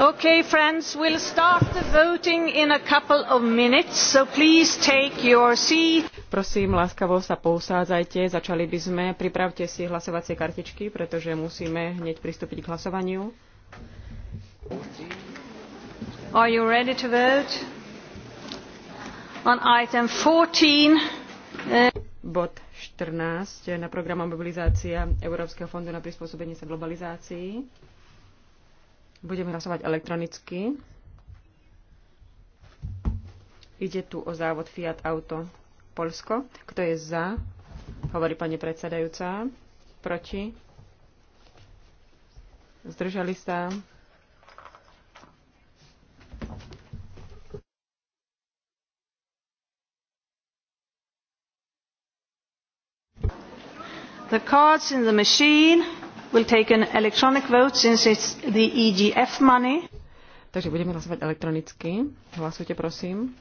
Okay, friends, we'll start the voting in a couple of minutes, so please take your seat. Prosím, láskavo sa pousádzajte, začali by sme. Pripravte si hlasovacie kartičky, pretože musíme hneď pristúpiť k hlasovaniu. Are you ready to vote? On item 14. Uh, Bod 14 na program mobilizácia Európskeho fondu na prispôsobenie sa globalizácii. Budeme hlasovať elektronicky. Ide tu o závod Fiat Auto Polsko. Kto je za? Hovorí pani predsedajúca. Proti? Zdržali sa? The cards in the machine will take an electronic vote since it's the EGF money. Takže budeme hlasovať elektronicky. Hlasujte, prosím.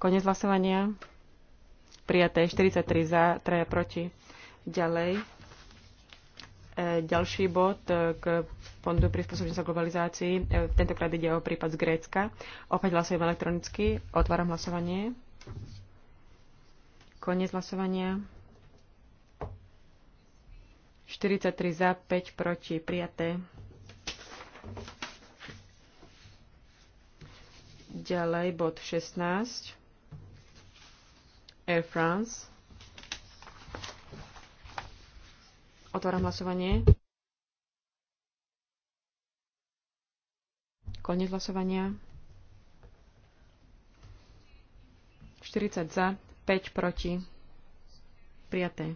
Konec hlasovania. Prijaté 43 za, 3 proti. Ďalej. Ďalší bod e, k fondu prispôsobenia sa globalizácii. E, tentokrát ide o prípad z Grécka. Opäť hlasujem elektronicky. Otváram hlasovanie. Koniec hlasovania. 43 za, 5 proti. Prijaté. Ďalej bod 16. Air France. Otváram hlasovanie. Koniec hlasovania. 40 za, 5 proti. Prijaté.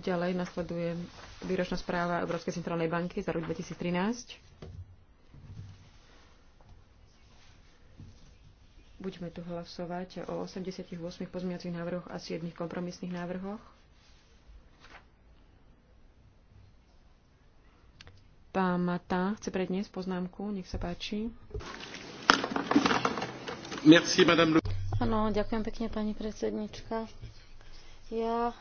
Ďalej nasleduje výročná správa Európskej centrálnej banky za rok 2013. Budeme tu hlasovať o 88 pozmiacich návrhoch a 7 kompromisných návrhoch. Pán Mata chce predniesť poznámku, nech sa páči. Merci, madame. Ano, ďakujem pekne, pani predsednička. Ja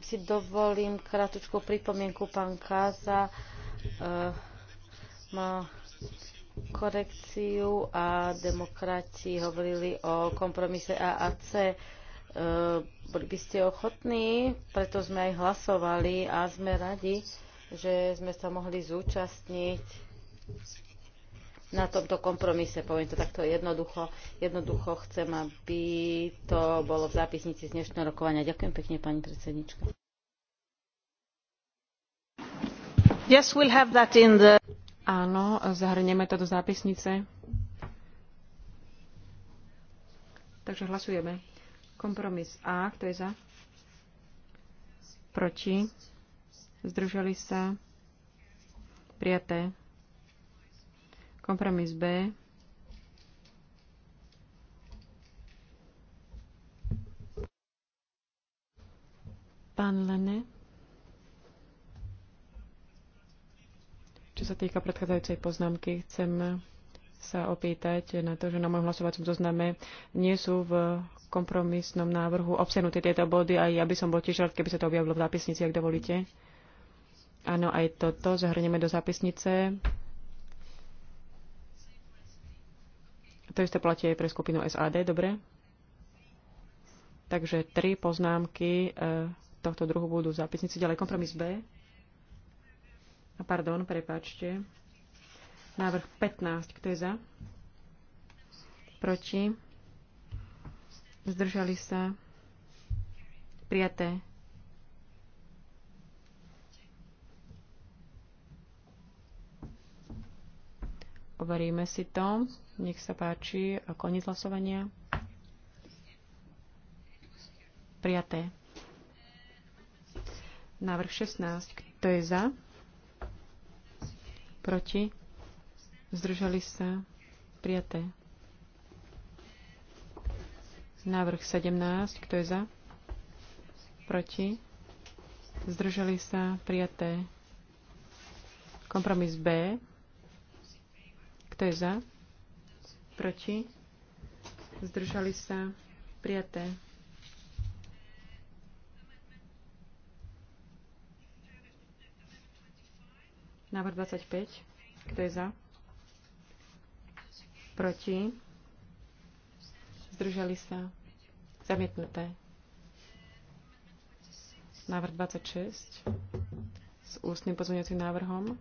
si dovolím krátku pripomienku. Pán Káza e, má korekciu a demokrati hovorili o kompromise A a C. E, boli by ste ochotní, preto sme aj hlasovali a sme radi, že sme sa mohli zúčastniť na tomto kompromise, poviem to takto jednoducho. Jednoducho chcem, aby to bolo v zápisnici z dnešného rokovania. Ďakujem pekne, pani predsednička. Yes, we'll have that in the... Áno, zahrnieme to do zápisnice. Takže hlasujeme. Kompromis A, kto je za? Proti? Zdržali sa? Prijaté. Kompromis B. Pán Lene. Čo sa týka predchádzajúcej poznámky, chcem sa opýtať na to, že na mojom hlasovacom zozname nie sú v kompromisnom návrhu obsiahnuté tieto body a ja by som bol tiež rád, keby sa to objavilo v zápisnici, ak dovolíte. Áno, aj toto zahrnieme do zápisnice. To isté platí aj pre skupinu SAD, dobre? Takže tri poznámky e, tohto druhu budú v zápisnici. Ďalej kompromis B. Pardon, prepáčte. Návrh 15. Kto je za? Proti? Zdržali sa? Prijaté. Overíme si to. Nech sa páči. a Koniec hlasovania. Prijaté. Návrh 16. Kto je za? proti, zdržali sa, prijaté. Návrh 17, kto je za, proti, zdržali sa, prijaté. Kompromis B, kto je za, proti, zdržali sa, prijaté. Návrh 25. Kto je za? Proti? Zdržali sa? Zamietnuté. Návrh 26 s ústnym pozvňujúcim návrhom.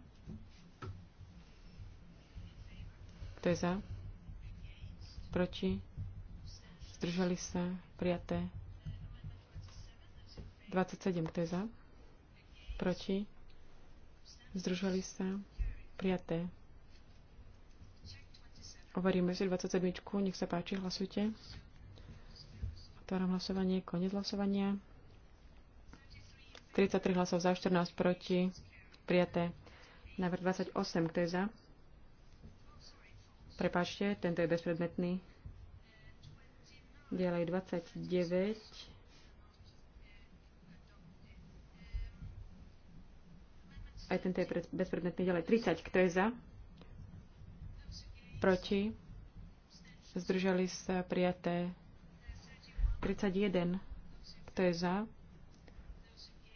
Kto je za? Proti? Zdržali sa? Prijaté. 27. Kto je za? Proti? Zdržali sa? Prijaté. Overíme si 27. Nech sa páči, hlasujte. Otváram hlasovanie, koniec hlasovania. 33 hlasov za, 14 proti. Prijaté. Návrh 28, kto je za? Prepáčte, tento je bezpredmetný. Ďalej 29 Aj tento je bezpredmetný ďalej. 30. Kto je za? Proti? Zdržali sa prijaté. 31. Kto je za?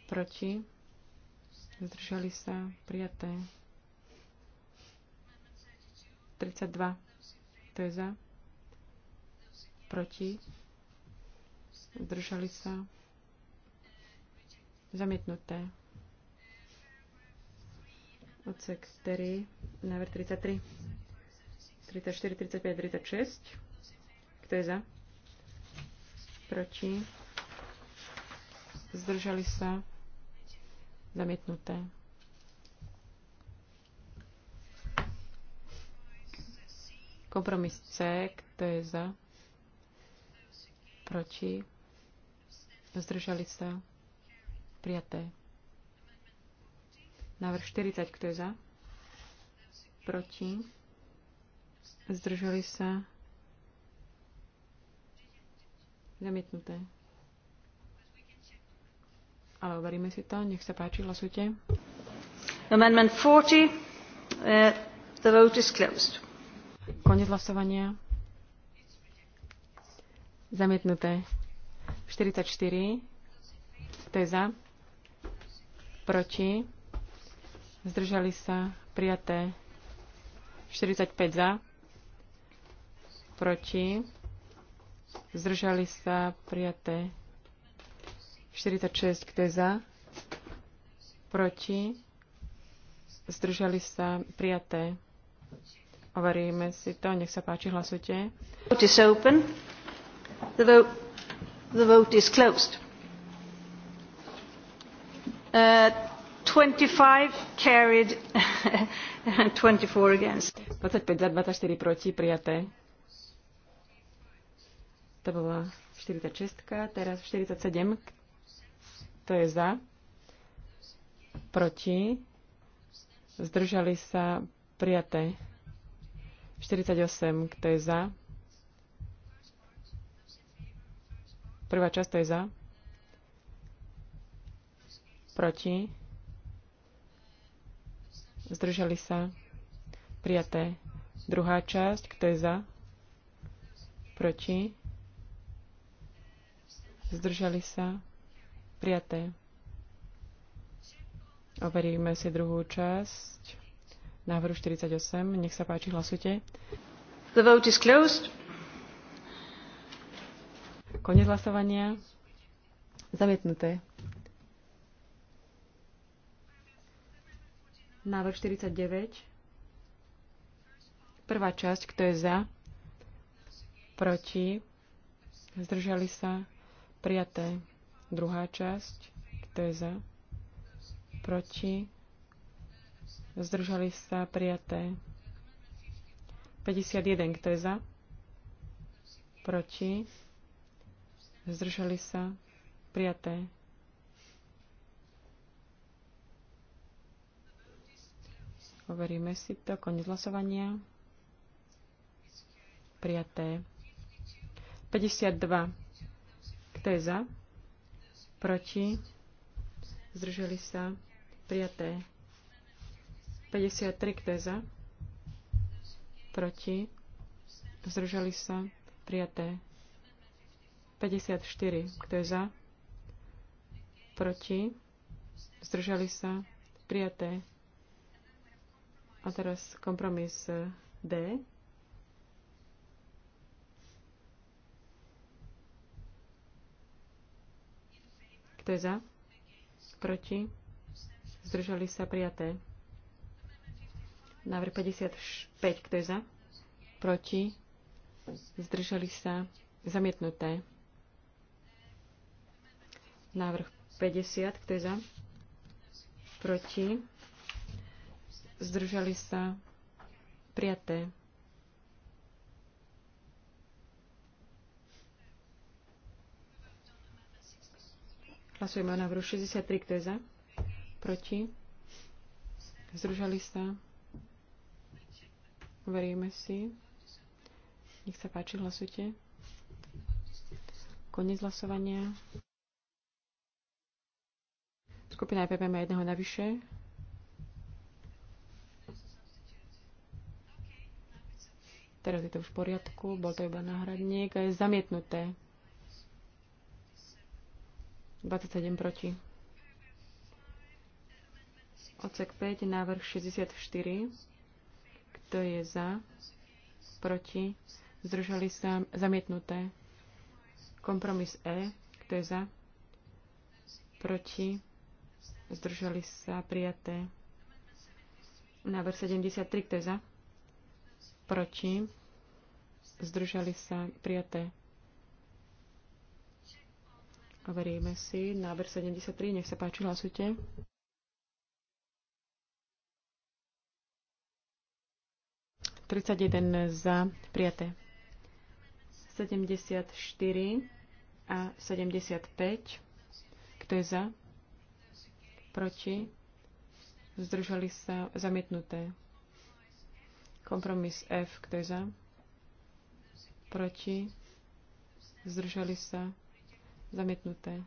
Proti? Zdržali sa prijaté. 32. Kto je za? Proti? Zdržali sa. Zamietnuté. Odsek 4, návrh 33, 34, 35, 36. Kto je za? Proti? Zdržali sa? Zamietnuté. Kompromis C, kto je za? Proti? Zdržali sa? Prijaté. Návrh 40, kto je za? Proti? Zdržali sa? Zamietnuté. Ale overíme si to. Nech sa páči, hlasujte. Amendment 40. Uh, the vote is closed. Konec hlasovania. Zamietnuté. 44. To je za. Proti zdržali sa, prijaté 45 za, proti, zdržali sa, prijaté 46, kto je za, proti, zdržali sa, prijaté. Overíme si to, nech sa páči, hlasujte. Vote is open. The vote, the vote is closed. Uh, twenty five carried and twenty four against. 25 za 24 proti prijaté. To bola 46, teraz 47. To je za. Proti. Zdržali sa prijaté. 48, to je za? Prvá časť to je za. Proti. Zdržali sa? Prijaté. Druhá časť. Kto je za? Proti? Zdržali sa? Prijaté. Overíme si druhú časť. Návrhu 48. Nech sa páči, hlasujte. The vote is closed. Konec hlasovania. Zamietnuté. Návrh 49. Prvá časť, kto je za? Proti? Zdržali sa? Prijaté. Druhá časť, kto je za? Proti? Zdržali sa? Prijaté. 51, kto je za? Proti? Zdržali sa? Prijaté. Overíme si to. Koniec hlasovania. Prijaté. 52. Kto je za? Proti? zdrželi sa? Prijaté. 53. Kto je za? Proti? zdrželi sa? Prijaté. 54. Kto je za? Proti? Zdržali sa? Prijaté. A teraz kompromis e, D. Kto je za? Proti? Zdržali sa prijaté. Návrh 55. Kto je za? Proti? Zdržali sa zamietnuté. Návrh 50. Kto je za? Proti? zdržali sa, prijaté. Hlasujeme o návrhu 63, kto je za, proti, zdržali sa, Uveríme si. Nech sa páči, hlasujte. Koniec hlasovania. Skupina EPP má jedného navyše. Teraz je to už v poriadku, bol to iba náhradník. Je zamietnuté. 27 proti. Odsek 5, návrh 64. Kto je za? Proti? Zdržali sa zamietnuté. Kompromis E. Kto je za? Proti? Zdržali sa prijaté. Návrh 73. Kto je za? proti, zdržali sa prijaté. Overíme si náber 73, nech sa páči, hlasujte. za prijaté. 74 a 75. Kto je za? Proti? Zdržali sa zamietnuté. Kompromis F, kto je za? Proti? Zdržali sa? Zamietnuté.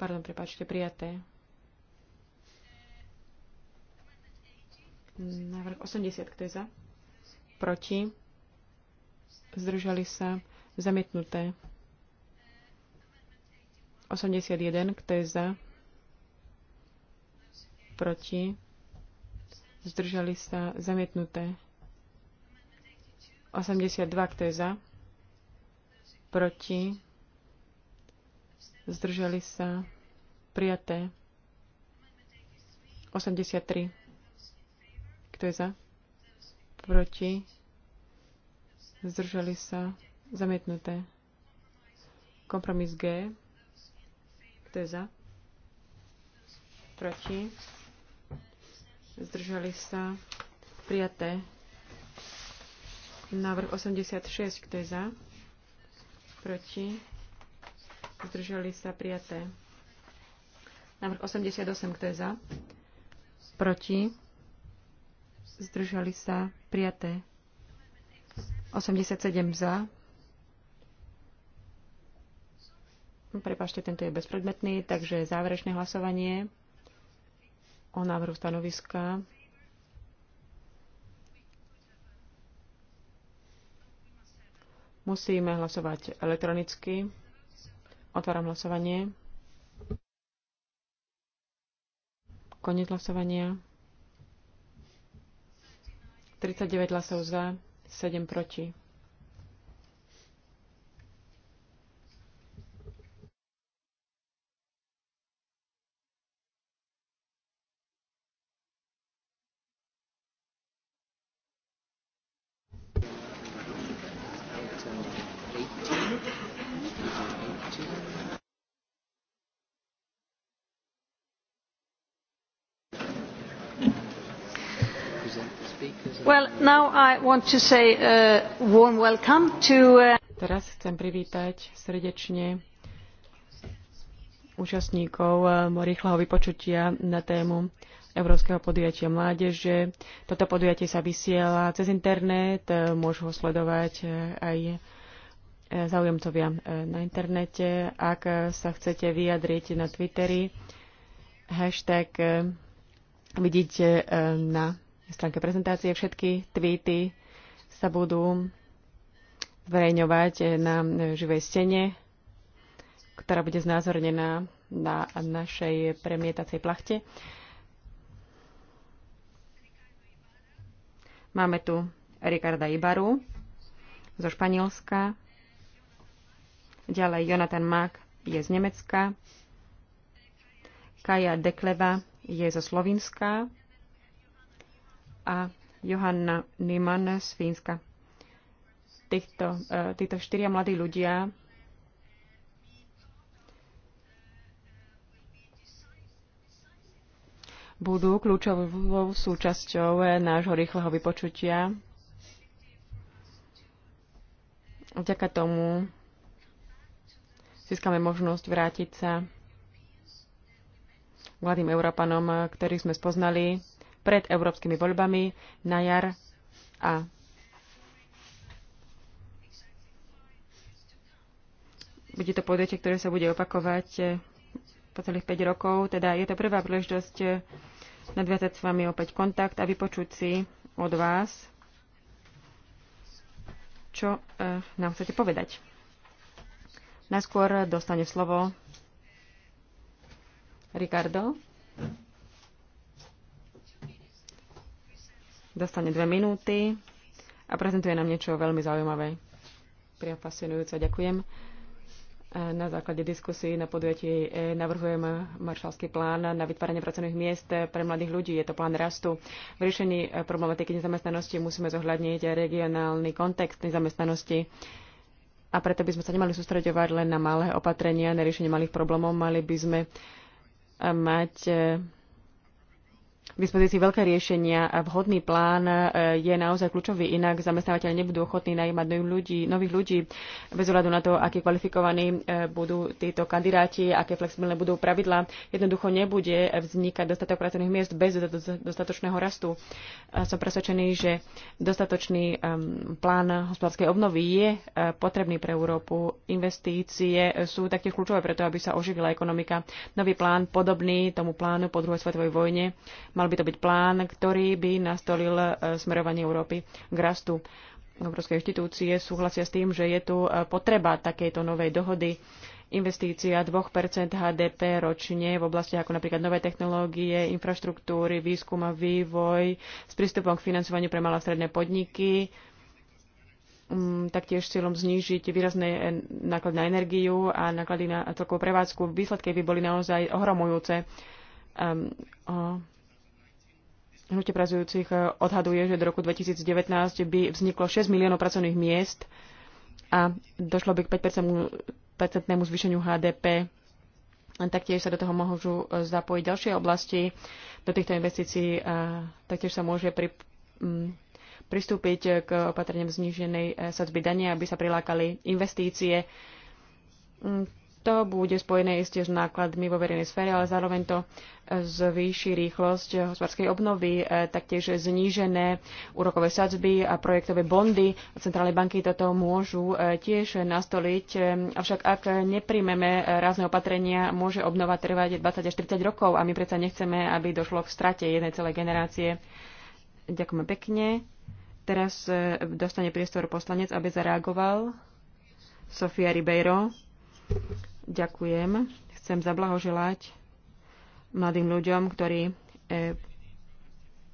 Pardon, prepáčte, prijaté. Návrh 80, kto je za? Proti? Zdržali sa? Zamietnuté. 81, kto je za? Proti? zdržali sa zamietnuté. 82, kto je za, proti, zdržali sa prijaté. 83, kto je za, proti, zdržali sa zamietnuté. Kompromis G, kto je za, proti, zdržali sa, prijaté. Návrh 86, kto je za, proti, zdržali sa, prijaté. Návrh 88, kto je za, proti, zdržali sa, prijaté. 87 za. Prepašte, tento je bezpredmetný, takže záverečné hlasovanie o návrhu stanoviska. Musíme hlasovať elektronicky. Otváram hlasovanie. Koniec hlasovania. 39 hlasov za, 7 proti. Uh, Teraz chcem privítať srdečne účastníkov uh, rýchleho vypočutia na tému Európskeho podujatia mládeže. Toto podujatie sa vysiela cez internet, uh, môžu ho sledovať aj záujemcovia na internete. Ak sa chcete vyjadriť na Twittery, hashtag vidíte na stránke prezentácie. Všetky tweety sa budú zverejňovať na živej stene, ktorá bude znázornená na našej premietacej plachte. Máme tu Ricarda Ibaru zo Španielska, ďalej Jonathan Mack je z Nemecka, Kaja Dekleva je zo Slovinska, a Johanna Nyman z Fínska. Týchto, e, títo štyria mladí ľudia budú kľúčovou súčasťou e, nášho rýchleho vypočutia. Vďaka tomu získame možnosť vrátiť sa mladým Európanom, ktorých sme spoznali pred európskymi voľbami na jar a bude to podujatie, ktoré sa bude opakovať eh, po celých 5 rokov. Teda je to prvá príležitosť eh, nadviazať s vami opäť kontakt a vypočuť si od vás, čo eh, nám chcete povedať. Najskôr dostane slovo Ricardo. dostane dve minúty a prezentuje nám niečo veľmi zaujímavé. Priam fascinujúce. Ďakujem. Na základe diskusí na podujatí e navrhujem maršalský plán na vytváranie pracovných miest pre mladých ľudí. Je to plán rastu. V riešení problematiky nezamestnanosti musíme zohľadniť regionálny kontext nezamestnanosti. A preto by sme sa nemali sústreďovať len na malé opatrenia, na riešenie malých problémov. Mali by sme mať v dispozícii veľké riešenia a vhodný plán e, je naozaj kľúčový, inak zamestnávateľe nebudú ochotní najímať nových ľudí, nových ľudí bez ohľadu na to, akí kvalifikovaní e, budú títo kandidáti, aké flexibilné budú pravidlá. Jednoducho nebude vznikať dostatok pracovných miest bez dostatočného rastu. Som presvedčený, že dostatočný plán hospodárskej obnovy je e, potrebný pre Európu. Investície sú taktiež kľúčové preto, aby sa oživila ekonomika. Nový plán podobný tomu plánu po druhej svetovej vojne Mal by to byť plán, ktorý by nastolil e, smerovanie Európy k rastu. Európske inštitúcie súhlasia s tým, že je tu e, potreba takejto novej dohody investícia 2 HDP ročne v oblastiach ako napríklad nové technológie, infraštruktúry, výskum a vývoj s prístupom k financovaniu pre malé a stredné podniky, mm, taktiež cieľom znížiť výrazné e, náklady na energiu a náklady na celkovú prevádzku. Výsledky by boli naozaj ohromujúce. Um, oh. Hnutie pracujúcich e, odhaduje, že do roku 2019 by vzniklo 6 miliónov pracovných miest a došlo by k 5-percentnému zvýšeniu HDP. Taktiež sa do toho môžu e, zapojiť ďalšie oblasti. Do týchto investícií a e, taktiež sa môže pri, m, pristúpiť k opatreniam zníženej sadzby dania, aby sa prilákali investície to bude spojené isté s nákladmi vo verejnej sfére, ale zároveň to zvýši rýchlosť hospodárskej obnovy, e, taktiež znížené úrokové sadzby a projektové bondy. Centrálne banky toto môžu e, tiež nastoliť, e, avšak ak nepríjmeme rázne opatrenia, môže obnova trvať 20 až 30 rokov a my predsa nechceme, aby došlo k strate jednej celej generácie. Ďakujeme pekne. Teraz dostane priestor poslanec, aby zareagoval. Sofia Ribeiro. Ďakujem. Chcem zablahoželať mladým ľuďom, ktorí e,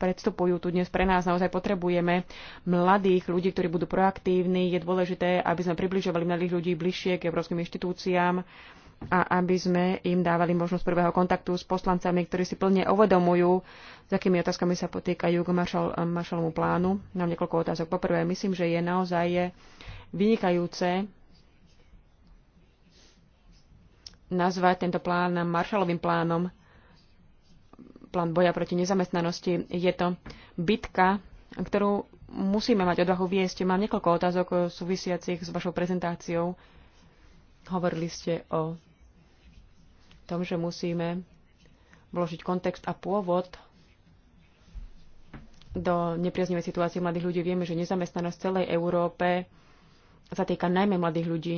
predstupujú tu dnes pre nás. Naozaj potrebujeme mladých ľudí, ktorí budú proaktívni. Je dôležité, aby sme približovali mladých ľudí bližšie k európskym inštitúciám a aby sme im dávali možnosť prvého kontaktu s poslancami, ktorí si plne uvedomujú, s akými otázkami sa potýkajú k maršal, maršalomu plánu. Mám niekoľko otázok. Poprvé, myslím, že je naozaj e, vynikajúce, nazvať tento plán Marshallovým plánom, plán boja proti nezamestnanosti. Je to bitka, ktorú musíme mať odvahu viesť. Mám niekoľko otázok súvisiacich s vašou prezentáciou. Hovorili ste o tom, že musíme vložiť kontext a pôvod do nepriaznivej situácie mladých ľudí. Vieme, že nezamestnanosť v celej Európe sa týka najmä mladých ľudí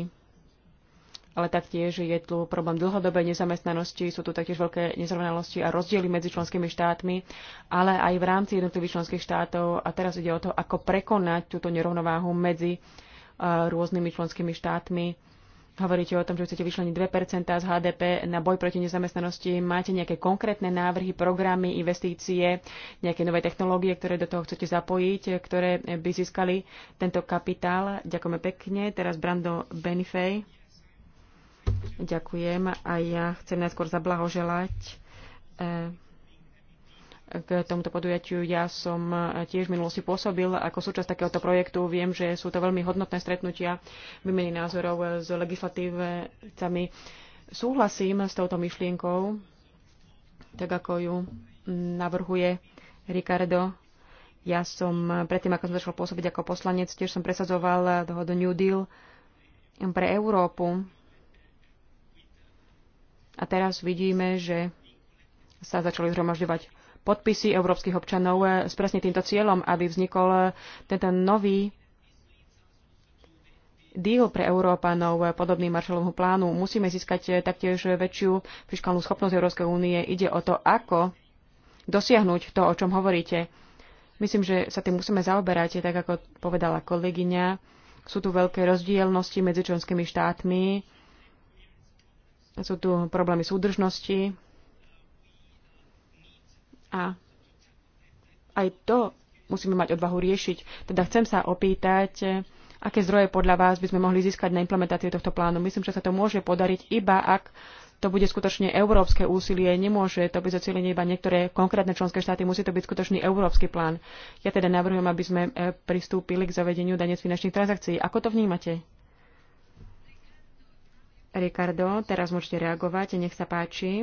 ale taktiež je tu problém dlhodobej nezamestnanosti, sú tu taktiež veľké nezrovnalosti a rozdiely medzi členskými štátmi, ale aj v rámci jednotlivých členských štátov. A teraz ide o to, ako prekonať túto nerovnováhu medzi e, rôznymi členskými štátmi. Hovoríte o tom, že chcete vyšleniť 2% z HDP na boj proti nezamestnanosti. Máte nejaké konkrétne návrhy, programy, investície, nejaké nové technológie, ktoré do toho chcete zapojiť, ktoré by získali tento kapitál? Ďakujeme pekne. Teraz Brando Benifej. Ďakujem a ja chcem najskôr zablahoželať eh, k tomuto podujatiu. Ja som eh, tiež v minulosti pôsobil ako súčasť takéhoto projektu. Viem, že sú to veľmi hodnotné stretnutia výmeny názorov eh, s legislatívcami. Súhlasím s touto myšlienkou, tak ako ju navrhuje Ricardo. Ja som predtým, ako som začal pôsobiť ako poslanec, tiež som presadzoval dohodu New Deal pre Európu a teraz vidíme, že sa začali zhromažďovať podpisy európskych občanov e, s presne týmto cieľom, aby vznikol e, tento nový deal pre Európanov e, podobný Marshallovmu plánu. Musíme získať taktiež väčšiu fiskálnu schopnosť Európskej únie. Ide o to, ako dosiahnuť to, o čom hovoríte. Myslím, že sa tým musíme zaoberať, tak ako povedala kolegyňa. Sú tu veľké rozdielnosti medzi členskými štátmi sú tu problémy súdržnosti a aj to musíme mať odvahu riešiť. Teda chcem sa opýtať, aké zdroje podľa vás by sme mohli získať na implementáciu tohto plánu. Myslím, že sa to môže podariť iba, ak to bude skutočne európske úsilie. Nemôže to byť zacielenie iba niektoré konkrétne členské štáty, musí to byť skutočný európsky plán. Ja teda navrhujem, aby sme e, pristúpili k zavedeniu dane z finančných transakcií. Ako to vnímate? Ricardo, teraz môžete reagovať, nech sa páči.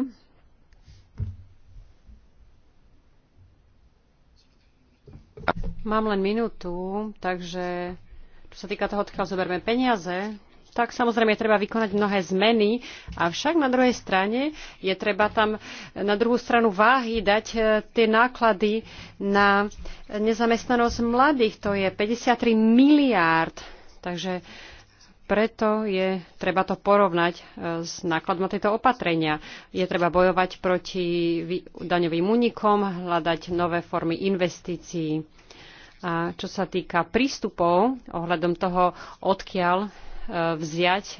Mám len minútu, takže čo sa týka toho, odkiaľ zoberme peniaze, tak samozrejme treba vykonať mnohé zmeny, avšak na druhej strane je treba tam na druhú stranu váhy dať e, tie náklady na nezamestnanosť mladých, to je 53 miliárd. Takže preto je treba to porovnať e, s nákladom na tieto opatrenia. Je treba bojovať proti daňovým únikom, hľadať nové formy investícií. A čo sa týka prístupov ohľadom toho, odkiaľ e, vziať e,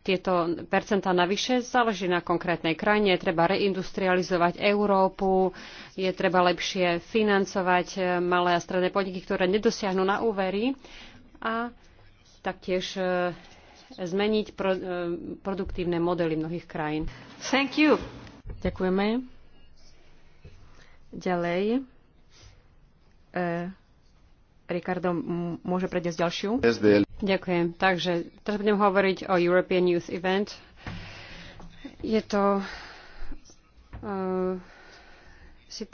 tieto percentá navyše záleží na konkrétnej krajine. Je treba reindustrializovať Európu, je treba lepšie financovať malé a stredné podniky, ktoré nedosiahnu na úvery. A taktiež e, zmeniť pro, e, produktívne modely mnohých krajín. Thank you. Ďakujeme. Ďalej. E, Ricardo môže predniesť ďalšiu. SDL. Ďakujem. Takže teraz budem hovoriť o European Youth Event. Je to uh,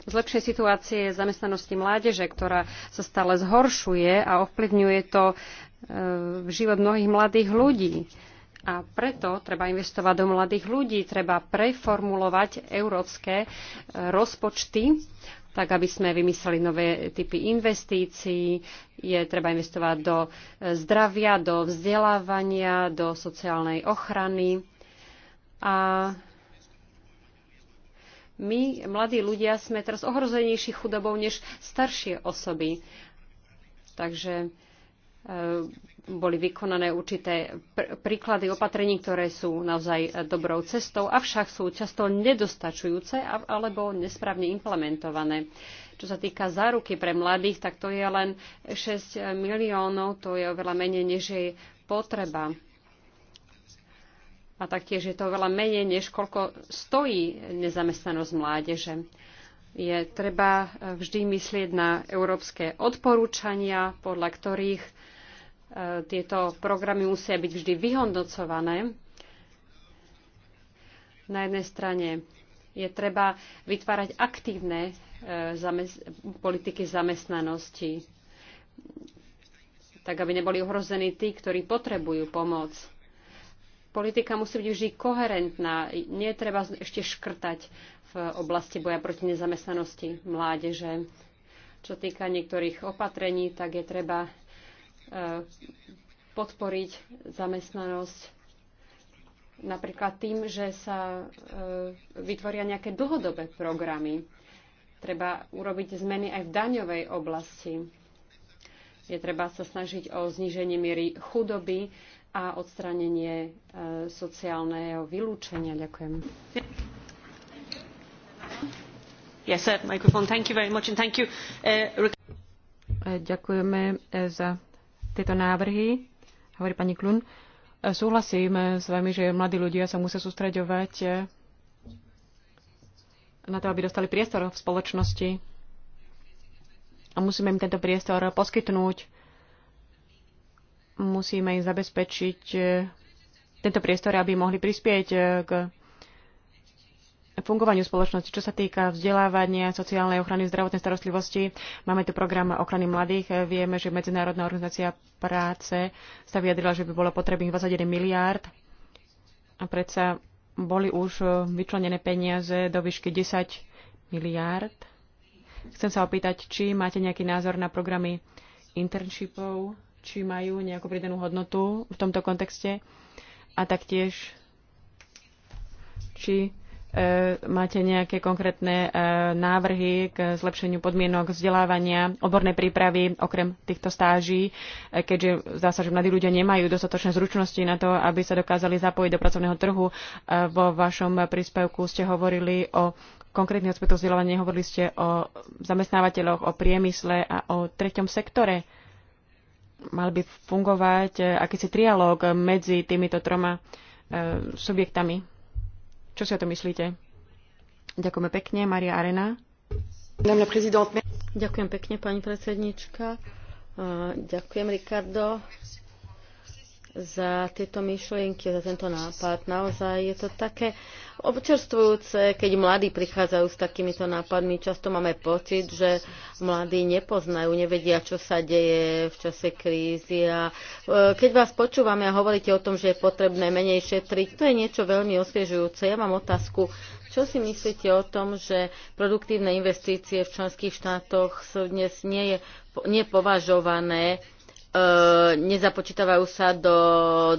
zlepšenie situácie zamestnanosti mládeže, ktorá sa stále zhoršuje a ovplyvňuje to v život mnohých mladých ľudí. A preto treba investovať do mladých ľudí, treba preformulovať európske e, rozpočty, tak aby sme vymysleli nové typy investícií. Je treba investovať do e, zdravia, do vzdelávania, do sociálnej ochrany. A my, mladí ľudia, sme teraz ohrozenejší chudobou než staršie osoby. Takže E, boli vykonané určité pr- príklady opatrení, ktoré sú naozaj dobrou cestou, avšak sú často nedostačujúce alebo nesprávne implementované. Čo sa týka záruky pre mladých, tak to je len 6 miliónov, to je oveľa menej, než je potreba. A taktiež je to oveľa menej, než koľko stojí nezamestnanosť mládeže je treba eh, vždy myslieť na európske odporúčania, podľa ktorých eh, tieto programy musia byť vždy vyhodnocované. Na jednej strane je treba vytvárať aktívne eh, zamest politiky zamestnanosti, tak aby neboli ohrození tí, ktorí potrebujú pomoc politika musí byť vždy koherentná. Nie treba ešte škrtať v oblasti boja proti nezamestnanosti mládeže. Čo týka niektorých opatrení, tak je treba e, podporiť zamestnanosť napríklad tým, že sa e, vytvoria nejaké dlhodobé programy. Treba urobiť zmeny aj v daňovej oblasti. Je treba sa snažiť o zníženie miery chudoby a odstránenie e, sociálneho vylúčenia. Ďakujem. Yes, sir, Thank you very much and thank you. Uh, e, Ďakujeme e, za tieto návrhy, hovorí pani Klun. Súhlasím s vami, že mladí ľudia sa musia sústreďovať na to, aby dostali priestor v spoločnosti. A musíme im tento priestor poskytnúť musíme im zabezpečiť e, tento priestor, aby mohli prispieť e, k fungovaniu spoločnosti. Čo sa týka vzdelávania, sociálnej ochrany, zdravotnej starostlivosti, máme tu program ochrany mladých. E, vieme, že Medzinárodná organizácia práce sa vyjadrila, že by bolo potrebných 21 miliárd. A predsa boli už vyčlenené peniaze do výšky 10 miliárd. Chcem sa opýtať, či máte nejaký názor na programy internshipov či majú nejakú pridanú hodnotu v tomto kontexte a taktiež, či e, máte nejaké konkrétne e, návrhy k zlepšeniu podmienok vzdelávania, odbornej prípravy, okrem týchto stáží, e, keďže zdá sa, že mladí ľudia nemajú dostatočné zručnosti na to, aby sa dokázali zapojiť do pracovného trhu. Vo vašom príspevku ste hovorili o konkrétnych aspektoch vzdelávania, hovorili ste o zamestnávateľoch, o priemysle a o treťom sektore mal by fungovať e, akýsi trialóg medzi týmito troma e, subjektami. Čo si o to myslíte? Ďakujeme pekne, Maria Arena. Ďakujem pekne, pani predsednička. E, ďakujem, Ricardo za tieto myšlienky, za tento nápad. Naozaj je to také občerstvujúce, keď mladí prichádzajú s takýmito nápadmi. Často máme pocit, že mladí nepoznajú, nevedia, čo sa deje v čase krízy. A e, keď vás počúvame a hovoríte o tom, že je potrebné menej šetriť, to je niečo veľmi osviežujúce. Ja mám otázku, čo si myslíte o tom, že produktívne investície v členských štátoch sú dnes nie je nepovažované E, nezapočítavajú sa do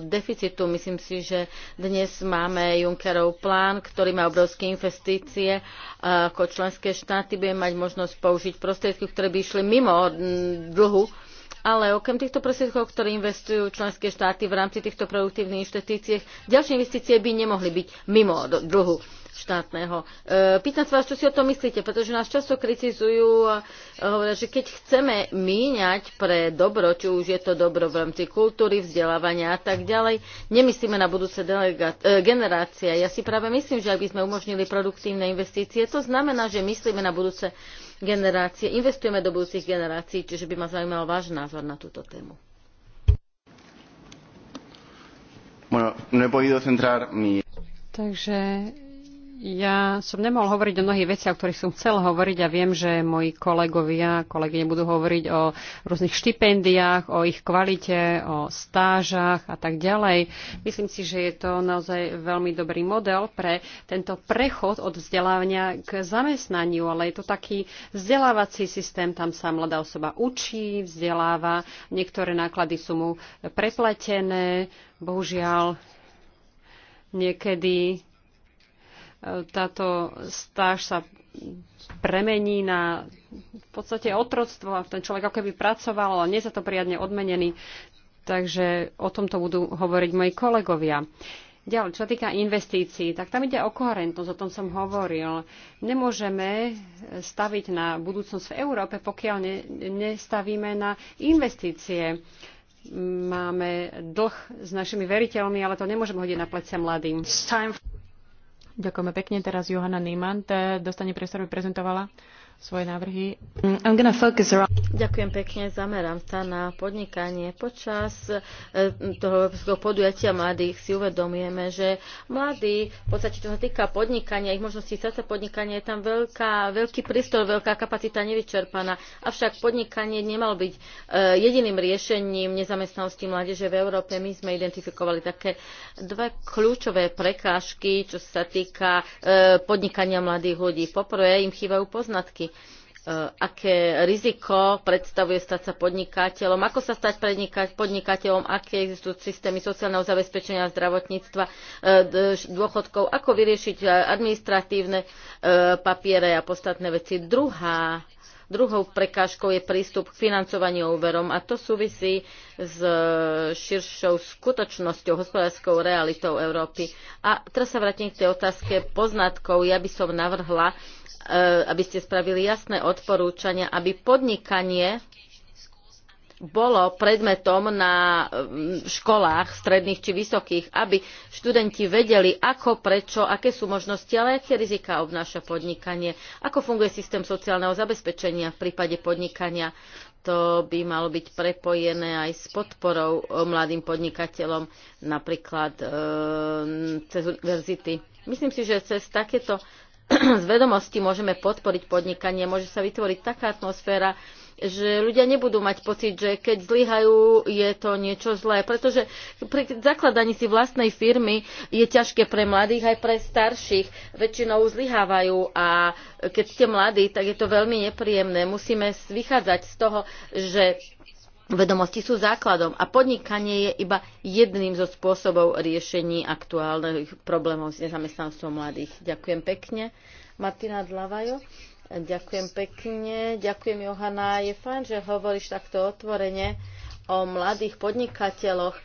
deficitu. Myslím si, že dnes máme Junckerov plán, ktorý má obrovské investície. E, ako členské štáty budeme mať možnosť použiť prostriedky, ktoré by išli mimo dlhu ale okrem týchto prostriedkov, ktoré investujú členské štáty v rámci týchto produktívnych investícií, ďalšie investície by nemohli byť mimo dlhu štátneho. E, pýtam sa vás, čo si o tom myslíte, pretože nás často kritizujú a hovoria, že keď chceme míňať pre dobro, či už je to dobro v rámci kultúry, vzdelávania a tak ďalej, nemyslíme na budúce e, generácie. Ja si práve myslím, že ak by sme umožnili produktívne investície, to znamená, že myslíme na budúce generácie, investujeme do budúcich generácií, čiže by ma zaujímal váš názor na túto tému. Bueno, no he podido centrar mi... Takže ja som nemohol hovoriť o mnohých veciach, o ktorých som chcel hovoriť a viem, že moji kolegovia, kolegyne budú hovoriť o rôznych štipendiách, o ich kvalite, o stážach a tak ďalej. Myslím si, že je to naozaj veľmi dobrý model pre tento prechod od vzdelávania k zamestnaniu, ale je to taký vzdelávací systém, tam sa mladá osoba učí, vzdeláva, niektoré náklady sú mu prepletené, bohužiaľ niekedy táto stáž sa premení na v podstate otroctvo a ten človek ako keby pracoval, ale nie za to priadne odmenený. Takže o tomto budú hovoriť moji kolegovia. Ďalej, čo týka investícií, tak tam ide o koherentnosť, o tom som hovoril. Nemôžeme staviť na budúcnosť v Európe, pokiaľ ne, nestavíme na investície. Máme dlh s našimi veriteľmi, ale to nemôžeme hodiť na plecia mladým. Ďakujeme pekne. Teraz Johana Niemann dostane priestor, aby prezentovala svoje návrhy. Ďakujem pekne, zamerám sa na podnikanie. Počas e, toho európskeho podujatia mladých si uvedomujeme, že mladí, v podstate čo sa týka podnikania, ich možností srdca podnikania, je tam veľká, veľký prístor, veľká kapacita nevyčerpaná. Avšak podnikanie nemalo byť e, jediným riešením nezamestnanosti mládeže v Európe. My sme identifikovali také dve kľúčové prekážky, čo sa týka e, podnikania mladých ľudí. Poprvé im chýbajú poznatky Eh, aké riziko predstavuje stať sa podnikateľom, ako sa stať podnikateľom, aké existujú systémy sociálneho zabezpečenia zdravotníctva, eh, dôchodkov, ako vyriešiť eh, administratívne papiere a podstatné veci. Druhá Druhou prekážkou je prístup k financovaniu úverom a to súvisí s širšou skutočnosťou, hospodárskou realitou Európy. A teraz sa vrátim k tej otázke poznatkov. Ja by som navrhla, E, aby ste spravili jasné odporúčania, aby podnikanie bolo predmetom na e, školách stredných či vysokých, aby študenti vedeli, ako, prečo, aké sú možnosti, ale aké riziká obnáša podnikanie, ako funguje systém sociálneho zabezpečenia v prípade podnikania. To by malo byť prepojené aj s podporou e, mladým podnikateľom, napríklad e, cez univerzity. Myslím si, že cez takéto z vedomostí môžeme podporiť podnikanie, môže sa vytvoriť taká atmosféra, že ľudia nebudú mať pocit, že keď zlyhajú, je to niečo zlé. Pretože pri zakladaní si vlastnej firmy je ťažké pre mladých aj pre starších. Väčšinou zlyhávajú a keď ste mladí, tak je to veľmi nepríjemné. Musíme vychádzať z toho, že Vedomosti sú základom a podnikanie je iba jedným zo spôsobov riešení aktuálnych problémov s nezamestnanosťou mladých. Ďakujem pekne. Martina Dlavajo. Ďakujem pekne. Ďakujem, Johana. Je fajn, že hovoríš takto otvorene o mladých podnikateľoch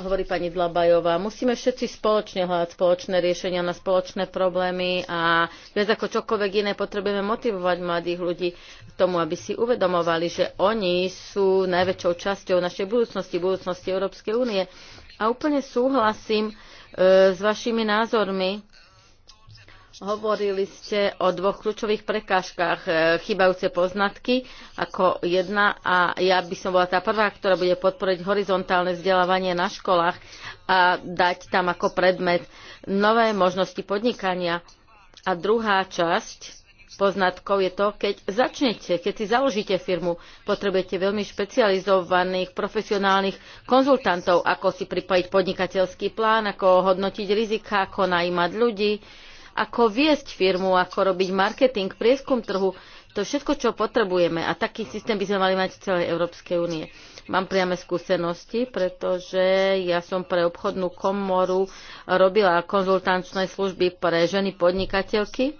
hovorí pani Dlabajová, musíme všetci spoločne hľadať spoločné riešenia na spoločné problémy a viac ako čokoľvek iné potrebujeme motivovať mladých ľudí k tomu, aby si uvedomovali, že oni sú najväčšou časťou našej budúcnosti, budúcnosti Európskej únie. A úplne súhlasím e, s vašimi názormi Hovorili ste o dvoch kľúčových prekážkach, e, chýbajúce poznatky ako jedna a ja by som bola tá prvá, ktorá bude podporiť horizontálne vzdelávanie na školách a dať tam ako predmet nové možnosti podnikania. A druhá časť poznatkov je to, keď začnete, keď si založíte firmu, potrebujete veľmi špecializovaných profesionálnych konzultantov, ako si pripojiť podnikateľský plán, ako hodnotiť rizika, ako najímať ľudí, ako viesť firmu, ako robiť marketing, prieskum trhu, to všetko, čo potrebujeme. A taký systém by sme mali mať v celej Európskej únie. Mám priame skúsenosti, pretože ja som pre obchodnú komoru robila konzultančné služby pre ženy podnikateľky.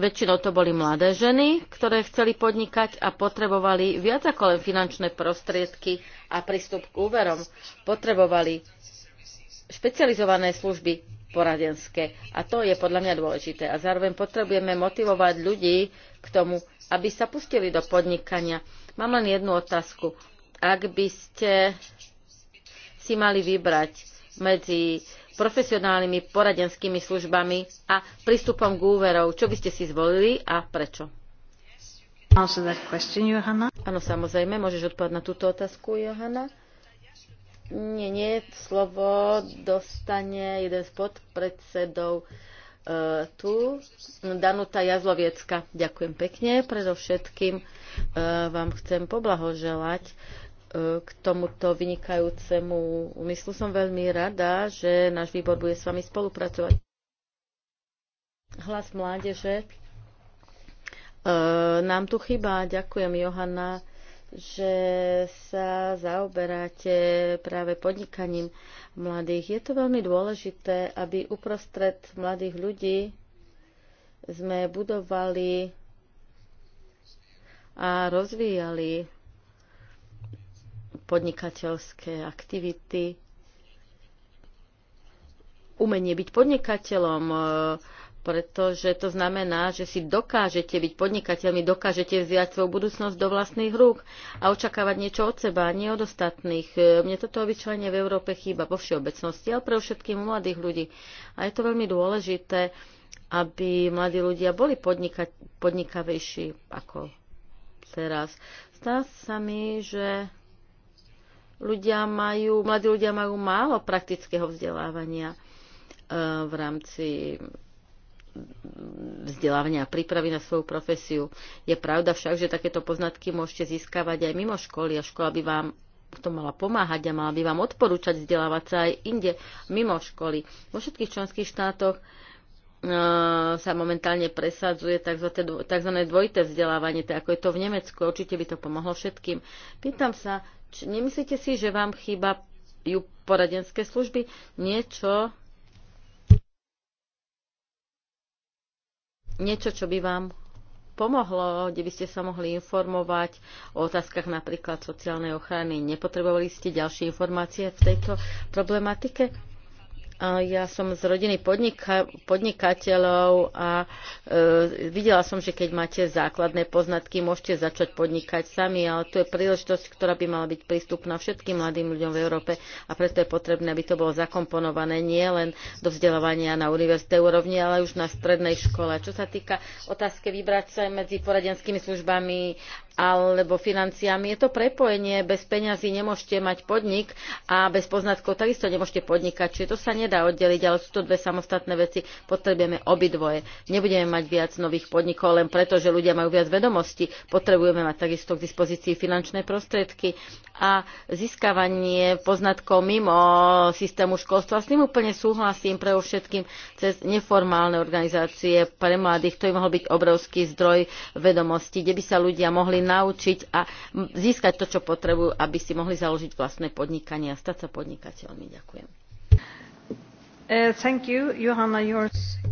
Väčšinou to boli mladé ženy, ktoré chceli podnikať a potrebovali viac ako len finančné prostriedky a prístup k úverom. Potrebovali špecializované služby, poradenské. A to je podľa mňa dôležité. A zároveň potrebujeme motivovať ľudí k tomu, aby sa pustili do podnikania. Mám len jednu otázku. Ak by ste si mali vybrať medzi profesionálnymi poradenskými službami a prístupom k úverov, čo by ste si zvolili a prečo? Áno, samozrejme, môžeš odpovedať na túto otázku, Johana. Nie, nie, slovo dostane jeden z podpredsedov e, tu, Danuta Jazloviecka. Ďakujem pekne. Predovšetkým e, vám chcem poblahoželať e, k tomuto vynikajúcemu úmyslu. Som veľmi rada, že náš výbor bude s vami spolupracovať. Hlas mládeže e, nám tu chýba. Ďakujem, Johana že sa zaoberáte práve podnikaním mladých. Je to veľmi dôležité, aby uprostred mladých ľudí sme budovali a rozvíjali podnikateľské aktivity, umenie byť podnikateľom, pretože to znamená, že si dokážete byť podnikateľmi, dokážete vziať svoju budúcnosť do vlastných rúk a očakávať niečo od seba, nie od ostatných. E, mne toto obyčajne v Európe chýba vo všeobecnosti, ale pre všetkých mladých ľudí. A je to veľmi dôležité, aby mladí ľudia boli podnika- podnikavejší ako teraz. Zdá sa mi, že ľudia majú, mladí ľudia majú málo praktického vzdelávania e, v rámci vzdelávania a prípravy na svoju profesiu. Je pravda však, že takéto poznatky môžete získavať aj mimo školy a škola by vám to mala pomáhať a mala by vám odporúčať vzdelávať sa aj inde, mimo školy. Vo všetkých členských štátoch e, sa momentálne presadzuje tzv. dvojité vzdelávanie, tak ako je to v Nemecku. Určite by to pomohlo všetkým. Pýtam sa, či nemyslíte si, že vám chýba ju poradenské služby? Niečo, niečo, čo by vám pomohlo, kde by ste sa mohli informovať o otázkach napríklad sociálnej ochrany. Nepotrebovali ste ďalšie informácie v tejto problematike? Ja som z rodiny podnika- podnikateľov a e, videla som, že keď máte základné poznatky, môžete začať podnikať sami, ale to je príležitosť, ktorá by mala byť prístupná všetkým mladým ľuďom v Európe a preto je potrebné, aby to bolo zakomponované nie len do vzdelávania na univerzite úrovni, ale už na strednej škole. Čo sa týka otázky vybrať sa medzi poradenskými službami alebo financiami. Je to prepojenie. Bez peňazí nemôžete mať podnik a bez poznatkov takisto nemôžete podnikať. Čiže to sa ne nedá oddeliť, ale sú to dve samostatné veci. Potrebujeme obidvoje. Nebudeme mať viac nových podnikov len preto, že ľudia majú viac vedomostí. Potrebujeme mať takisto k dispozícii finančné prostriedky a získavanie poznatkov mimo systému školstva. S tým úplne súhlasím pre všetkým cez neformálne organizácie pre mladých. To by mohol byť obrovský zdroj vedomostí, kde by sa ľudia mohli naučiť a získať to, čo potrebujú, aby si mohli založiť vlastné podnikanie a stať sa podnikateľmi. Ďakujem. Uh,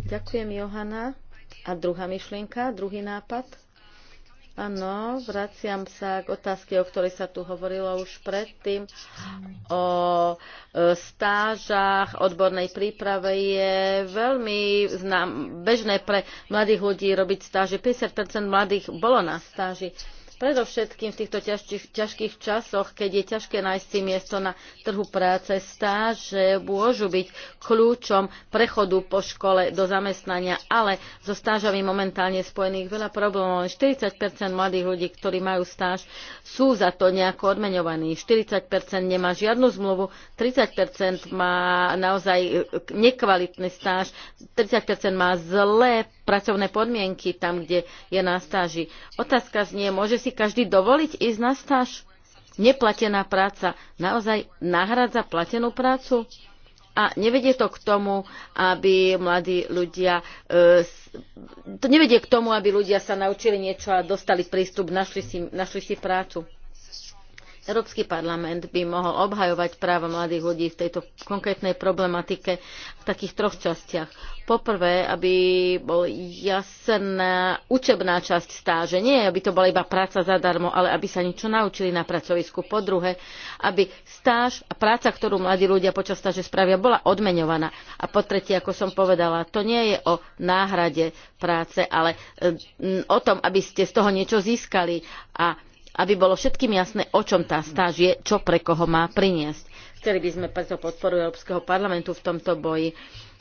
Ďakujem, Johana. A druhá myšlienka, druhý nápad? Áno, vraciam sa k otázke, o ktorej sa tu hovorilo už predtým, o e, stážach, odbornej príprave je veľmi bežné pre mladých ľudí robiť stáže. 50 mladých bolo na stáži Predovšetkým v týchto ťažkých, ťažkých časoch, keď je ťažké nájsť si miesto na trhu práce, stáže môžu byť kľúčom prechodu po škole do zamestnania, ale so stážami momentálne spojených veľa problémov. 40 mladých ľudí, ktorí majú stáž, sú za to nejako odmeňovaní. 40 nemá žiadnu zmluvu, 30 má naozaj nekvalitný stáž, 30 má zlé pracovné podmienky tam, kde je na stáži. Otázka znie, môže si každý dovoliť ísť na stáž? Neplatená práca naozaj nahradza platenú prácu? a nevedie to k tomu, aby mladí ľudia e, to nevedie k tomu, aby ľudia sa naučili niečo a dostali prístup, našli si, našli si prácu. Európsky parlament by mohol obhajovať práva mladých ľudí v tejto konkrétnej problematike v takých troch častiach. Poprvé, aby bol jasná učebná časť stáže. Nie, aby to bola iba práca zadarmo, ale aby sa niečo naučili na pracovisku. Po druhé, aby stáž a práca, ktorú mladí ľudia počas stáže spravia, bola odmeňovaná. A po tretie, ako som povedala, to nie je o náhrade práce, ale mm, o tom, aby ste z toho niečo získali a aby bolo všetkým jasné, o čom tá stáž je, čo pre koho má priniesť. Chceli by sme preto podporu Európskeho parlamentu v tomto boji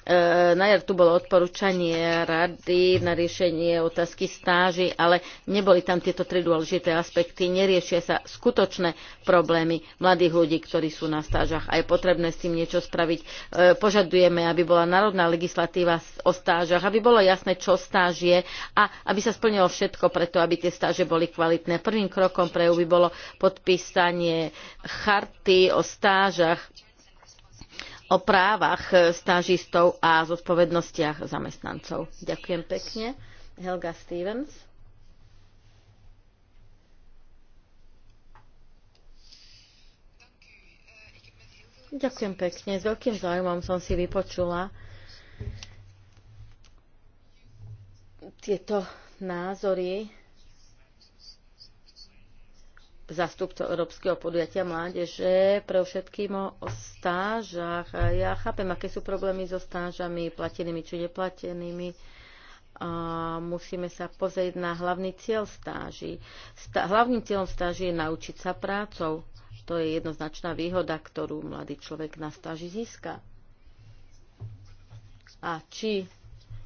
E, na jar tu bolo odporúčanie rady na riešenie otázky stáži, ale neboli tam tieto tri dôležité aspekty. Neriešia sa skutočné problémy mladých ľudí, ktorí sú na stážach a je potrebné s tým niečo spraviť. E, požadujeme, aby bola národná legislatíva o stážach, aby bolo jasné, čo stáž je a aby sa splnilo všetko preto, aby tie stáže boli kvalitné. Prvým krokom pre EU by bolo podpísanie charty o stážach o právach stážistov a zodpovednostiach zamestnancov. Ďakujem pekne. Helga Stevens. Ďakujem pekne. S veľkým záujmom som si vypočula tieto názory zastupcov Európskeho podujatia mládeže, pre všetkým o, o stážach. Ja chápem, aké sú problémy so stážami, platenými či neplatenými. A musíme sa pozrieť na hlavný cieľ stáži. Stá, hlavným cieľom stáži je naučiť sa prácou. To je jednoznačná výhoda, ktorú mladý človek na stáži získa. A či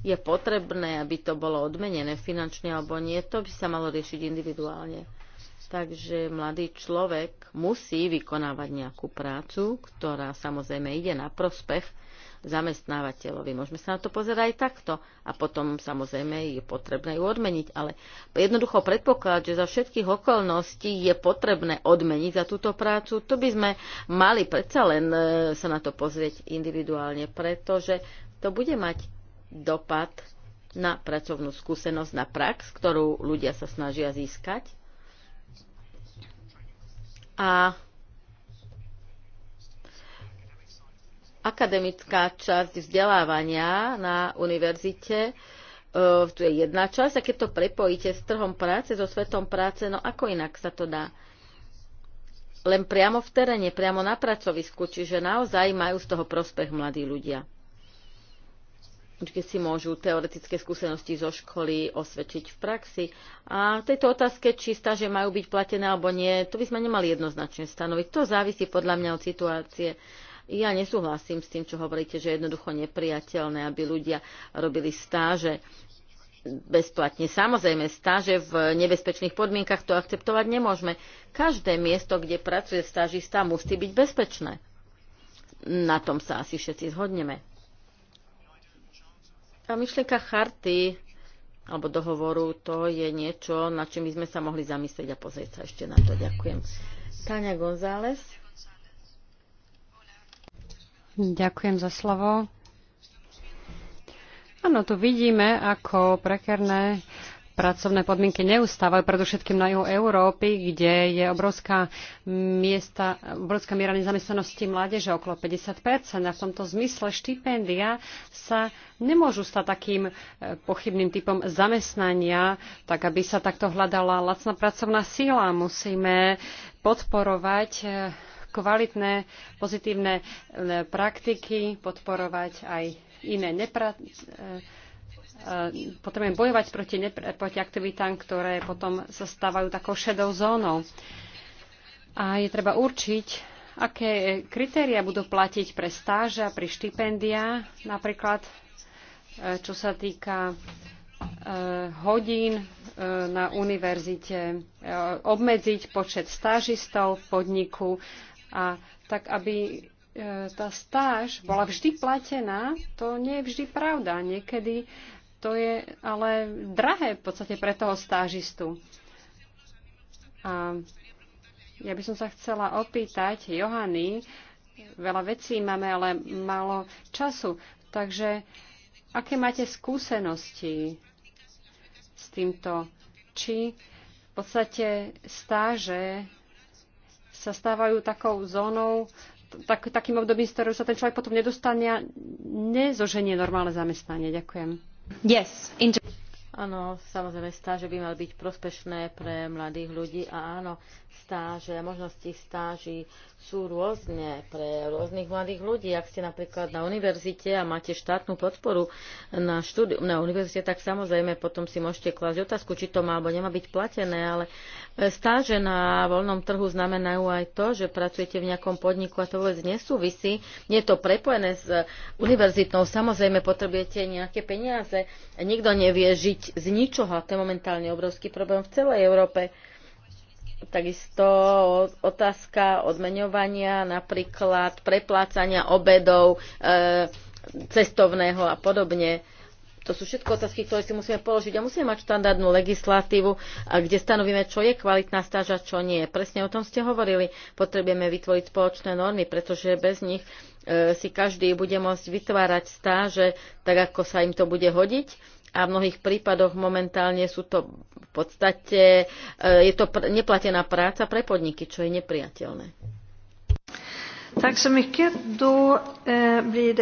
je potrebné, aby to bolo odmenené finančne alebo nie, to by sa malo riešiť individuálne Takže mladý človek musí vykonávať nejakú prácu, ktorá samozrejme ide na prospech zamestnávateľovi. Môžeme sa na to pozerať aj takto. A potom samozrejme je potrebné ju odmeniť. Ale jednoducho predpoklad, že za všetkých okolností je potrebné odmeniť za túto prácu, to by sme mali predsa len e, sa na to pozrieť individuálne, pretože to bude mať dopad na pracovnú skúsenosť, na prax, ktorú ľudia sa snažia získať a akademická časť vzdelávania na univerzite, e, tu je jedna časť, a keď to prepojíte s trhom práce, so svetom práce, no ako inak sa to dá? Len priamo v teréne, priamo na pracovisku, čiže naozaj majú z toho prospech mladí ľudia kde si môžu teoretické skúsenosti zo školy osvedčiť v praxi. A v tejto otázke, či staže majú byť platené alebo nie, to by sme nemali jednoznačne stanoviť. To závisí podľa mňa od situácie. Ja nesúhlasím s tým, čo hovoríte, že je jednoducho nepriateľné, aby ľudia robili stáže bezplatne. Samozrejme, stáže v nebezpečných podmienkach to akceptovať nemôžeme. Každé miesto, kde pracuje stážista, musí byť bezpečné. Na tom sa asi všetci zhodneme a myšlienka charty alebo dohovoru, to je niečo, na čím by sme sa mohli zamyslieť a pozrieť sa ešte na to. Ďakujem. Tania González. Ďakujem za slovo. Áno, tu vidíme, ako prekerné pracovné podmienky neustávajú, predovšetkým na juhu Európy, kde je obrovská, miesta, obrovská miera nezamestnanosti mládeže, okolo 50 A v tomto zmysle štipendia sa nemôžu stať takým e, pochybným typom zamestnania, tak aby sa takto hľadala lacná pracovná síla. Musíme podporovať e, kvalitné, pozitívne e, praktiky, podporovať aj iné nepracovné E, potrebujeme bojovať proti, proti aktivitám, ktoré potom sa stávajú takou šedou zónou. A je treba určiť, aké kritéria budú platiť pre stáže a pri štipendia, napríklad e, čo sa týka e, hodín na univerzite, obmedziť počet stážistov v podniku a tak, aby tá stáž bola vždy platená, to nie je vždy pravda. Niekedy to je ale drahé v podstate pre toho stážistu. A ja by som sa chcela opýtať Johany, veľa vecí máme, ale málo času. Takže aké máte skúsenosti s týmto? Či v podstate stáže sa stávajú takou zónou, tak, takým obdobím, z ktorého sa ten človek potom nedostane a nezoženie normálne zamestnanie. Ďakujem. Yes, inter- Áno, samozrejme, stáže by mal byť prospešné pre mladých ľudí a áno, stáže možnosti stáží sú rôzne pre rôznych mladých ľudí. Ak ste napríklad na univerzite a máte štátnu podporu na štúdium na univerzite, tak samozrejme potom si môžete klásť otázku, či to má alebo nemá byť platené, ale stáže na voľnom trhu znamenajú aj to, že pracujete v nejakom podniku a to vôbec nesúvisí. Nie je to prepojené s univerzitou. Samozrejme, potrebujete nejaké peniaze. Nikto nevie žiť z ničoho. A to je momentálne obrovský problém v celej Európe. Takisto otázka odmeňovania, napríklad preplácania obedov, e, cestovného a podobne. To sú všetko otázky, ktoré si musíme položiť a musíme mať štandardnú legislatívu, kde stanovíme, čo je kvalitná stáž a čo nie. Presne o tom ste hovorili. Potrebujeme vytvoriť spoločné normy, pretože bez nich e, si každý bude môcť vytvárať stáže tak, ako sa im to bude hodiť a v mnohých prípadoch momentálne sú to v podstate, e, je to neplatená práca pre podniky, čo je nepriateľné. Tak som ich kedu, e, blir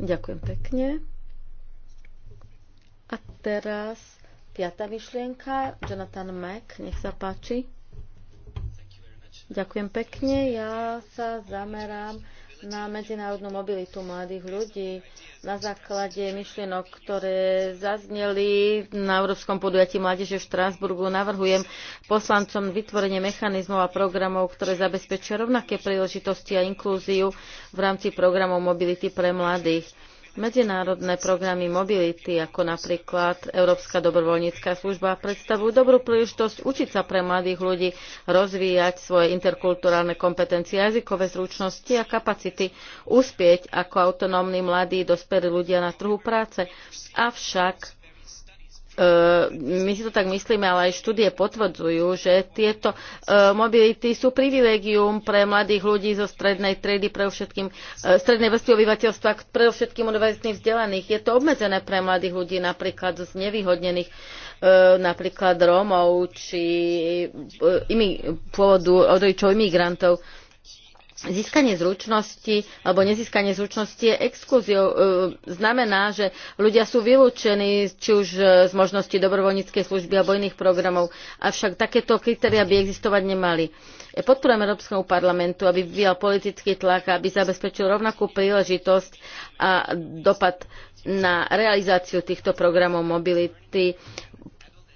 Ďakujem pekne. A teraz piata myšlienka, Jonathan Mack, nech sa páči. Ďakujem pekne. Ja sa zamerám na medzinárodnú mobilitu mladých ľudí na základe myšlienok, ktoré zazneli na Európskom podujatí mládeže v Štrásburgu. Navrhujem poslancom vytvorenie mechanizmov a programov, ktoré zabezpečia rovnaké príležitosti a inklúziu v rámci programov mobility pre mladých. Medzinárodné programy mobility, ako napríklad Európska dobrovoľnícká služba, predstavujú dobrú príležitosť učiť sa pre mladých ľudí rozvíjať svoje interkulturálne kompetencie, jazykové zručnosti a kapacity, uspieť ako autonómni mladí dospelí ľudia na trhu práce. Avšak Ehm, my si to tak myslíme, ale aj štúdie potvrdzujú, že tieto ehm, mobility sú privilegium pre mladých ľudí zo strednej triedy, pre všetkým, ehm, strednej vrstvy obyvateľstva, pre všetkým univerzitných vzdelaných. Je to obmedzené pre mladých ľudí, napríklad z nevýhodnených napríklad Rómov či pôvodu od rodičov imigrantov Získanie zručnosti alebo nezískanie zručnosti je exkluziou. E, znamená, že ľudia sú vylúčení či už e, z možnosti dobrovoľníckej služby alebo iných programov, avšak takéto kritéria by existovať nemali. E, Podporujem Európskemu parlamentu, aby vyvíjal politický tlak, aby zabezpečil rovnakú príležitosť a dopad na realizáciu týchto programov mobility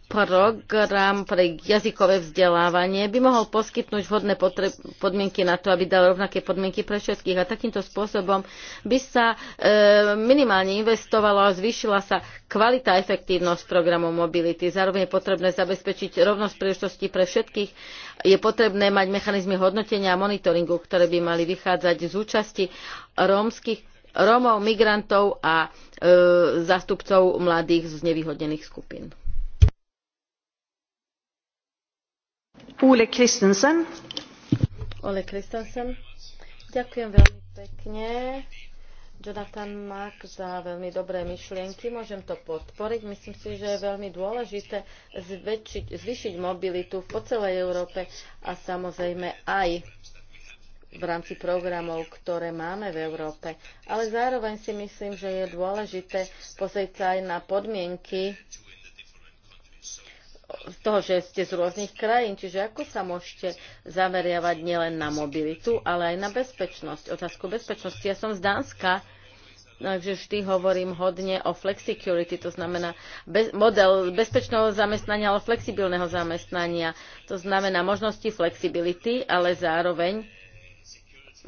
program pre jazykové vzdelávanie by mohol poskytnúť vhodné podmienky na to, aby dal rovnaké podmienky pre všetkých. A takýmto spôsobom by sa e, minimálne investovalo a zvýšila sa kvalita a efektívnosť programu mobility. Zároveň je potrebné zabezpečiť rovnosť príležitostí pre všetkých. Je potrebné mať mechanizmy hodnotenia a monitoringu, ktoré by mali vychádzať z účasti rómskych, Rómov, migrantov a e, zástupcov mladých z nevyhodnených skupín. Ole Kristensen. Ole Kristensen. Ďakujem veľmi pekne. Jonathan Mack za veľmi dobré myšlienky. Môžem to podporiť. Myslím si, že je veľmi dôležité zväčšiť, zvýšiť mobilitu po celej Európe a samozrejme aj v rámci programov, ktoré máme v Európe. Ale zároveň si myslím, že je dôležité pozrieť sa aj na podmienky z toho, že ste z rôznych krajín, čiže ako sa môžete zameriavať nielen na mobilitu, ale aj na bezpečnosť, otázku bezpečnosti. Ja som z Dánska, takže vždy hovorím hodne o flexicurity, to znamená bez, model bezpečného zamestnania, ale flexibilného zamestnania. To znamená možnosti flexibility, ale zároveň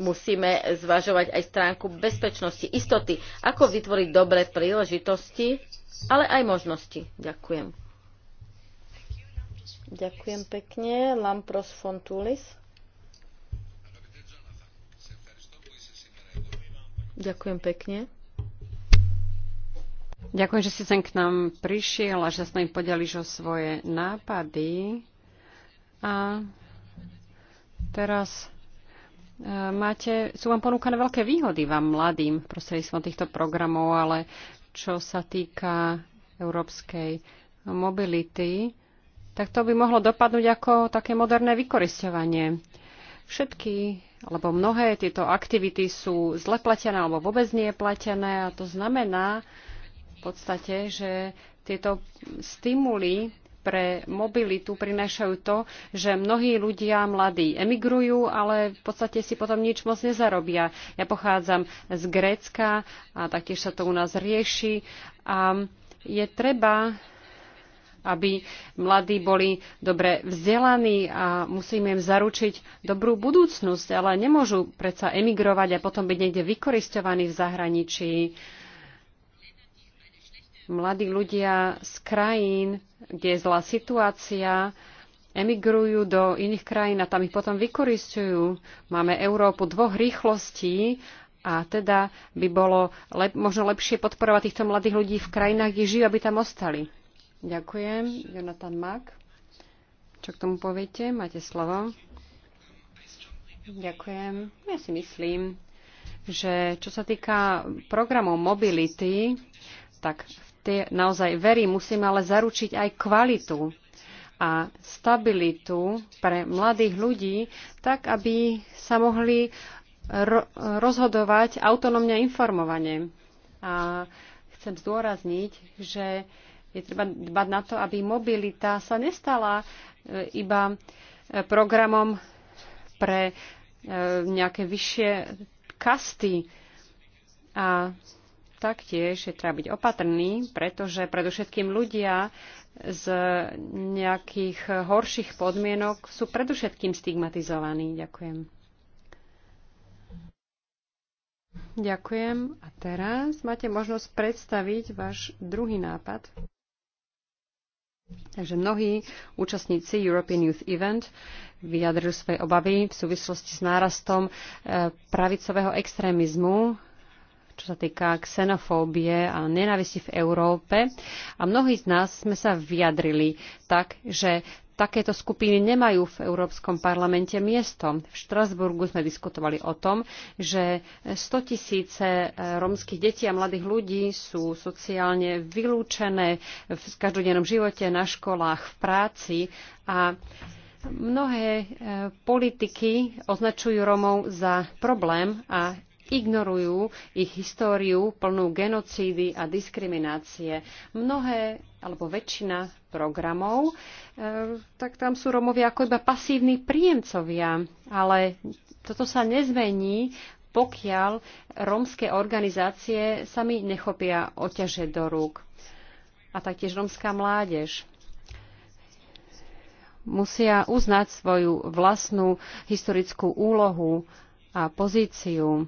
musíme zvažovať aj stránku bezpečnosti, istoty, ako vytvoriť dobré príležitosti, ale aj možnosti. Ďakujem. Ďakujem pekne. Lampros Fontulis. Ďakujem pekne. Ďakujem, že si sem k nám prišiel a že sa s nami podeliš o svoje nápady. A teraz e, máte, sú vám ponúkané veľké výhody vám mladým prostredníctvom týchto programov, ale čo sa týka európskej mobility, tak to by mohlo dopadnúť ako také moderné vykorisťovanie. Všetky alebo mnohé tieto aktivity sú zle platené alebo vôbec nie je platené a to znamená v podstate, že tieto stimuly pre mobilitu prinášajú to, že mnohí ľudia mladí emigrujú, ale v podstate si potom nič moc nezarobia. Ja pochádzam z Grécka a taktiež sa to u nás rieši a je treba aby mladí boli dobre vzdelaní a musíme im zaručiť dobrú budúcnosť, ale nemôžu predsa emigrovať a potom byť niekde vykoristovaní v zahraničí. Mladí ľudia z krajín, kde je zlá situácia, emigrujú do iných krajín a tam ich potom vykoristujú. Máme Európu dvoch rýchlostí a teda by bolo lep, možno lepšie podporovať týchto mladých ľudí v krajinách, kde žijú, aby tam ostali. Ďakujem. Jonathan Mak. Čo k tomu poviete? Máte slovo. Ďakujem. Ja si myslím, že čo sa týka programov mobility, tak tie naozaj verí, musíme ale zaručiť aj kvalitu a stabilitu pre mladých ľudí, tak aby sa mohli ro- rozhodovať autonómne informovane. A chcem zdôrazniť, že je treba dbať na to, aby mobilita sa nestala e, iba e, programom pre e, nejaké vyššie kasty. A taktiež je treba byť opatrný, pretože predovšetkým ľudia z nejakých horších podmienok sú predovšetkým stigmatizovaní. Ďakujem. Ďakujem. A teraz máte možnosť predstaviť váš druhý nápad. Takže mnohí účastníci European Youth Event vyjadrili svoje obavy v súvislosti s nárastom e, pravicového extrémizmu, čo sa týka xenofóbie a nenávisti v Európe. A mnohí z nás sme sa vyjadrili tak, že takéto skupiny nemajú v Európskom parlamente miesto. V Štrasburgu sme diskutovali o tom, že 100 tisíce e, rómskych detí a mladých ľudí sú sociálne vylúčené v každodennom živote, na školách, v práci a mnohé e, politiky označujú Rómov za problém a ignorujú ich históriu plnú genocídy a diskriminácie. Mnohé alebo väčšina programov, e, tak tam sú Romovia ako iba pasívni príjemcovia, ale toto sa nezmení, pokiaľ rómske organizácie sami nechopia oťaže do rúk. A taktiež rómska mládež musia uznať svoju vlastnú historickú úlohu a pozíciu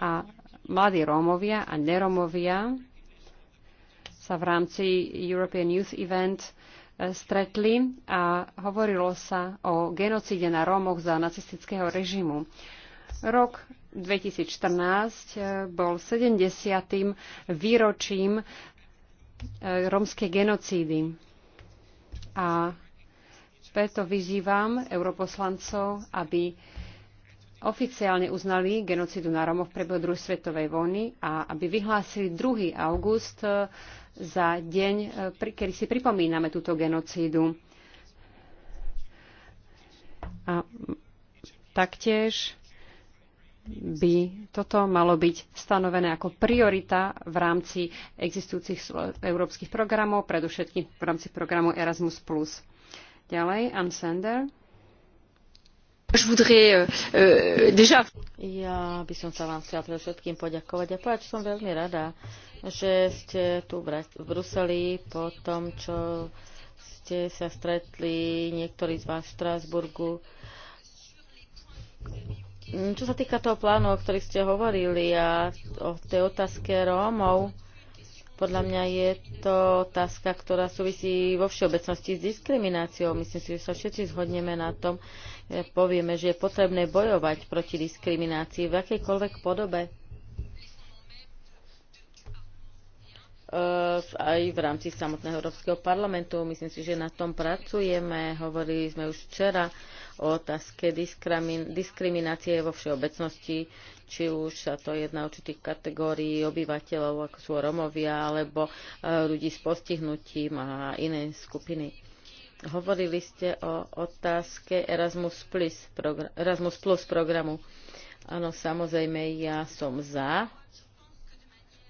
a mladí Rómovia a nerómovia sa v rámci European Youth Event e, stretli a hovorilo sa o genocíde na Rómoch za nacistického režimu. Rok 2014 e, bol 70. výročím e, rómskej genocídy. A preto vyzývam europoslancov, aby oficiálne uznali genocidu na Romov v priebehu druhej svetovej vojny a aby vyhlásili 2. august e, za deň, e, kedy si pripomíname túto genocídu. A taktiež by toto malo byť stanovené ako priorita v rámci existujúcich európskych programov, predovšetkým v rámci programu Erasmus+. Ďalej, Ann Sander. Euh, euh, ja by som sa vám chcela pre všetkým poďakovať a povedať, že som veľmi rada, že ste tu v Bruseli po tom, čo ste sa stretli niektorí z vás v Strasburgu. Čo sa týka toho plánu, o ktorých ste hovorili a o tej otázke Rómov, podľa mňa je to otázka, ktorá súvisí vo všeobecnosti s diskrimináciou. Myslím si, že sa všetci zhodneme na tom, že povieme, že je potrebné bojovať proti diskriminácii v akejkoľvek podobe. Ehm, aj v rámci samotného Európskeho parlamentu. Myslím si, že na tom pracujeme. Hovorili sme už včera o otázke diskriminácie vo všeobecnosti, či už sa to jedná určitých kategórií obyvateľov, ako sú Romovia, alebo e, ľudí s postihnutím a iné skupiny. Hovorili ste o otázke Erasmus Plus, progr- Erasmus Plus programu. Áno, samozrejme, ja som za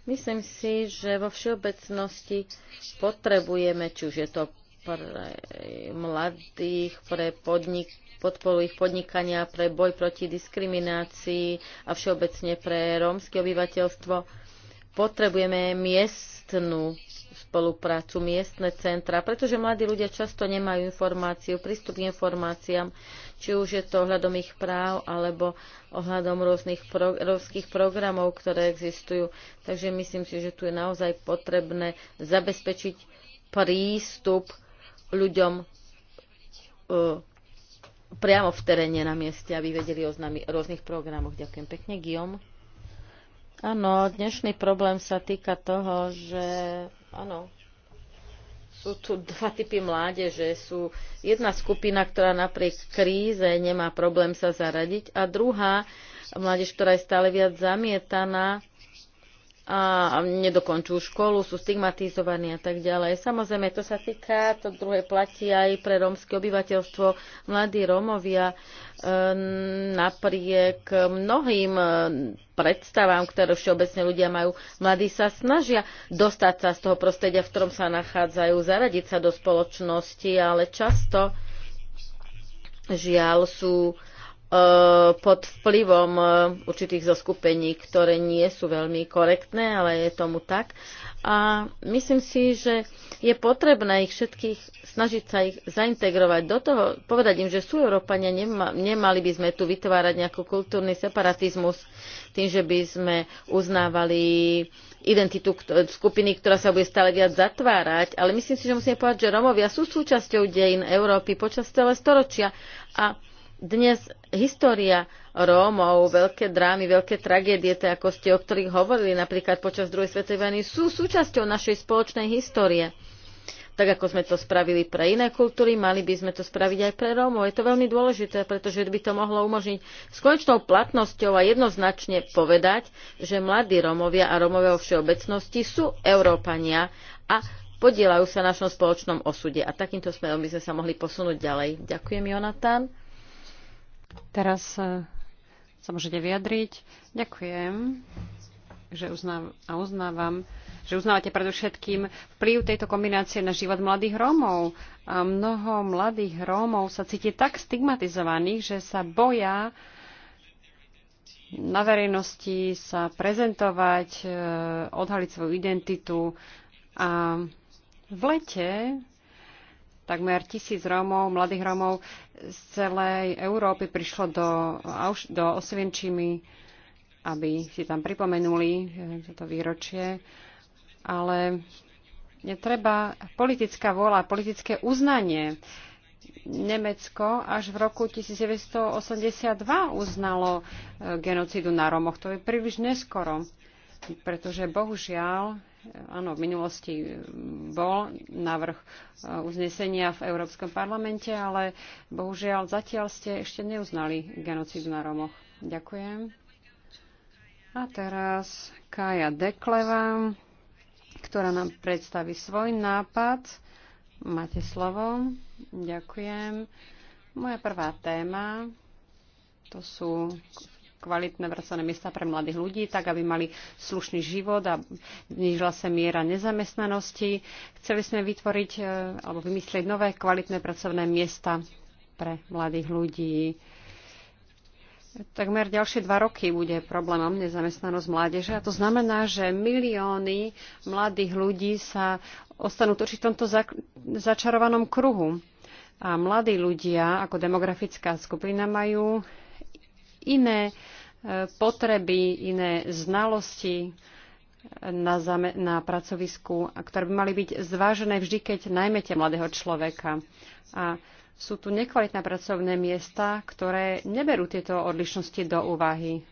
Myslím si, že vo všeobecnosti potrebujeme, či už je to pre mladých, pre podnik, podporu ich podnikania, pre boj proti diskriminácii a všeobecne pre rómske obyvateľstvo. Potrebujeme miestnu spoluprácu, miestne centra, pretože mladí ľudia často nemajú informáciu, prístup k informáciám, či už je to ohľadom ich práv alebo ohľadom rôznych pro, programov, ktoré existujú. Takže myslím si, že tu je naozaj potrebné zabezpečiť prístup ľuďom e, priamo v teréne na mieste, aby vedeli o znami, rôznych programoch. Ďakujem pekne, Guillaume. Áno, dnešný problém sa týka toho, že áno, sú tu dva typy mládeže. Sú jedna skupina, ktorá napriek kríze nemá problém sa zaradiť a druhá mládež, ktorá je stále viac zamietaná, a nedokončujú školu, sú stigmatizovaní a tak ďalej. Samozrejme, to sa týka, to druhé platí aj pre rómske obyvateľstvo. Mladí Rómovia e, napriek mnohým e, predstavám, ktoré všeobecne ľudia majú, mladí sa snažia dostať sa z toho prostredia, v ktorom sa nachádzajú, zaradiť sa do spoločnosti, ale často žiaľ sú Eh, pod vplyvom eh, určitých zoskupení, ktoré nie sú veľmi korektné, ale je tomu tak. A myslím si, že je potrebné ich všetkých snažiť sa ich zaintegrovať do toho, povedať im, že sú Európania, nema, nemali by sme tu vytvárať nejaký kultúrny separatizmus tým, že by sme uznávali identitu skupiny, ktorá sa bude stále viac zatvárať. Ale myslím si, že musíme povedať, že Romovia sú súčasťou dejín Európy počas celé storočia a dnes história Rómov, veľké drámy, veľké tragédie, tie ako ste o ktorých hovorili napríklad počas druhej svetovej vojny, sú súčasťou našej spoločnej histórie. Tak ako sme to spravili pre iné kultúry, mali by sme to spraviť aj pre Rómov. Je to veľmi dôležité, pretože by to mohlo umožniť s konečnou platnosťou a jednoznačne povedať, že mladí Rómovia a Rómovia vo všeobecnosti sú Európania a podielajú sa našom spoločnom osude. A takýmto smerom by sme sa mohli posunúť ďalej. Ďakujem, Jonatán. Teraz e, sa môžete vyjadriť. Ďakujem že uznávam, a uznávam, že uznávate predovšetkým vplyv tejto kombinácie na život mladých Rómov. A mnoho mladých Rómov sa cíti tak stigmatizovaných, že sa boja na verejnosti sa prezentovať, e, odhaliť svoju identitu. A v lete Takmer tisíc Rómov, mladých Rómov z celej Európy prišlo do, do Osvienčimi, aby si tam pripomenuli eh, toto výročie. Ale je treba politická vôľa, politické uznanie. Nemecko až v roku 1982 uznalo eh, genocídu na Romoch. To je príliš neskoro, pretože bohužiaľ áno, v minulosti bol návrh e, uznesenia v Európskom parlamente, ale bohužiaľ zatiaľ ste ešte neuznali genocid na Romoch. Ďakujem. A teraz Kaja Dekleva, ktorá nám predstaví svoj nápad. Máte slovo. Ďakujem. Moja prvá téma to sú kvalitné pracovné miesta pre mladých ľudí, tak aby mali slušný život a znižila sa miera nezamestnanosti. Chceli sme vytvoriť e, alebo vymyslieť nové kvalitné pracovné miesta pre mladých ľudí. Takmer ďalšie dva roky bude problémom nezamestnanosť mládeže a to znamená, že milióny mladých ľudí sa ostanú točiť v tomto začarovanom kruhu. A mladí ľudia ako demografická skupina majú iné e, potreby, iné znalosti e, na, zame, na pracovisku, ktoré by mali byť zvážené vždy, keď najmete mladého človeka. A sú tu nekvalitné pracovné miesta, ktoré neberú tieto odlišnosti do úvahy.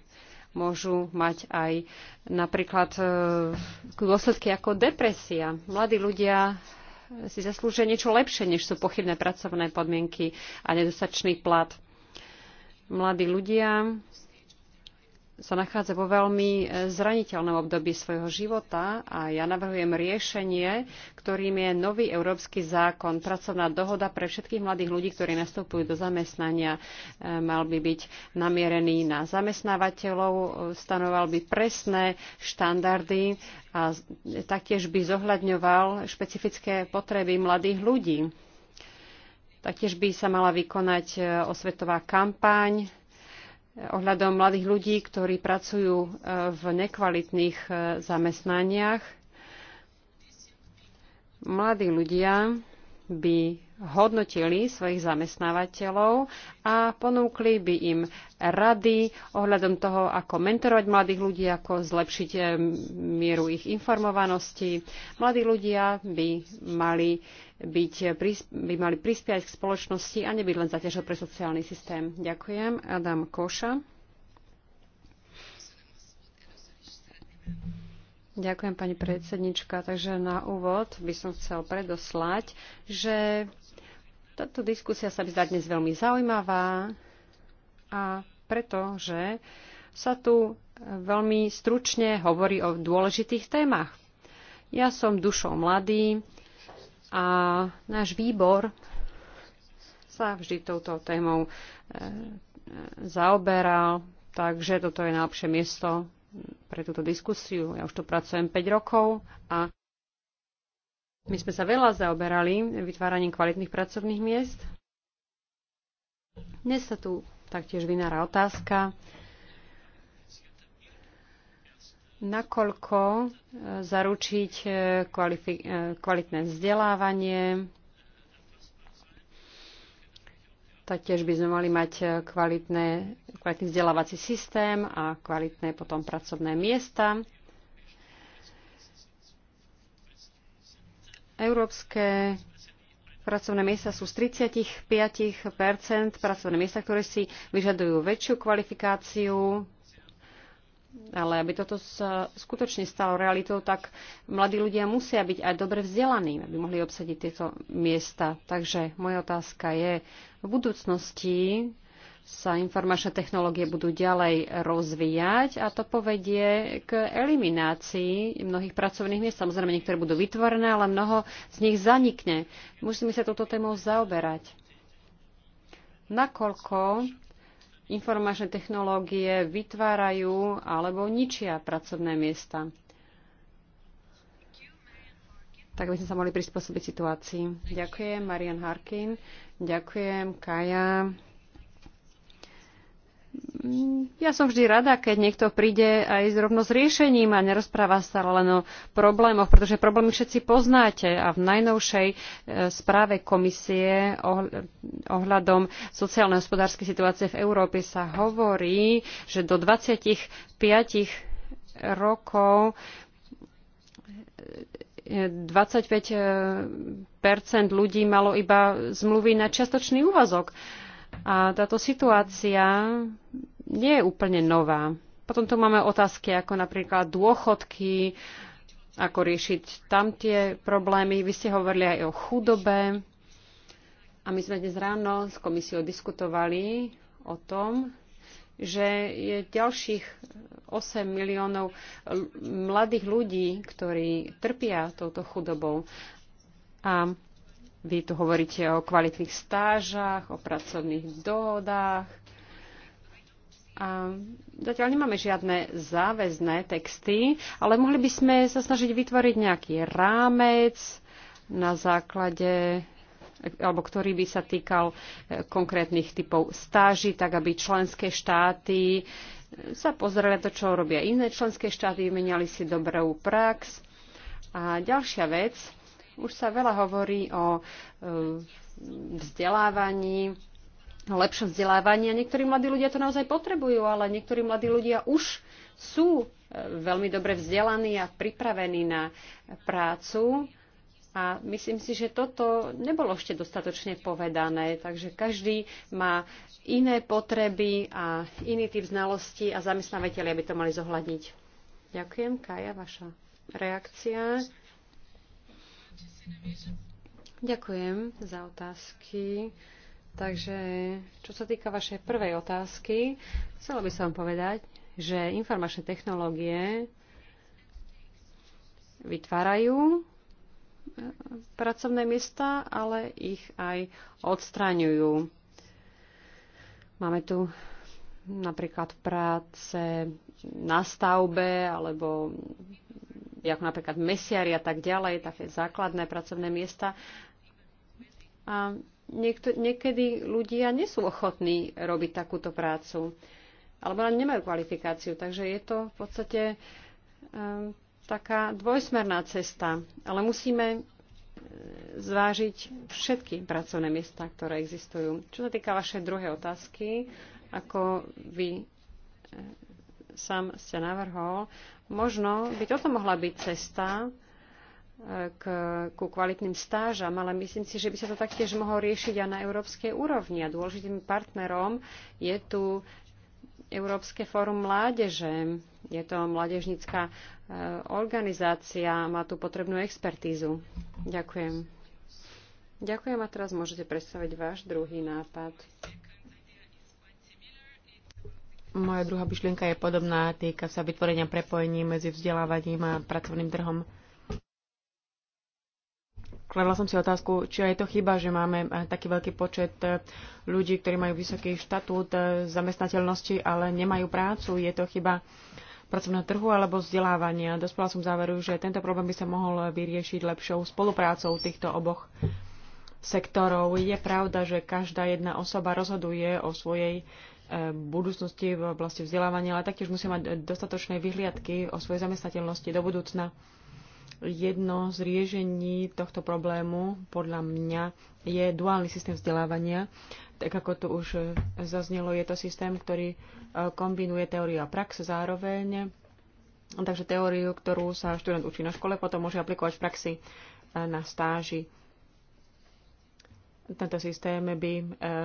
Môžu mať aj napríklad e, dôsledky ako depresia. Mladí ľudia si zaslúžia niečo lepšie, než sú pochybné pracovné podmienky a nedostačný plat. Mladí ľudia sa nachádza vo veľmi e, zraniteľnom období svojho života a ja navrhujem riešenie, ktorým je nový európsky zákon, pracovná dohoda pre všetkých mladých ľudí, ktorí nastupujú do zamestnania. E, mal by byť namierený na zamestnávateľov, e, stanoval by presné štandardy a taktiež by zohľadňoval špecifické potreby mladých ľudí Taktiež by sa mala vykonať e, osvetová kampaň e, ohľadom mladých ľudí, ktorí pracujú e, v nekvalitných zamestnaniach. Mladí ľudia by hodnotili svojich zamestnávateľov a ponúkli by im rady ohľadom toho, ako mentorovať mladých ľudí, ako zlepšiť eh, mieru ich informovanosti. Mladí ľudia by mali, byť, eh, by mali prispiať k spoločnosti a nebyť len zaťažov pre sociálny systém. Ďakujem. Adam Koša. Ďakujem, pani predsednička. Takže na úvod by som chcel predoslať, že táto diskusia sa mi zdá dnes veľmi zaujímavá a pretože sa tu veľmi stručne hovorí o dôležitých témach. Ja som dušou mladý a náš výbor sa vždy touto témou e, e, zaoberal, takže toto je najlepšie miesto pre túto diskusiu. Ja už tu pracujem 5 rokov a my sme sa veľa zaoberali vytváraním kvalitných pracovných miest. Dnes sa tu taktiež vynára otázka, nakoľko e, zaručiť e, e, kvalitné vzdelávanie, Taktiež by sme mali mať kvalitné, kvalitný vzdelávací systém a kvalitné potom pracovné miesta. Európske pracovné miesta sú z 35 pracovné miesta, ktoré si vyžadujú väčšiu kvalifikáciu, ale aby toto sa skutočne stalo realitou, tak mladí ľudia musia byť aj dobre vzdelaní, aby mohli obsadiť tieto miesta. Takže moja otázka je, v budúcnosti sa informačné technológie budú ďalej rozvíjať a to povedie k eliminácii mnohých pracovných miest. Samozrejme, niektoré budú vytvorené, ale mnoho z nich zanikne. Musíme sa touto tému zaoberať. Nakoľko informačné technológie vytvárajú alebo ničia pracovné miesta. Tak by sme sa mohli prispôsobiť situácii. Ďakujem, Marian Harkin. Ďakujem, Kaja. Mm, ja som vždy rada, keď niekto príde aj zrovno s riešením a nerozpráva sa len o problémoch, pretože problémy všetci poznáte a v najnovšej e, správe komisie ohľadom sociálnej hospodárskej situácie v Európe sa hovorí, že do 25 rokov 25 e, e, ľudí malo iba zmluvy na čiastočný úvazok. A táto situácia nie je úplne nová. Potom tu máme otázky ako napríklad dôchodky, ako riešiť tam tie problémy. Vy ste hovorili aj o chudobe. A my sme dnes ráno s komisiou diskutovali o tom, že je ďalších 8 miliónov mladých ľudí, ktorí trpia touto chudobou. A vy tu hovoríte o kvalitných stážach, o pracovných dohodách. A zatiaľ nemáme žiadne záväzné texty, ale mohli by sme sa snažiť vytvoriť nejaký rámec na základe alebo ktorý by sa týkal e, konkrétnych typov stáží, tak aby členské štáty e, sa pozreli na to, čo robia iné členské štáty, vymenali si dobrú prax. A ďalšia vec, už sa veľa hovorí o e, vzdelávaní, o lepšom vzdelávaní a niektorí mladí ľudia to naozaj potrebujú, ale niektorí mladí ľudia už sú e, veľmi dobre vzdelaní a pripravení na prácu. A myslím si, že toto nebolo ešte dostatočne povedané, takže každý má iné potreby a iný typ znalostí a zamestnávateľi by to mali zohľadniť. Ďakujem. Kaja, vaša reakcia. Ďakujem za otázky. Takže, čo sa týka vašej prvej otázky, chcela by som povedať, že informačné technológie vytvárajú eh, pracovné miesta, ale ich aj odstraňujú. Máme tu napríklad práce na stavbe alebo ako napríklad mesiari a tak ďalej, také základné pracovné miesta. A niekto, niekedy ľudia nie sú ochotní robiť takúto prácu, alebo len nemajú kvalifikáciu, takže je to v podstate um, taká dvojsmerná cesta. Ale musíme ehm, zvážiť všetky pracovné miesta, ktoré existujú. Čo sa týka vašej druhej otázky, ako vy ehm, sám ste navrhol, Možno by toto mohla byť cesta e, k, ku kvalitným stážam, ale myslím si, že by sa to taktiež mohlo riešiť aj na európskej úrovni. A dôležitým partnerom je tu Európske fórum mládeže. Je to mládežnická e, organizácia, má tu potrebnú expertízu. Ďakujem. Ďakujem a teraz môžete predstaviť váš druhý nápad. Moja druhá myšlienka je podobná, týka sa vytvorenia prepojení medzi vzdelávaním a pracovným trhom. Kladla som si otázku, či aj to chyba, že máme eh, taký veľký počet eh, ľudí, ktorí majú vysoký štatút eh, zamestnateľnosti, ale nemajú prácu. Je to chyba pracovného trhu alebo vzdelávania. Dospela som záveru, že tento problém by sa mohol vyriešiť lepšou spoluprácou týchto oboch sektorov. Je pravda, že každá jedna osoba rozhoduje o svojej E, budúcnosti v oblasti vzdelávania, ale taktiež musia mať dostatočné vyhliadky o svojej zamestnateľnosti do budúcna. Jedno z riešení tohto problému podľa mňa je duálny systém vzdelávania. Tak ako tu už zaznelo, je to systém, ktorý e, kombinuje teóriu a prax zároveň. Takže teóriu, ktorú sa študent učí na škole, potom môže aplikovať v praxi e, na stáži tento systém by e,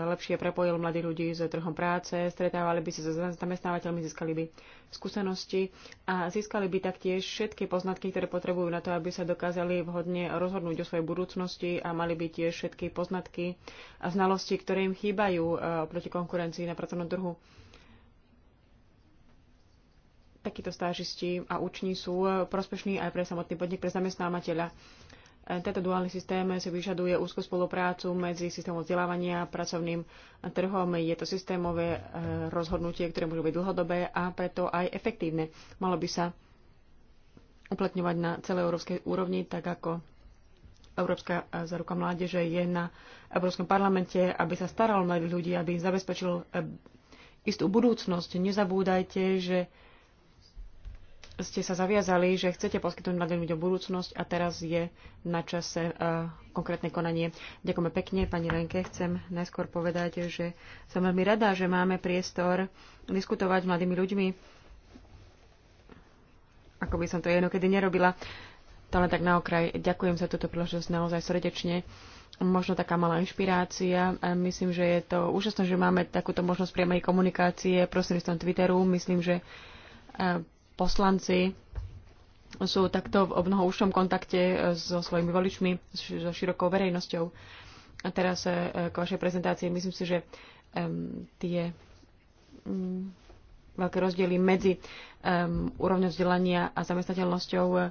lepšie prepojil mladých ľudí s trhom práce, stretávali by sa so zamestnávateľmi, získali by skúsenosti a získali by taktiež všetky poznatky, ktoré potrebujú na to, aby sa dokázali vhodne rozhodnúť o svojej budúcnosti a mali by tiež všetky poznatky a znalosti, ktoré im chýbajú e, proti konkurencii na pracovnom trhu. Takíto stážisti a uční sú prospešní aj pre samotný podnik, pre zamestnávateľa. Tento duálny systém si vyžaduje úzkú spoluprácu medzi systémom vzdelávania a pracovným trhom. Je to systémové eh, rozhodnutie, ktoré môže byť dlhodobé a preto aj efektívne. Malo by sa uplatňovať na celej európskej úrovni, tak ako Európska eh, záruka mládeže je na Európskom parlamente, aby sa staral mladých ľudí, aby im zabezpečil eh, istú budúcnosť. Nezabúdajte, že ste sa zaviazali, že chcete poskytnúť mladým ľuďom budúcnosť a teraz je na čase uh, konkrétne konanie. Ďakujeme pekne, pani Lenke. Chcem najskôr povedať, že som veľmi rada, že máme priestor diskutovať s mladými ľuďmi. Ako by som to jednokedy nerobila, to len tak na okraj. Ďakujem za túto príležitosť naozaj srdečne. Možno taká malá inšpirácia. E, myslím, že je to úžasné, že máme takúto možnosť priamej komunikácie prostredníctvom Twitteru. Myslím, že uh, poslanci sú takto v mnoho užšom kontakte e, so svojimi voličmi, so širokou verejnosťou. A teraz e, k vašej prezentácii myslím si, že um, tie um, veľké rozdiely medzi um, úrovňou vzdelania a zamestnateľnosťou uh,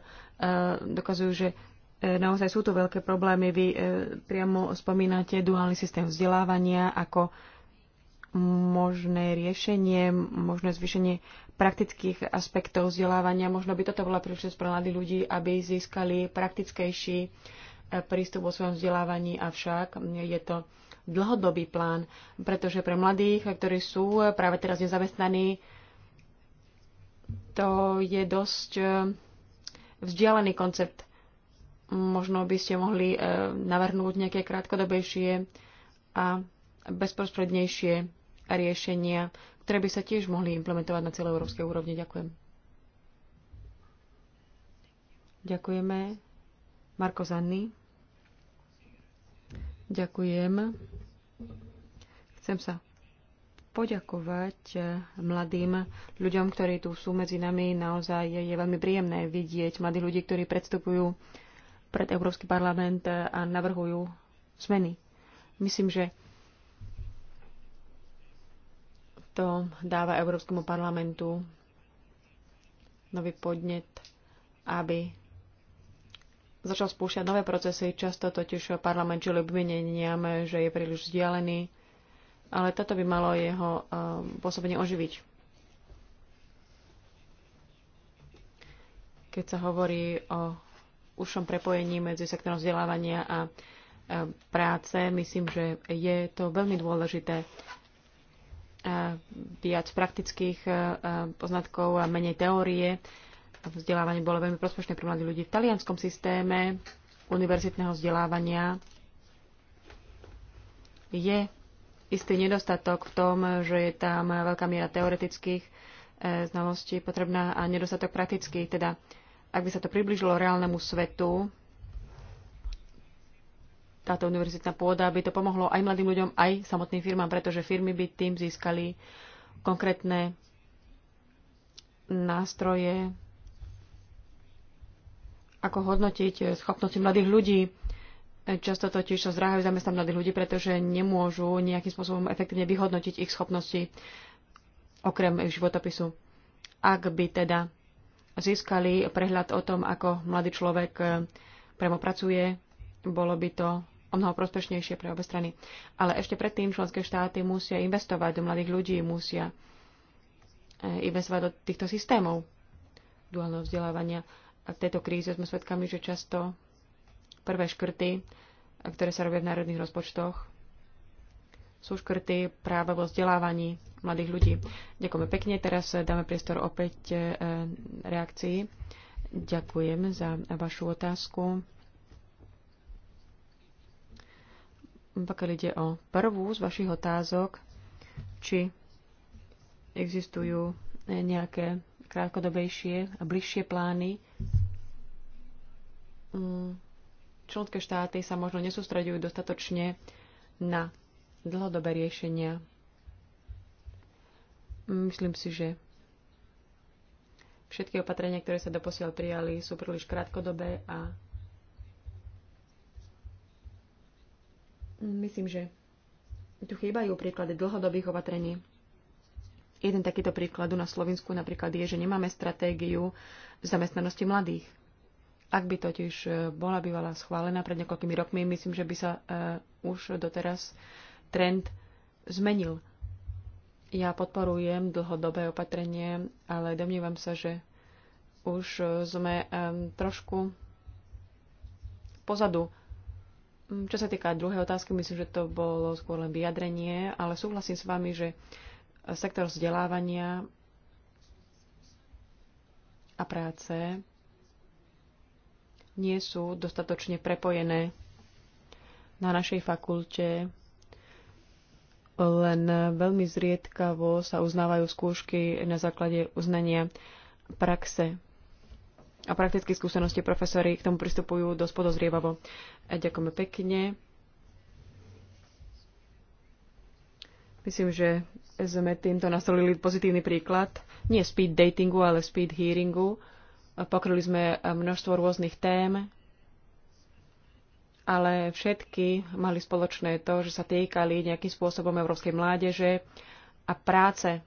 dokazujú, že uh, naozaj sú to veľké problémy. Vy uh, priamo spomínate duálny systém vzdelávania ako možné riešenie, možné zvýšenie praktických aspektov vzdelávania. Možno by toto bola príležitosť pre mladých ľudí, aby získali praktickejší e, prístup vo svojom vzdelávaní, avšak je to dlhodobý plán, pretože pre mladých, ktorí sú práve teraz nezamestnaní, to je dosť e, vzdialený koncept. Možno by ste mohli e, navrhnúť nejaké krátkodobejšie a bezprostrednejšie riešenia, ktoré by sa tiež mohli implementovať na celej európskej úrovni. Ďakujem. Ďakujeme. Marko Zanny. Ďakujem. Chcem sa poďakovať mladým ľuďom, ktorí tu sú medzi nami. Naozaj je veľmi príjemné vidieť mladí ľudí, ktorí predstupujú pred Európsky parlament a navrhujú zmeny. Myslím, že To dáva Európskemu parlamentu nový podnet, aby začal spúšťať nové procesy. Často totiž parlament čili obvineniam, že je príliš vzdialený, ale toto by malo jeho um, pôsobenie oživiť. Keď sa hovorí o užšom prepojení medzi sektorom vzdelávania a e, práce, myslím, že je to veľmi dôležité viac praktických e, e, poznatkov a menej teórie. Vzdelávanie bolo veľmi prospešné pre mladých ľudí v talianskom systéme univerzitného vzdelávania. Je istý nedostatok v tom, že je tam veľká miera teoretických e, znalostí potrebná a nedostatok praktických. Teda, ak by sa to približilo reálnemu svetu, táto univerzitná pôda, by to pomohlo aj mladým ľuďom, aj samotným firmám, pretože firmy by tým získali konkrétne nástroje, ako hodnotiť schopnosti mladých ľudí. Často totiž sa zdráhajú zamestnať mladých ľudí, pretože nemôžu nejakým spôsobom efektívne vyhodnotiť ich schopnosti okrem ich životopisu. Ak by teda získali prehľad o tom, ako mladý človek eh, premo pracuje, bolo by to o mnoho prospešnejšie pre obe strany. Ale ešte predtým členské štáty musia investovať do mladých ľudí, musia e, investovať do týchto systémov duálneho vzdelávania. A v tejto kríze sme svedkami, že často prvé škrty, e, ktoré sa robia v národných rozpočtoch, sú škrty práve vo vzdelávaní mladých ľudí. Ďakujeme pekne. Teraz e, dáme priestor opäť reakcii. Ďakujem za vašu otázku. Pokiaľ ide o prvú z vašich otázok, či existujú nejaké krátkodobejšie a bližšie plány, mm, členské štáty sa možno nesústredujú dostatočne na dlhodobé riešenia. Myslím si, že všetky opatrenia, ktoré sa doposiaľ prijali, sú príliš krátkodobé a Myslím, že tu chýbajú príklady dlhodobých opatrení. Jeden takýto príkladu na Slovensku napríklad je, že nemáme stratégiu zamestnanosti mladých. Ak by totiž e, bola bývala schválená pred niekoľkými rokmi, myslím, že by sa uh, už doteraz trend zmenil. Ja podporujem dlhodobé opatrenie, ale domnívam sa, že už e, sme um, trošku pozadu Mm, čo sa týka druhej otázky, myslím, že to bolo skôr len vyjadrenie, ale súhlasím s vami, že sektor vzdelávania a práce nie sú dostatočne prepojené na našej fakulte. Len veľmi zriedkavo sa uznávajú skúšky na základe uznania praxe a praktické skúsenosti profesory k tomu pristupujú dosť podozrievavo. E, ďakujeme pekne. Myslím, že sme týmto nastolili pozitívny príklad. Nie speed datingu, ale speed hearingu. E, pokryli sme e, množstvo rôznych tém, ale všetky mali spoločné to, že sa týkali nejakým spôsobom európskej mládeže a práce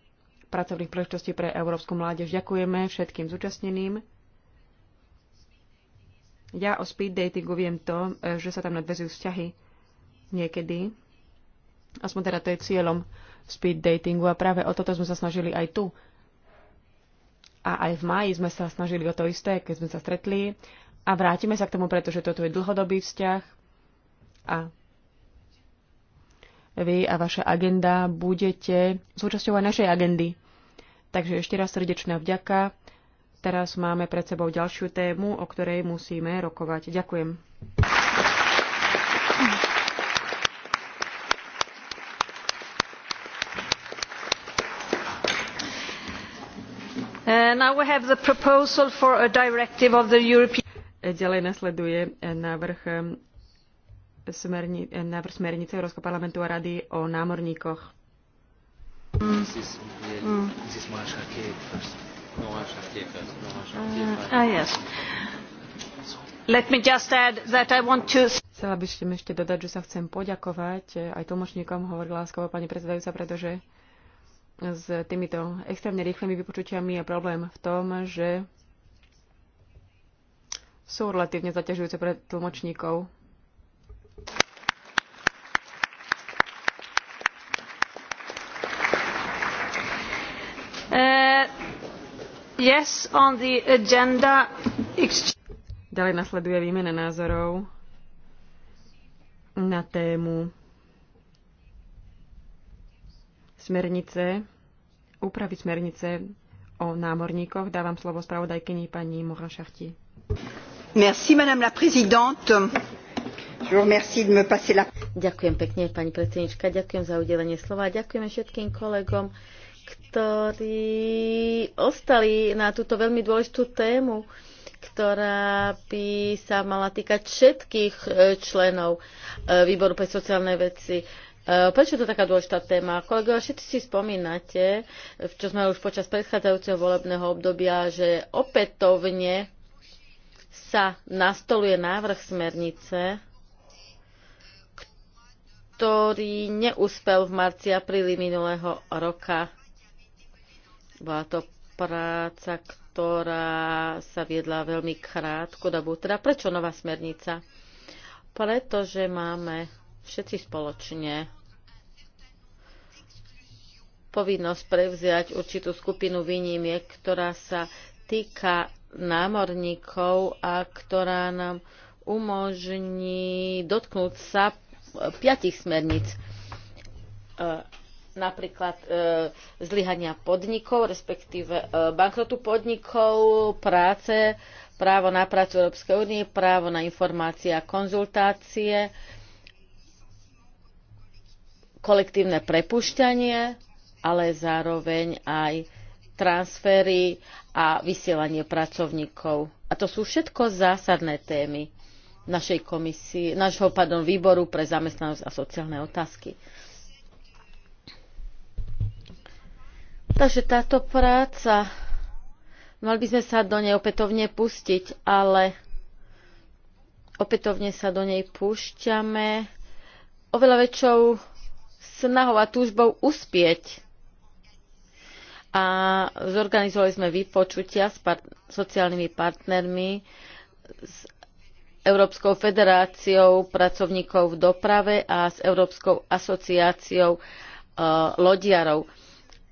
pracovných príležitostí pre európsku mládež. Ďakujeme všetkým zúčastneným. Ja o speed datingu viem to, e, že sa tam nadvezujú vzťahy niekedy. Aspoň teda to je cieľom speed datingu a práve o toto sme sa snažili aj tu. A aj v máji sme sa snažili o to isté, keď sme sa stretli. A vrátime sa k tomu, pretože toto je dlhodobý vzťah a vy a vaša agenda budete súčasťou aj našej agendy. Takže ešte raz srdečná vďaka Teraz máme pred sebou ďalšiu tému, o ktorej musíme rokovať. Ďakujem. Uh, European... Ďalej nasleduje eh, návrh, eh, smerni, eh, návrh smernice Európskeho parlamentu a rady o námorníkoch. Mm. Mm. Ah, yes. Let me just add that I want to... Chcela by ste ešte dodať, že sa chcem poďakovať eh, aj tlmočníkom, hovorila láskovo pani predsedajúca, pretože s týmito extrémne rýchlymi vypočutiami je problém v tom, že sú relatívne zaťažujúce pre tlmočníkov. Yes, on the agenda. Ďalej nasleduje výmena názorov na tému smernice, úpravy smernice o námorníkoch. Dávam slovo spravodajkyni pani Morin Šachti. Merci, madame la présidente. Je vous remercie de me passer la... Ďakujem pekne, pani predsednička, ďakujem za udelenie slova ďakujem všetkým kolegom, ktorí ostali na túto veľmi dôležitú tému, ktorá by sa mala týkať všetkých e, členov e, Výboru pre sociálne veci. E, prečo je to taká dôležitá téma? Kolegovia, všetci si spomínate, čo sme už počas predchádzajúceho volebného obdobia, že opätovne sa nastoluje návrh smernice, ktorý neúspel v marci apríli minulého roka bola to práca, ktorá sa viedla veľmi krátku dobu. Teda prečo nová smernica? Pretože máme všetci spoločne povinnosť prevziať určitú skupinu výnimiek, ktorá sa týka námorníkov a ktorá nám umožní dotknúť sa piatich smerníc napríklad e, zlyhania podnikov, respektíve e, bankrotu podnikov, práce, právo na prácu Európskej únie, právo na informácie a konzultácie, kolektívne prepušťanie, ale zároveň aj transfery a vysielanie pracovníkov. A to sú všetko zásadné témy našej komisie, nášho pardon, výboru pre zamestnanosť a sociálne otázky. Takže táto práca, mali by sme sa do nej opätovne pustiť, ale opätovne sa do nej púšťame oveľa väčšou snahou a túžbou uspieť. A zorganizovali sme vypočutia s part- sociálnymi partnermi, s Európskou federáciou pracovníkov v doprave a s Európskou asociáciou e, lodiarov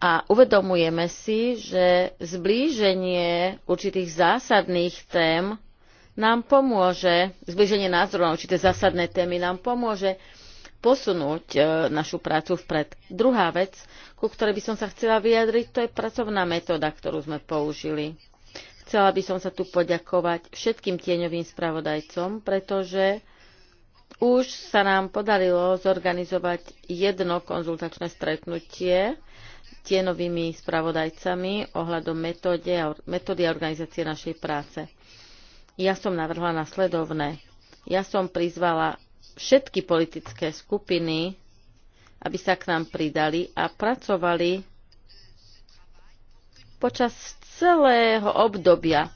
a uvedomujeme si, že zblíženie určitých zásadných tém nám pomôže, zblíženie názorov na určité zásadné témy nám pomôže posunúť e, našu prácu vpred. Druhá vec, ku ktorej by som sa chcela vyjadriť, to je pracovná metóda, ktorú sme použili. Chcela by som sa tu poďakovať všetkým tieňovým spravodajcom, pretože už sa nám podarilo zorganizovať jedno konzultačné stretnutie tienovými spravodajcami ohľadom metóde, metódy a organizácie našej práce. Ja som navrhla nasledovné. Ja som prizvala všetky politické skupiny, aby sa k nám pridali a pracovali počas celého obdobia,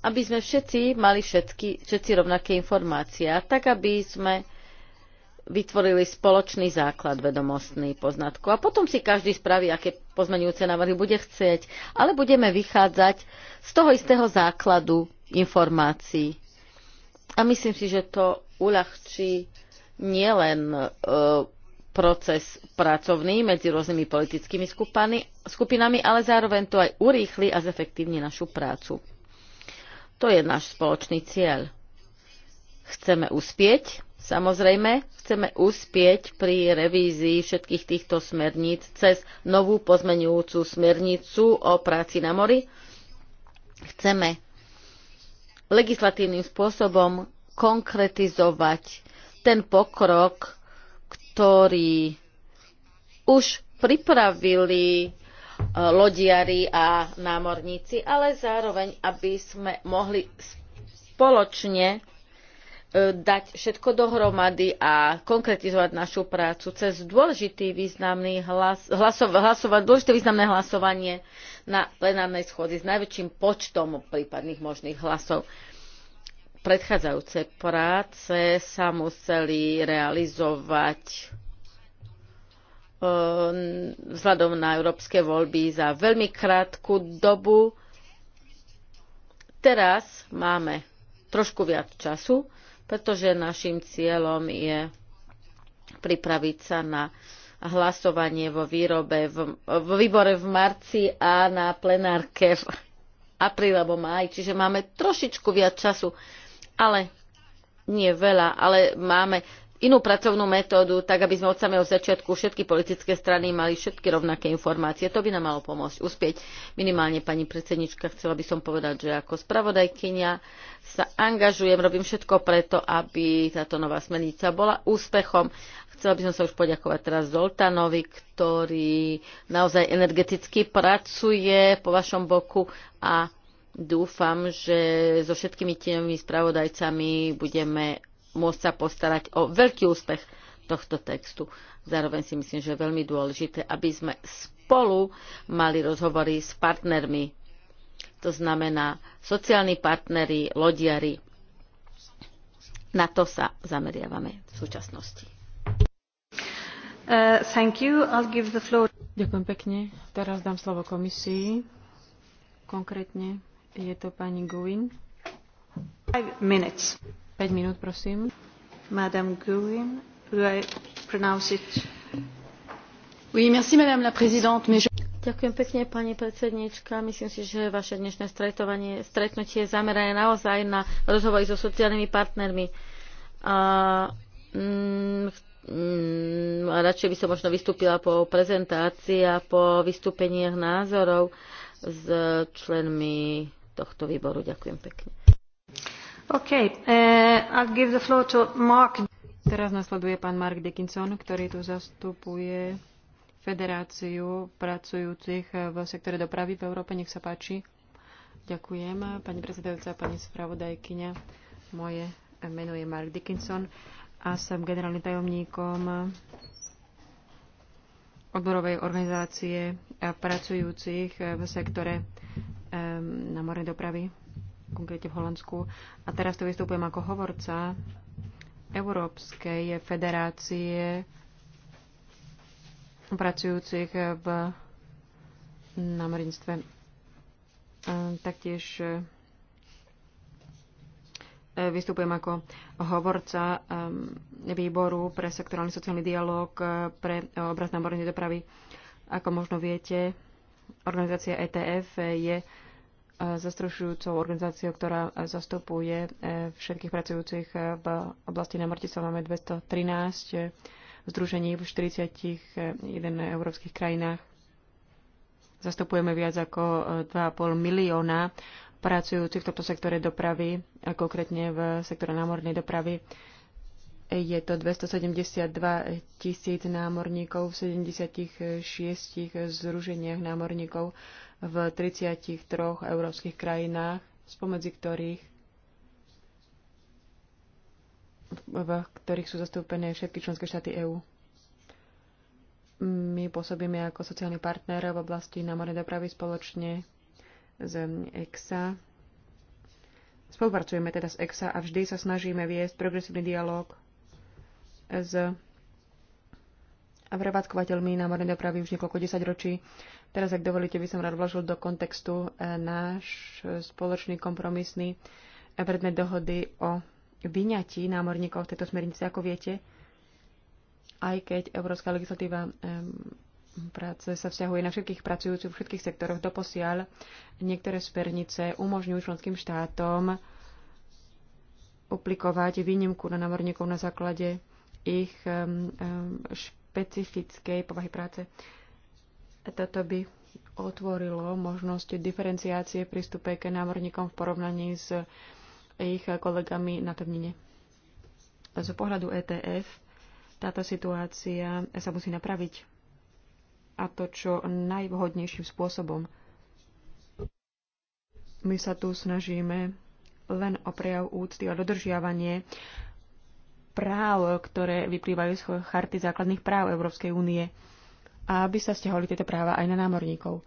aby sme všetci mali všetky, všetci rovnaké informácie, tak aby sme vytvorili spoločný základ vedomostný poznatku. A potom si každý spraví, aké pozmenujúce návrhy bude chcieť, ale budeme vychádzať z toho istého základu informácií. A myslím si, že to uľahčí nielen e, proces pracovný medzi rôznymi politickými skupany, skupinami, ale zároveň to aj urýchli a zefektívni našu prácu. To je náš spoločný cieľ. Chceme uspieť Samozrejme, chceme uspieť pri revízii všetkých týchto smerníc cez novú pozmeňujúcu smernicu o práci na mori. Chceme legislatívnym spôsobom konkretizovať ten pokrok, ktorý už pripravili e, lodiari a námorníci, ale zároveň, aby sme mohli spoločne E, dať všetko dohromady a konkretizovať našu prácu cez dôležitý významný hlas, hlasov, hlasova, dôležité významné hlasovanie na plenárnej schôdzi s najväčším počtom prípadných možných hlasov. Predchádzajúce práce sa museli realizovať e, vzhľadom na európske voľby za veľmi krátku dobu. Teraz máme trošku viac času pretože našim cieľom je pripraviť sa na hlasovanie vo výrobe v, v výbore v marci a na plenárke v apríl alebo máj, čiže máme trošičku viac času, ale nie veľa, ale máme inú pracovnú metódu, tak aby sme od samého začiatku všetky politické strany mali všetky rovnaké informácie. To by nám malo pomôcť uspieť. Minimálne pani predsednička, chcela by som povedať, že ako spravodajkynia sa angažujem, robím všetko preto, aby táto nová smernica bola úspechom. Chcela by som sa už poďakovať teraz Zoltanovi, ktorý naozaj energeticky pracuje po vašom boku a dúfam, že so všetkými tými spravodajcami budeme môcť sa postarať o veľký úspech tohto textu. Zároveň si myslím, že je veľmi dôležité, aby sme spolu mali rozhovory s partnermi. To znamená sociálni partneri, lodiari. Na to sa zameriavame v súčasnosti. Uh, thank you. I'll give the floor. Ďakujem pekne. Teraz dám slovo komisii. Konkrétne je to pani Guin. Five minutes. 5 minút, prosím. Madame pronounce it? Oui, merci, Madame la Présidente, mais je... Ďakujem pekne, pani predsednička. Myslím si, že vaše dnešné stretovanie, stretnutie je zamerané naozaj na rozhovor so sociálnymi partnermi. A, mm, mm, radšej by som možno vystúpila po prezentácii a po vystúpeniach názorov s členmi tohto výboru. Ďakujem pekne. Okay. Uh, Teraz nasleduje pán Mark Dickinson, ktorý tu zastupuje Federáciu pracujúcich v sektore dopravy v Európe. Nech sa páči. Ďakujem, pani predsedajúca, pani spravodajkyňa. Moje meno je Mark Dickinson a som generálnym tajomníkom odborovej organizácie pracujúcich v sektore na morej dopravy konkrétne v Holandsku. A teraz tu vystupujem ako hovorca Európskej federácie pracujúcich v námorníctve. Taktiež e, vystupujem ako hovorca e, výboru pre sektorálny sociálny dialog e, pre obraz námornej dopravy. Ako možno viete, organizácia ETF je zastrešujúcou organizáciou, ktorá e, zastupuje e, všetkých pracujúcich e, v oblasti namorticov. Máme 213 združení v 41 európskych krajinách. Zastupujeme viac ako 2,5 milióna pracujúcich v tomto sektore dopravy, a konkrétne v sektore námornej dopravy. Je to 272 tisíc námorníkov v 76 združeniach námorníkov v 33 európskych krajinách, spomedzi ktorých v ktorých sú zastúpené všetky členské štáty EÚ. My pôsobíme ako sociálny partner v oblasti námornej dopravy spoločne s EXA. Spolupracujeme teda s EXA a vždy sa snažíme viesť progresívny dialog s a prevádzkovateľmi námornej dopravy už niekoľko desaťročí. Teraz, ak dovolíte, by som rád vložil do kontextu e, náš spoločný kompromisný e, predmet dohody o vyňatí námorníkov v tejto smernice. Ako viete, aj keď európska legislatíva práce sa vzťahuje na všetkých pracujúcich v všetkých sektoroch doposiaľ, niektoré smernice umožňujú členským štátom uplikovať výnimku na námorníkov na základe ich špecifickej povahy práce. Toto by otvorilo možnosť diferenciácie prístupe k námorníkom v porovnaní s ich kolegami na pevnine. Z pohľadu ETF táto situácia sa musí napraviť a to čo najvhodnejším spôsobom. My sa tu snažíme len o prejav úcty a dodržiavanie práv, ktoré vyplývajú z charty základných práv Európskej únie a aby sa stiaholi tieto práva aj na námorníkov.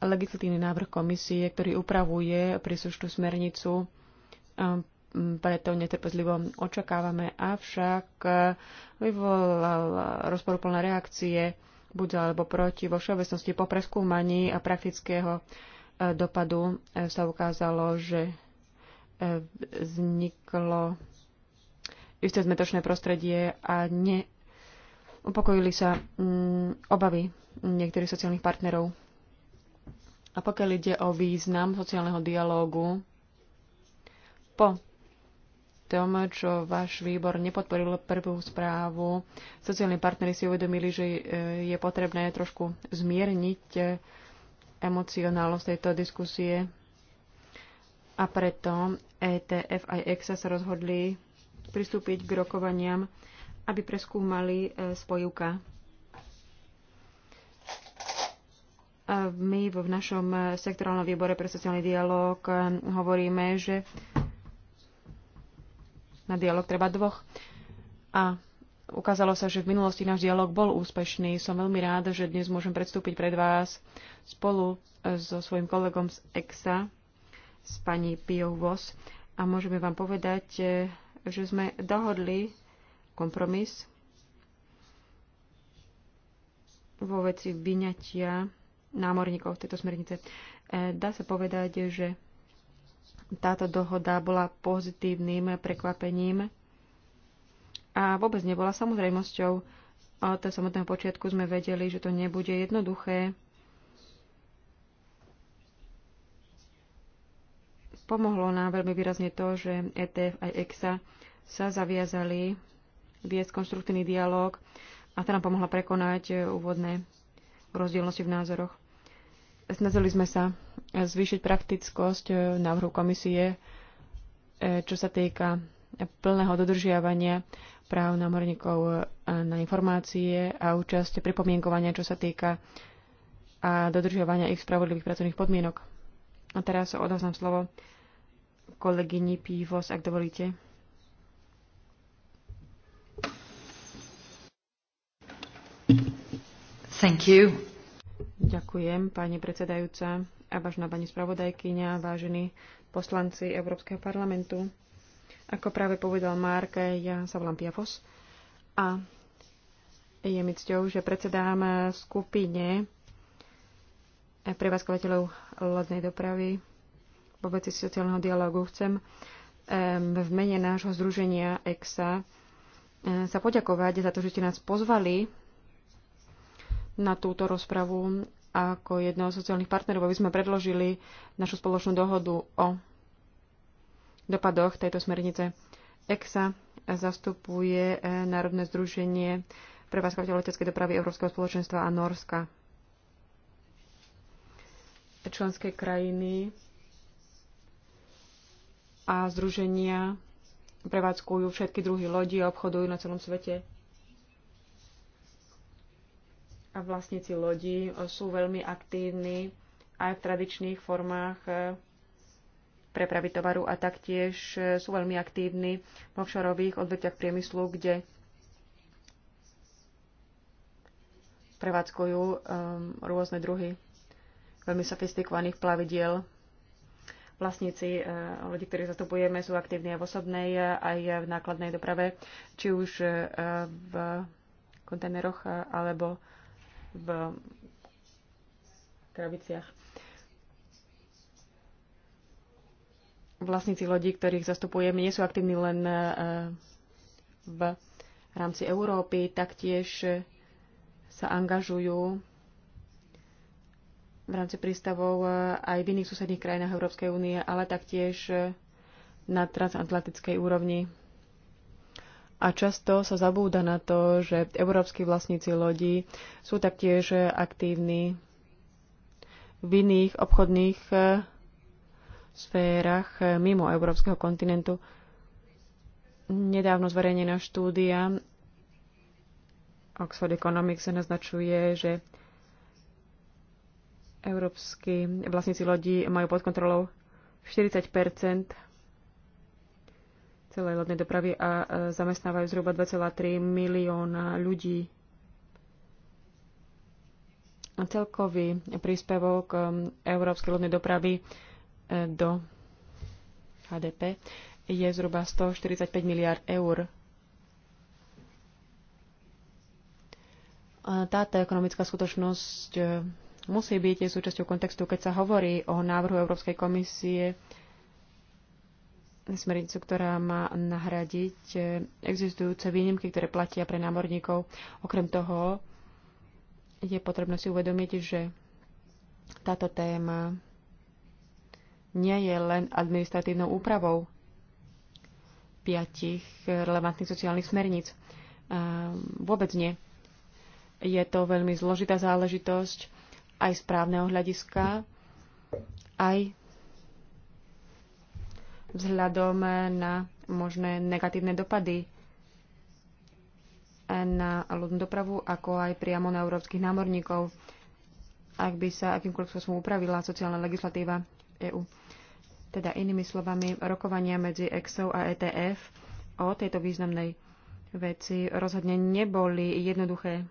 Legislatívny návrh komisie, ktorý upravuje príslušnú smernicu, um, preto netrpezlivo očakávame, avšak uh, vyvolal rozporuplné reakcie buď alebo proti. Vo všeobecnosti po preskúmaní a praktického uh, dopadu uh, sa ukázalo, že vzniklo isté zmetočné prostredie a neupokojili sa mm, obavy niektorých sociálnych partnerov. A pokiaľ ide o význam sociálneho dialógu, po tom, čo váš výbor nepodporil prvú správu, sociálni partnery si uvedomili, že e, je potrebné trošku zmierniť e, emocionálnosť tejto diskusie a preto ETF aj EXA sa rozhodli pristúpiť k rokovaniam, aby preskúmali e, spojúka. E, my v našom e, sektorálnom výbore pre sociálny dialog hovoríme, že na dialog treba dvoch. A ukázalo sa, že v minulosti náš dialog bol úspešný. Som veľmi ráda, že dnes môžem predstúpiť pred vás spolu so svojim kolegom z EXA, s pani Pio Vos. A môžeme vám povedať, že sme dohodli kompromis vo veci vyňatia námorníkov v tejto smernice. E, dá sa povedať, že táto dohoda bola pozitívnym prekvapením a vôbec nebola samozrejmosťou. Od samotného počiatku sme vedeli, že to nebude jednoduché Pomohlo nám veľmi výrazne to, že ETF aj EXA sa zaviazali viesť konštruktívny dialog a tá nám pomohla prekonať e, úvodné rozdielnosti v názoroch. Snažili sme sa zvýšiť praktickosť e, návrhu komisie, e, čo sa týka plného dodržiavania práv námorníkov na informácie a účasť pripomienkovania, čo sa týka a dodržiavania ich spravodlivých pracovných podmienok. A teraz odovzdám slovo kolegyni Pívos, ak dovolíte. Thank you. Ďakujem, pani predsedajúca a vážna pani spravodajkyňa, vážení poslanci Európskeho parlamentu. Ako práve povedal Mark, ja sa volám Piafos a je mi cťou, že predsedám skupine prevádzkovateľov lodnej dopravy vo veci sociálneho dialogu. Chcem v mene nášho združenia EXA sa poďakovať za to, že ste nás pozvali na túto rozpravu ako jedného z sociálnych partnerov, aby sme predložili našu spoločnú dohodu o dopadoch tejto smernice. EXA zastupuje Národné združenie prevádzkovateľov leteckej dopravy Európskeho spoločenstva a Norska. Členské krajiny a združenia prevádzkujú všetky druhy lodi a obchodujú na celom svete. A vlastníci lodí sú veľmi aktívni aj v tradičných formách eh, prepravy tovaru a taktiež eh, sú veľmi aktívni vo všorových odvetiach priemyslu, kde prevádzkujú um, rôzne druhy veľmi sofistikovaných plavidiel vlastníci e, ľudí, ktorých zastupujeme, sú aktívni aj v osobnej, e, aj v nákladnej doprave, či už e, v kontajneroch alebo v krabiciach. Vlastníci lodí, ktorých zastupujeme, nie sú aktívni len v rámci Európy, taktiež sa angažujú v rámci prístavov e, aj v iných susedných krajinách Európskej únie, ale taktiež e, na transatlantickej úrovni. A často sa zabúda na to, že európsky vlastníci lodí sú taktiež e, aktívni v iných obchodných sférach mimo európskeho kontinentu. Nedávno zverejnená štúdia Oxford Economics naznačuje, že Európsky vlastníci lodí majú pod kontrolou 40 celej lodnej dopravy a e, zamestnávajú zhruba 2,3 milióna ľudí. A celkový príspevok e, Európskej lodnej dopravy e, do HDP je zhruba 145 miliard eur. A táto ekonomická skutočnosť musí byť súčasťou kontextu, keď sa hovorí o návrhu Európskej komisie smernicu, ktorá má nahradiť eh, existujúce výnimky, ktoré platia pre námorníkov. Okrem toho je potrebné si uvedomiť, že táto téma nie je len administratívnou úpravou piatich relevantných sociálnych smerníc. Ehm, vôbec nie. Je to veľmi zložitá záležitosť aj právneho hľadiska, aj vzhľadom na možné negatívne dopady na ľudnú dopravu, ako aj priamo na európskych námorníkov, ak by sa akýmkoľvek spôsobom upravila sociálna legislatíva EÚ. Teda inými slovami, rokovania medzi EXO a ETF o tejto významnej veci rozhodne neboli jednoduché.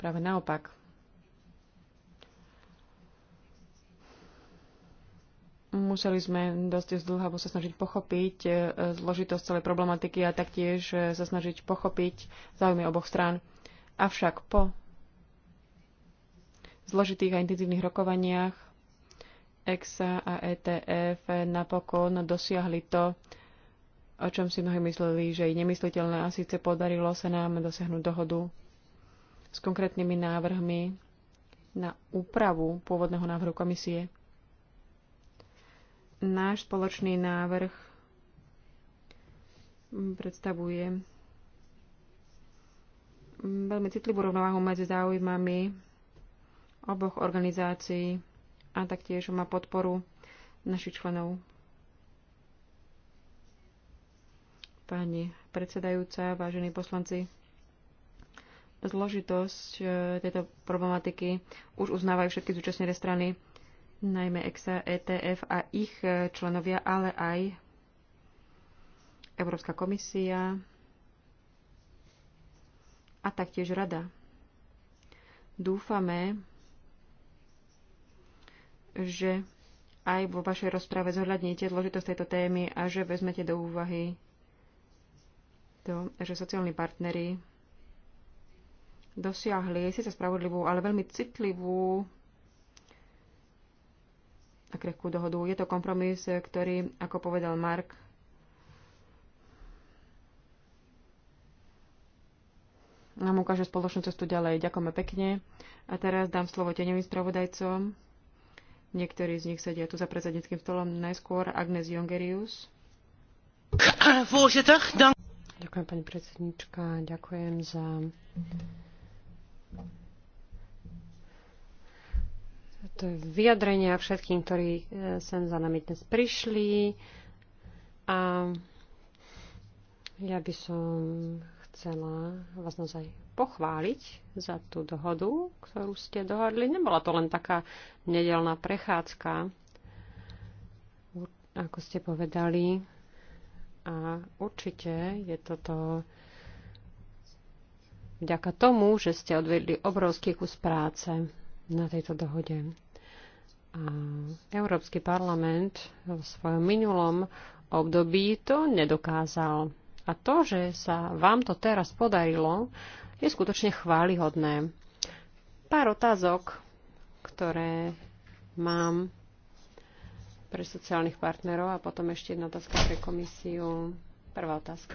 Práve naopak. Museli sme dosť zdlhavo sa snažiť pochopiť e, zložitosť celej problematiky a taktiež e, sa snažiť pochopiť záujmy oboch strán. Avšak po zložitých a intenzívnych rokovaniach EXA a ETF napokon dosiahli to, o čom si mnohí mysleli, že je nemysliteľné a síce podarilo sa nám dosiahnuť dohodu s konkrétnymi návrhmi na úpravu pôvodného návrhu komisie náš spoločný návrh predstavuje veľmi citlivú rovnováhu medzi záujmami oboch organizácií a taktiež má podporu našich členov. Pani predsedajúca, vážení poslanci, zložitosť eh, tejto problematiky už uznávajú všetky zúčastnené strany najmä EXA, ETF a ich e, členovia, ale aj Európska komisia a taktiež Rada. Dúfame, že aj vo vašej rozprave zohľadníte dôležitosť tejto témy a že vezmete do úvahy to, že sociálni partnery dosiahli sice spravodlivú, ale veľmi citlivú a krehkú dohodu. Je to kompromis, ktorý, ako povedal Mark, nám ukáže spoločnú cestu ďalej. Ďakujeme pekne. A teraz dám slovo tenevým spravodajcom. Niektorí z nich sedia tu za prezidentským stolom. Najskôr Agnes Jongerius. Ďakujem, pani predsednička. Ďakujem za to je vyjadrenia všetkým, ktorí e, sem za nami dnes prišli. A ja by som chcela vás naozaj pochváliť za tú dohodu, ktorú ste dohodli. Nebola to len taká nedelná prechádzka, ako ste povedali. A určite je toto vďaka tomu, že ste odvedli obrovský kus práce na tejto dohode. A Európsky parlament v svojom minulom období to nedokázal. A to, že sa vám to teraz podarilo, je skutočne chválihodné. Pár otázok, ktoré mám pre sociálnych partnerov a potom ešte jedna otázka pre komisiu. Prvá otázka.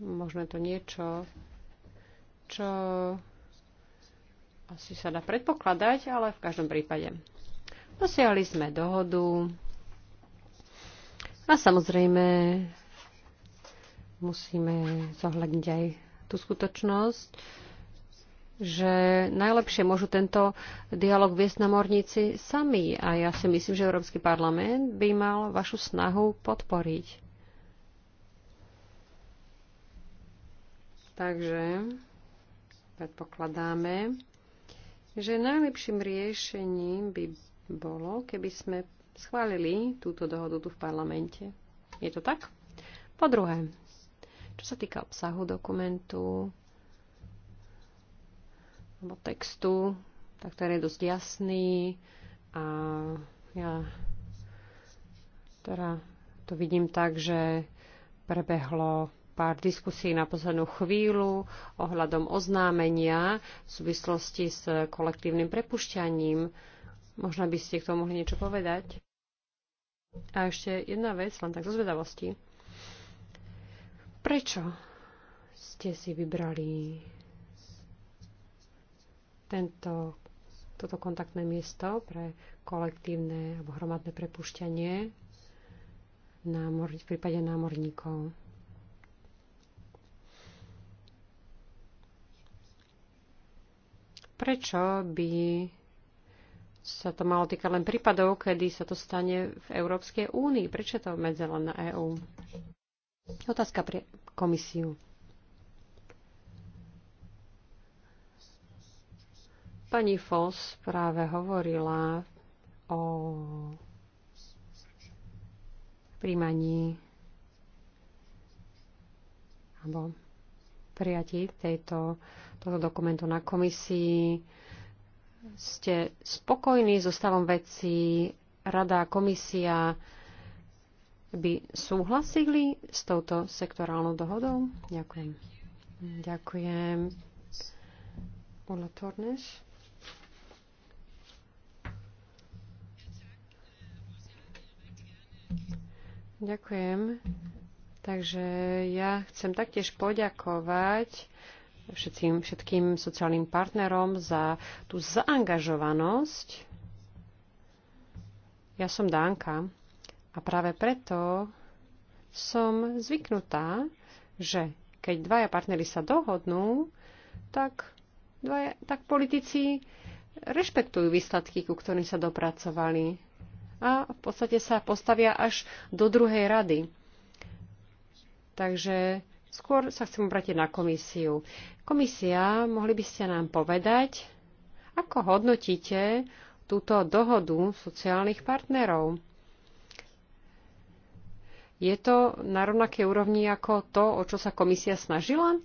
Možno je to niečo, čo asi sa dá predpokladať, ale v každom prípade. Dosiahli sme dohodu a samozrejme musíme zohľadniť aj tú skutočnosť, že najlepšie môžu tento dialog viesť na morníci sami. A ja si myslím, že Európsky parlament by mal vašu snahu podporiť. Takže predpokladáme, že najlepším riešením by bolo, keby sme schválili túto dohodu tu v parlamente. Je to tak? Po druhé, čo sa týka obsahu dokumentu alebo textu, tak ten je dosť jasný a ja teda to vidím tak, že prebehlo pár diskusí na poslednú chvíľu ohľadom oznámenia v súvislosti s kolektívnym prepušťaním. Možno by ste k tomu mohli niečo povedať. A ešte jedna vec, len tak zo zvedavosti. Prečo ste si vybrali tento, toto kontaktné miesto pre kolektívne alebo hromadné prepušťanie námor, v prípade námorníkov. Prečo by sa to malo týkať len prípadov, kedy sa to stane v Európskej únii? Prečo to medze len na EÚ? Otázka pre komisiu. Pani Foss práve hovorila o príjmaní alebo prijatí tejto, tohto dokumentu na komisii ste spokojní so stavom veci? rada a komisia by súhlasili s touto sektorálnou dohodou? Ďakujem. Ďakujem. Ulla Torneš. Ďakujem. Takže ja chcem taktiež poďakovať všetkým, všetkým sociálnym partnerom za tú zaangažovanosť. Ja som Dánka a práve preto som zvyknutá, že keď dvaja partnery sa dohodnú, tak, dvaja, tak politici rešpektujú výsledky, ku ktorým sa dopracovali a v podstate sa postavia až do druhej rady. Takže skôr sa chcem obrátiť na komisiu. Komisia, mohli by ste nám povedať, ako hodnotíte túto dohodu sociálnych partnerov? Je to na rovnakej úrovni ako to, o čo sa komisia snažila?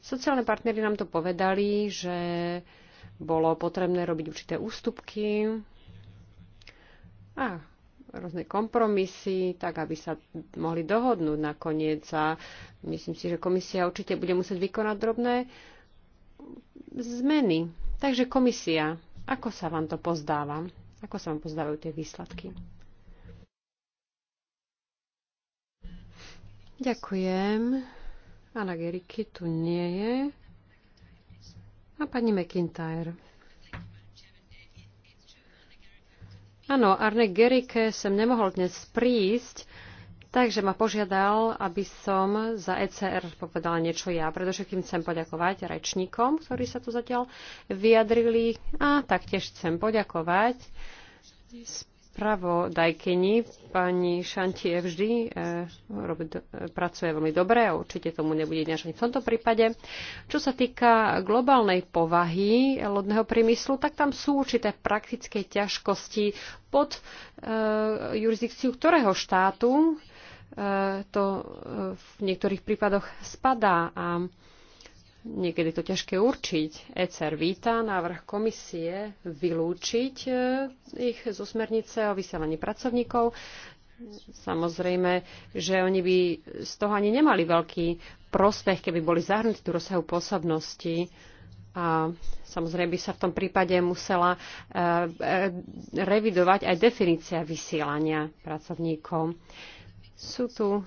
Sociálne partnery nám to povedali, že bolo potrebné robiť určité ústupky. A rôzne kompromisy, tak aby sa mohli dohodnúť nakoniec. A myslím si, že komisia určite bude musieť vykonať drobné zmeny. Takže komisia, ako sa vám to pozdáva? Ako sa vám pozdávajú tie výsledky? Ďakujem. Anna Geriky tu nie je. A pani McIntyre. Áno, Arne Gerike sem nemohol dnes prísť, takže ma požiadal, aby som za ECR povedala niečo ja. Predovšetkým chcem poďakovať rečníkom, ktorí sa tu zatiaľ vyjadrili a taktiež chcem poďakovať spravodajkyni. Pani Šantie vždy e, robí, e, pracuje veľmi dobre a určite tomu nebude ani v tomto prípade. Čo sa týka globálnej povahy lodného priemyslu, tak tam sú určité praktické ťažkosti pod e, jurisdikciu ktorého štátu e, to e, v niektorých prípadoch spadá. A e, niekedy to ťažké určiť. ECR víta návrh komisie vylúčiť e, ich zo smernice o vysielaní pracovníkov. Samozrejme, že oni by z toho ani nemali veľký prospech, keby boli zahrnutí do rozsahu pôsobnosti. A samozrejme by sa v tom prípade musela e, e, revidovať aj definícia vysielania pracovníkov. Sú tu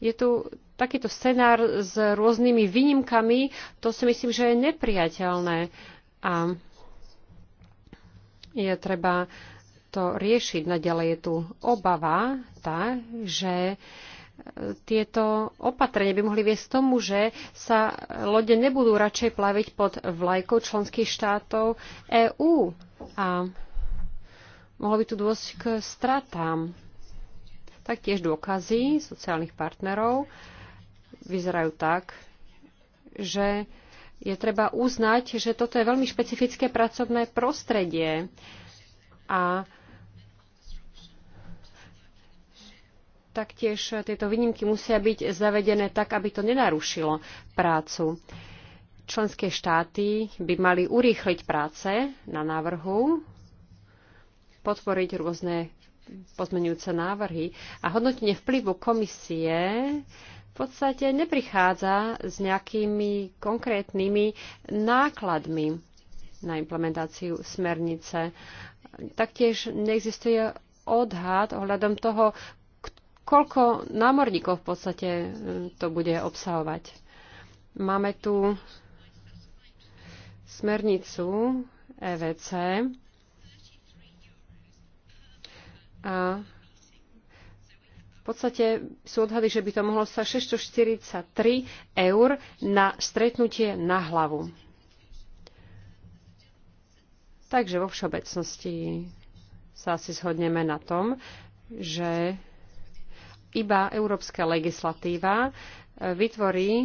je tu takýto scenár s rôznymi výnimkami, to si myslím, že je nepriateľné a je treba to riešiť. Naďalej je tu obava tá, že e, tieto opatrenia by mohli viesť tomu, že sa lode nebudú radšej plaviť pod vlajkou členských štátov EÚ a mohlo by tu dôjsť k stratám. Taktiež dôkazy sociálnych partnerov vyzerajú tak, že je treba uznať, že toto je veľmi špecifické pracovné prostredie a taktiež tieto výnimky musia byť zavedené tak, aby to nenarušilo prácu. Členské štáty by mali urýchliť práce na návrhu, podporiť rôzne pozmenujúce návrhy a hodnotenie vplyvu komisie v podstate neprichádza s nejakými konkrétnymi nákladmi na implementáciu smernice. Taktiež neexistuje odhad ohľadom toho, koľko námorníkov v podstate e, to bude obsahovať. Máme tu smernicu EVC, a v podstate sú odhady, že by to mohlo sa 643 eur na stretnutie na hlavu. Takže vo všeobecnosti sa asi shodneme na tom, že iba európska legislatíva vytvorí e,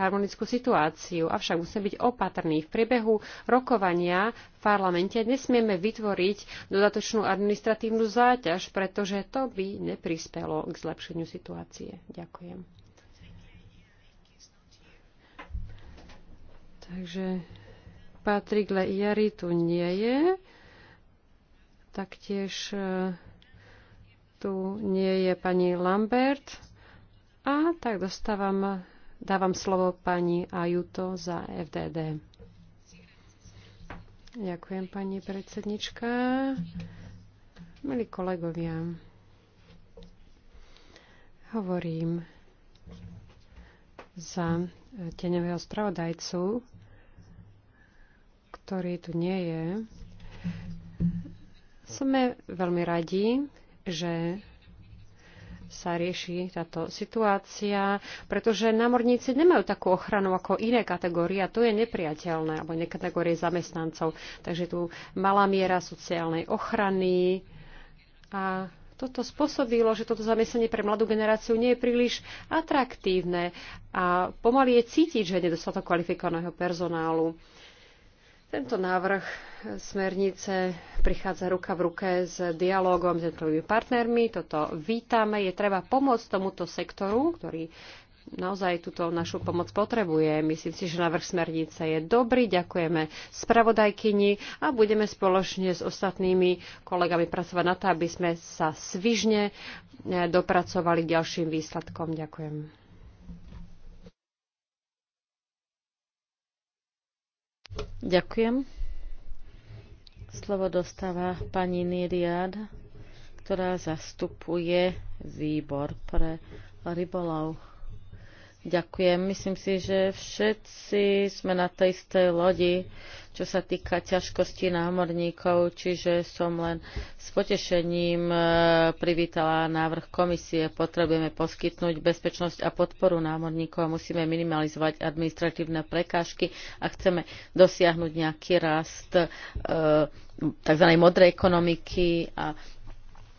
harmonickú situáciu. Avšak musíme byť opatrní. V priebehu rokovania v parlamente nesmieme vytvoriť dodatočnú administratívnu záťaž, pretože to by neprispelo k zlepšeniu situácie. Ďakujem. Takže Patrik Leijari tu nie je. Taktiež e, tu nie je pani Lambert. A tak dostávam, dávam slovo pani Ajuto za FDD. Ďakujem, pani predsednička. Milí kolegovia, hovorím za eh, teňového spravodajcu, ktorý tu nie je. Sme veľmi radi, že sa rieši táto situácia, pretože námorníci nemajú takú ochranu ako iné kategórie a to je nepriateľné, alebo iné kategórie zamestnancov. Takže tu malá miera sociálnej ochrany a toto spôsobilo, že toto zamestnanie pre mladú generáciu nie je príliš atraktívne a pomaly je cítiť, že je nedostatok kvalifikovaného personálu. Tento návrh smernice prichádza ruka v ruke s dialogom s jednotlivými partnermi. Toto vítame. Je treba pomôcť tomuto sektoru, ktorý naozaj túto našu pomoc potrebuje. Myslím si, že návrh smernice je dobrý. Ďakujeme spravodajkyni a budeme spoločne s ostatnými kolegami pracovať na to, aby sme sa svižne dopracovali k ďalším výsledkom. Ďakujem. Ďakujem. Slovo dostáva pani Niriad, ktorá zastupuje výbor pre rybolov. Ďakujem. Myslím si, že všetci sme na tej istej lodi, čo sa týka ťažkosti námorníkov, čiže som len s potešením e, privítala návrh komisie. Potrebujeme poskytnúť bezpečnosť a podporu námorníkov a musíme minimalizovať administratívne prekážky a chceme dosiahnuť nejaký rast e, tzv. modrej ekonomiky a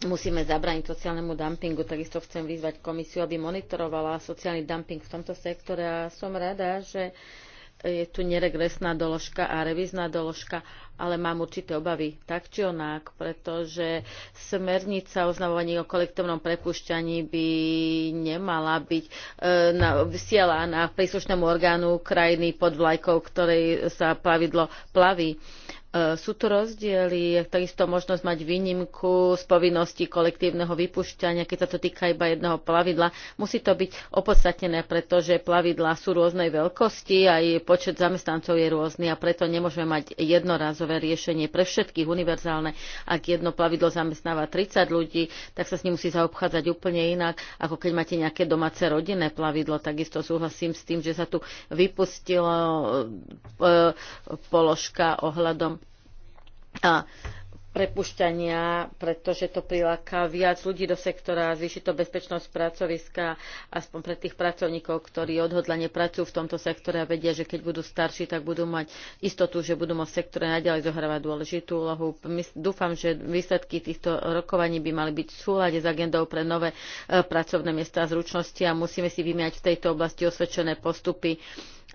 musíme zabrániť sociálnemu dumpingu. Takisto chcem vyzvať komisiu, aby monitorovala sociálny dumping v tomto sektore a som rada, že je tu neregresná doložka a revízna doložka, ale mám určité obavy, tak či onak, pretože smernica o o kolektívnom prepušťaní by nemala byť e, na, vysielaná príslušnému orgánu krajiny pod vlajkou, ktorej sa plavidlo plaví E, sú tu rozdiely, takisto možnosť mať výnimku z povinnosti kolektívneho vypušťania, keď sa to týka iba jedného plavidla. Musí to byť opodstatnené, pretože plavidla sú rôznej veľkosti, aj počet zamestnancov je rôzny a preto nemôžeme mať jednorazové riešenie pre všetkých univerzálne. Ak jedno plavidlo zamestnáva 30 ľudí, tak sa s ním musí zaobchádzať úplne inak, ako keď máte nejaké domáce rodinné plavidlo. Takisto súhlasím s tým, že sa tu vypustila e, e, položka ohľadom a prepušťania, pretože to priláka viac ľudí do sektora, zvýši to bezpečnosť pracoviska, aspoň pre tých pracovníkov, ktorí odhodlane pracujú v tomto sektore a vedia, že keď budú starší, tak budú mať istotu, že budú môcť v sektore naďalej zohrávať dôležitú úlohu. Dúfam, že výsledky týchto rokovaní by mali byť v súlade s agendou pre nové e, pracovné miesta a zručnosti a musíme si vymiať v tejto oblasti osvedčené postupy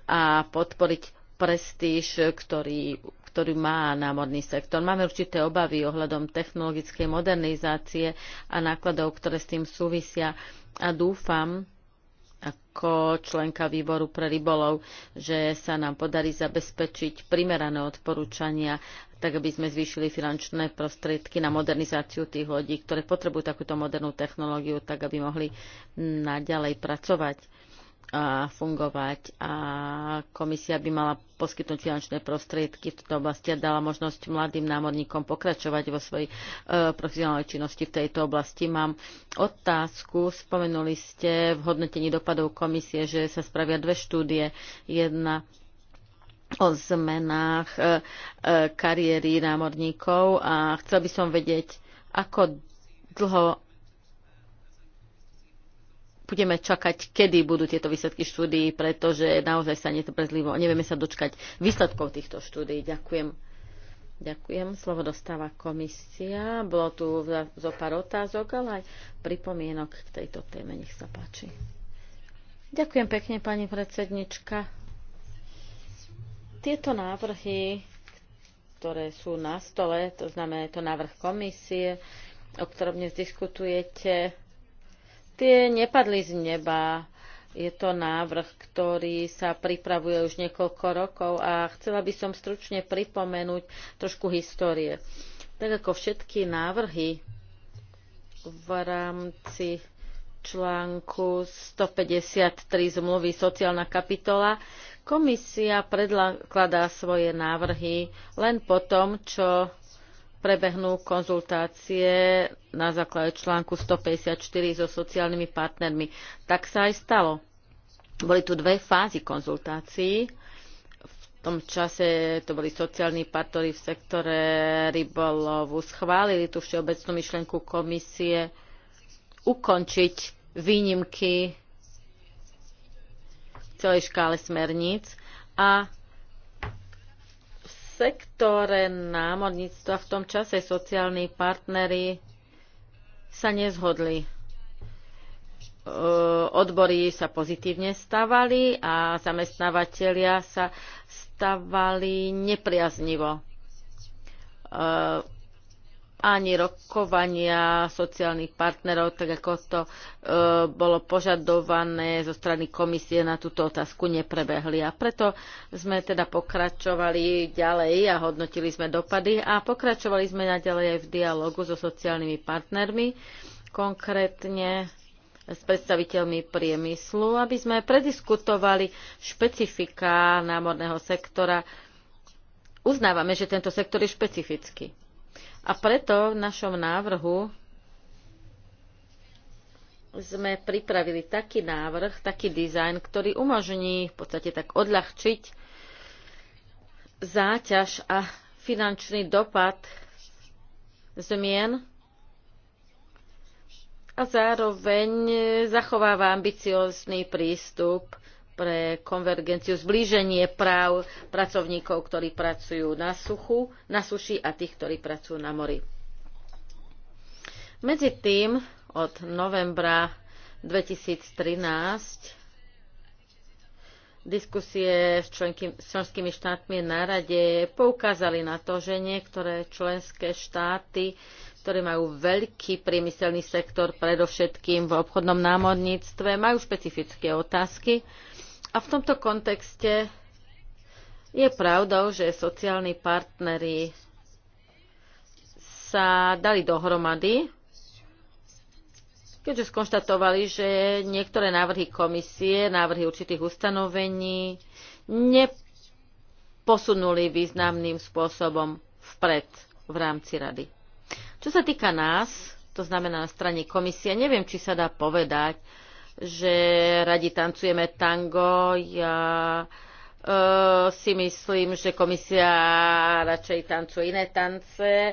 a podporiť prestíž, ktorý ktorý má námorný sektor. Máme určité obavy ohľadom technologickej modernizácie a nákladov, ktoré s tým súvisia a dúfam, ako členka výboru pre rybolov, že sa nám podarí zabezpečiť primerané odporúčania, tak aby sme zvýšili finančné prostriedky na modernizáciu tých lodí, ktoré potrebujú takúto modernú technológiu, tak aby mohli naďalej pracovať a fungovať a komisia by mala poskytnúť finančné prostriedky v tejto oblasti a dala možnosť mladým námorníkom pokračovať vo svojej e, profesionálnej činnosti v tejto oblasti. Mám otázku. Spomenuli ste v hodnotení dopadov komisie, že sa spravia dve štúdie. Jedna o zmenách e, e, kariéry námorníkov a chcel by som vedieť, ako dlho budeme čakať, kedy budú tieto výsledky štúdií, pretože naozaj sa netrpezlivo nevieme sa dočkať výsledkov týchto štúdií. Ďakujem. Ďakujem. Slovo dostáva komisia. Bolo tu zo pár otázok, ale aj pripomienok k tejto téme. Nech sa páči. Ďakujem pekne, pani predsednička. Tieto návrhy, ktoré sú na stole, to znamená, je to návrh komisie, o ktorom dnes diskutujete, Tie nepadli z neba. Je to návrh, ktorý sa pripravuje už niekoľko rokov a chcela by som stručne pripomenúť trošku histórie. Tak ako všetky návrhy v rámci článku 153 zmluvy sociálna kapitola, komisia predkladá svoje návrhy len po tom, čo prebehnú konzultácie na základe článku 154 so sociálnymi partnermi. Tak sa aj stalo. Boli tu dve fázy konzultácií. V tom čase to boli sociálni partnery v sektore rybolovu. Schválili tú všeobecnú myšlenku komisie ukončiť výnimky v celej škále smerníc a sektore námorníctva v tom čase sociálni partnery sa nezhodli. E, odbory sa pozitívne stavali a zamestnávateľia sa stavali nepriaznivo e, ani rokovania sociálnych partnerov, tak ako to e, bolo požadované zo strany komisie na túto otázku neprebehli. A preto sme teda pokračovali ďalej a hodnotili sme dopady a pokračovali sme naďalej aj v dialogu so sociálnymi partnermi, konkrétne s predstaviteľmi priemyslu, aby sme prediskutovali špecifika námorného sektora. Uznávame, že tento sektor je špecifický a preto v našom návrhu sme pripravili taký návrh, taký dizajn, ktorý umožní v podstate tak odľahčiť záťaž a finančný dopad zmien a zároveň zachováva ambiciózny prístup pre konvergenciu, zblíženie práv pracovníkov, ktorí pracujú na, suchu, na suši a tých, ktorí pracujú na mori. Medzi tým od novembra 2013 diskusie s, s členskými štátmi na rade poukázali na to, že niektoré členské štáty ktoré majú veľký priemyselný sektor, predovšetkým v obchodnom námorníctve, majú špecifické otázky, a v tomto kontexte je pravdou, že sociálni partnery sa dali dohromady, keďže skonštatovali, že niektoré návrhy komisie, návrhy určitých ustanovení neposunuli významným spôsobom vpred v rámci rady. Čo sa týka nás, to znamená na strane komisie, neviem, či sa dá povedať, že radi tancujeme tango. Ja e, si myslím, že komisia radšej tancuje iné tance, e,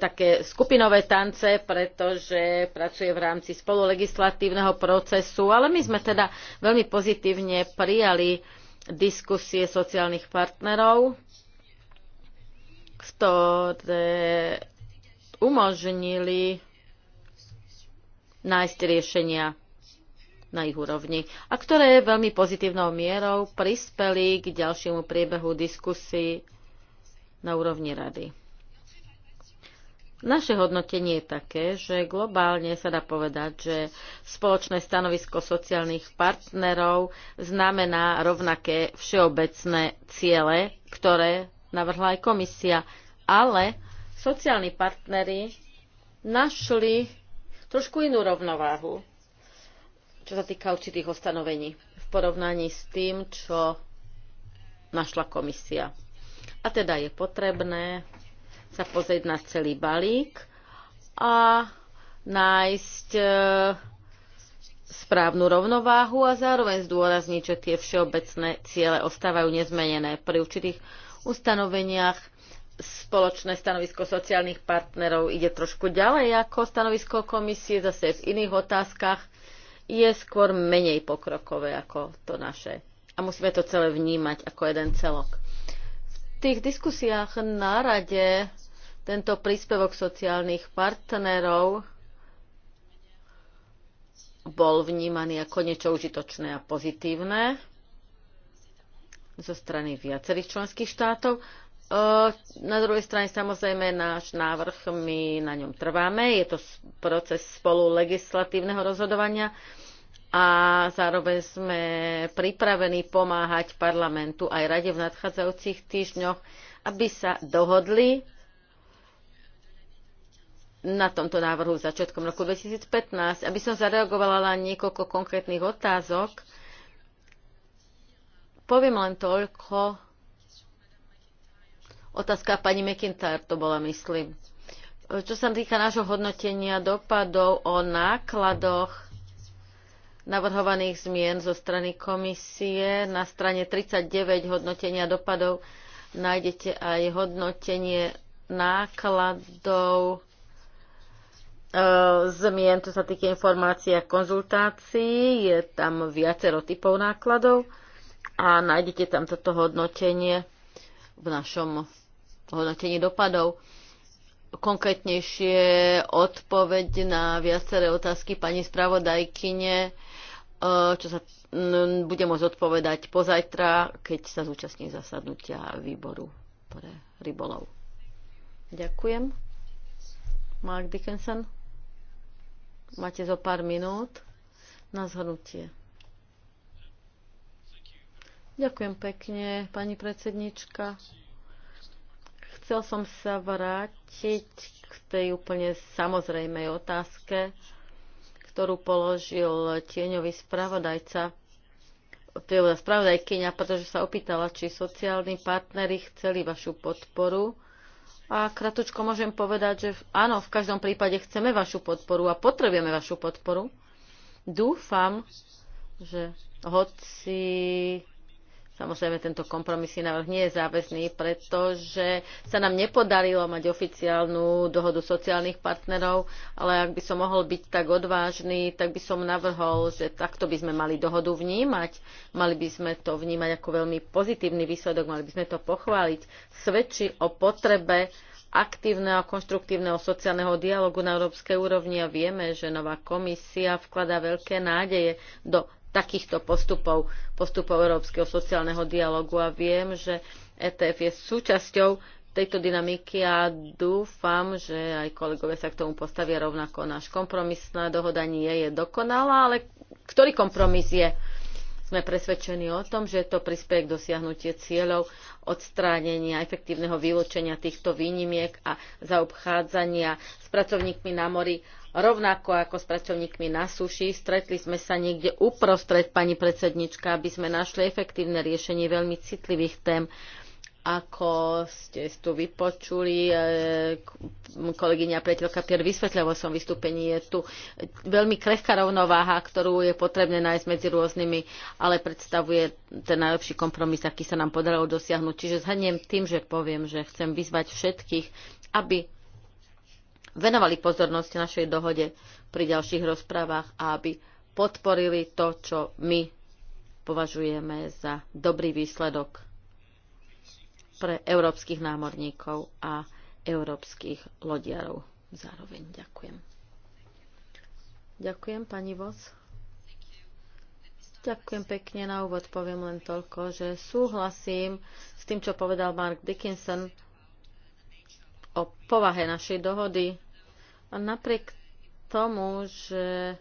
také skupinové tance, pretože pracuje v rámci spolulegislatívneho procesu, ale my sme teda veľmi pozitívne prijali diskusie sociálnych partnerov, ktoré umožnili nájsť riešenia na ich úrovni a ktoré veľmi pozitívnou mierou prispeli k ďalšiemu priebehu diskusí na úrovni rady. Naše hodnotenie je také, že globálne sa dá povedať, že spoločné stanovisko sociálnych partnerov znamená rovnaké všeobecné ciele, ktoré navrhla aj komisia. Ale sociálni partnery našli trošku inú rovnováhu čo sa týka určitých ustanovení v porovnaní s tým, čo našla komisia. A teda je potrebné sa pozrieť na celý balík a nájsť e, správnu rovnováhu a zároveň zdôrazniť, že tie všeobecné ciele ostávajú nezmenené. Pri určitých ustanoveniach spoločné stanovisko sociálnych partnerov ide trošku ďalej ako stanovisko komisie, zase v iných otázkach je skôr menej pokrokové ako to naše. A musíme to celé vnímať ako jeden celok. V tých diskusiách na rade tento príspevok sociálnych partnerov bol vnímaný ako niečo užitočné a pozitívne zo strany viacerých členských štátov na druhej strane samozrejme náš návrh, my na ňom trváme, je to proces spolu legislatívneho rozhodovania a zároveň sme pripravení pomáhať parlamentu aj rade v nadchádzajúcich týždňoch, aby sa dohodli na tomto návrhu začiatkom roku 2015, aby som zareagovala na niekoľko konkrétnych otázok. Poviem len toľko, Otázka pani McIntyre to bola, myslím. Čo sa týka nášho hodnotenia dopadov o nákladoch navrhovaných zmien zo strany komisie, na strane 39 hodnotenia dopadov nájdete aj hodnotenie nákladov e, zmien, čo sa týka informácií a konzultácií. Je tam viacero typov nákladov a nájdete tam toto hodnotenie v našom hodnotení dopadov konkrétnejšie odpoveď na viaceré otázky pani spravodajkyne, e, čo sa bude môcť odpovedať pozajtra, keď sa zúčastní zasadnutia výboru pre rybolov. Ďakujem. Mark Dickinson, máte zo pár minút na zhrnutie. Ďakujem pekne, pani predsednička. Chcel som sa vrátiť k tej úplne samozrejmej otázke, ktorú položil tieňový spravodajca, teda spravodajkyňa, pretože sa opýtala, či sociálni partnery chceli vašu podporu. A kratučko môžem povedať, že áno, v každom prípade chceme vašu podporu a potrebujeme vašu podporu. Dúfam, že hoci Samozrejme, tento kompromisný návrh nie je záväzný, pretože sa nám nepodarilo mať oficiálnu dohodu sociálnych partnerov, ale ak by som mohol byť tak odvážny, tak by som navrhol, že takto by sme mali dohodu vnímať. Mali by sme to vnímať ako veľmi pozitívny výsledok, mali by sme to pochváliť. Svedčí o potrebe aktívneho a konštruktívneho sociálneho dialogu na európskej úrovni a vieme, že nová komisia vkladá veľké nádeje do takýchto postupov, postupov Európskeho sociálneho dialogu a viem, že ETF je súčasťou tejto dynamiky a dúfam, že aj kolegovia sa k tomu postavia rovnako. Náš kompromisná dohoda nie je dokonalá, ale ktorý kompromis je? Sme presvedčení o tom, že to prispieje k dosiahnutie cieľov odstránenia efektívneho vylúčenia týchto výnimiek a zaobchádzania s pracovníkmi na mori rovnako ako s pracovníkmi na suši. Stretli sme sa niekde uprostred, pani predsednička, aby sme našli efektívne riešenie veľmi citlivých tém ako ste tu vypočuli, e, kolegyňa priateľka Pier vysvetľa vo svojom vystúpení, je tu veľmi krehká rovnováha, ktorú je potrebné nájsť medzi rôznymi, ale predstavuje ten najlepší kompromis, aký sa nám podarilo dosiahnuť. Čiže zhrniem tým, že poviem, že chcem vyzvať všetkých, aby venovali pozornosť našej dohode pri ďalších rozprávach a aby podporili to, čo my považujeme za dobrý výsledok pre európskych námorníkov a európskych lodiarov. Zároveň ďakujem. Ďakujem, pani Vos. Ďakujem pekne. Na úvod poviem len toľko, že súhlasím s tým, čo povedal Mark Dickinson o povahe našej dohody Napriek tomu, že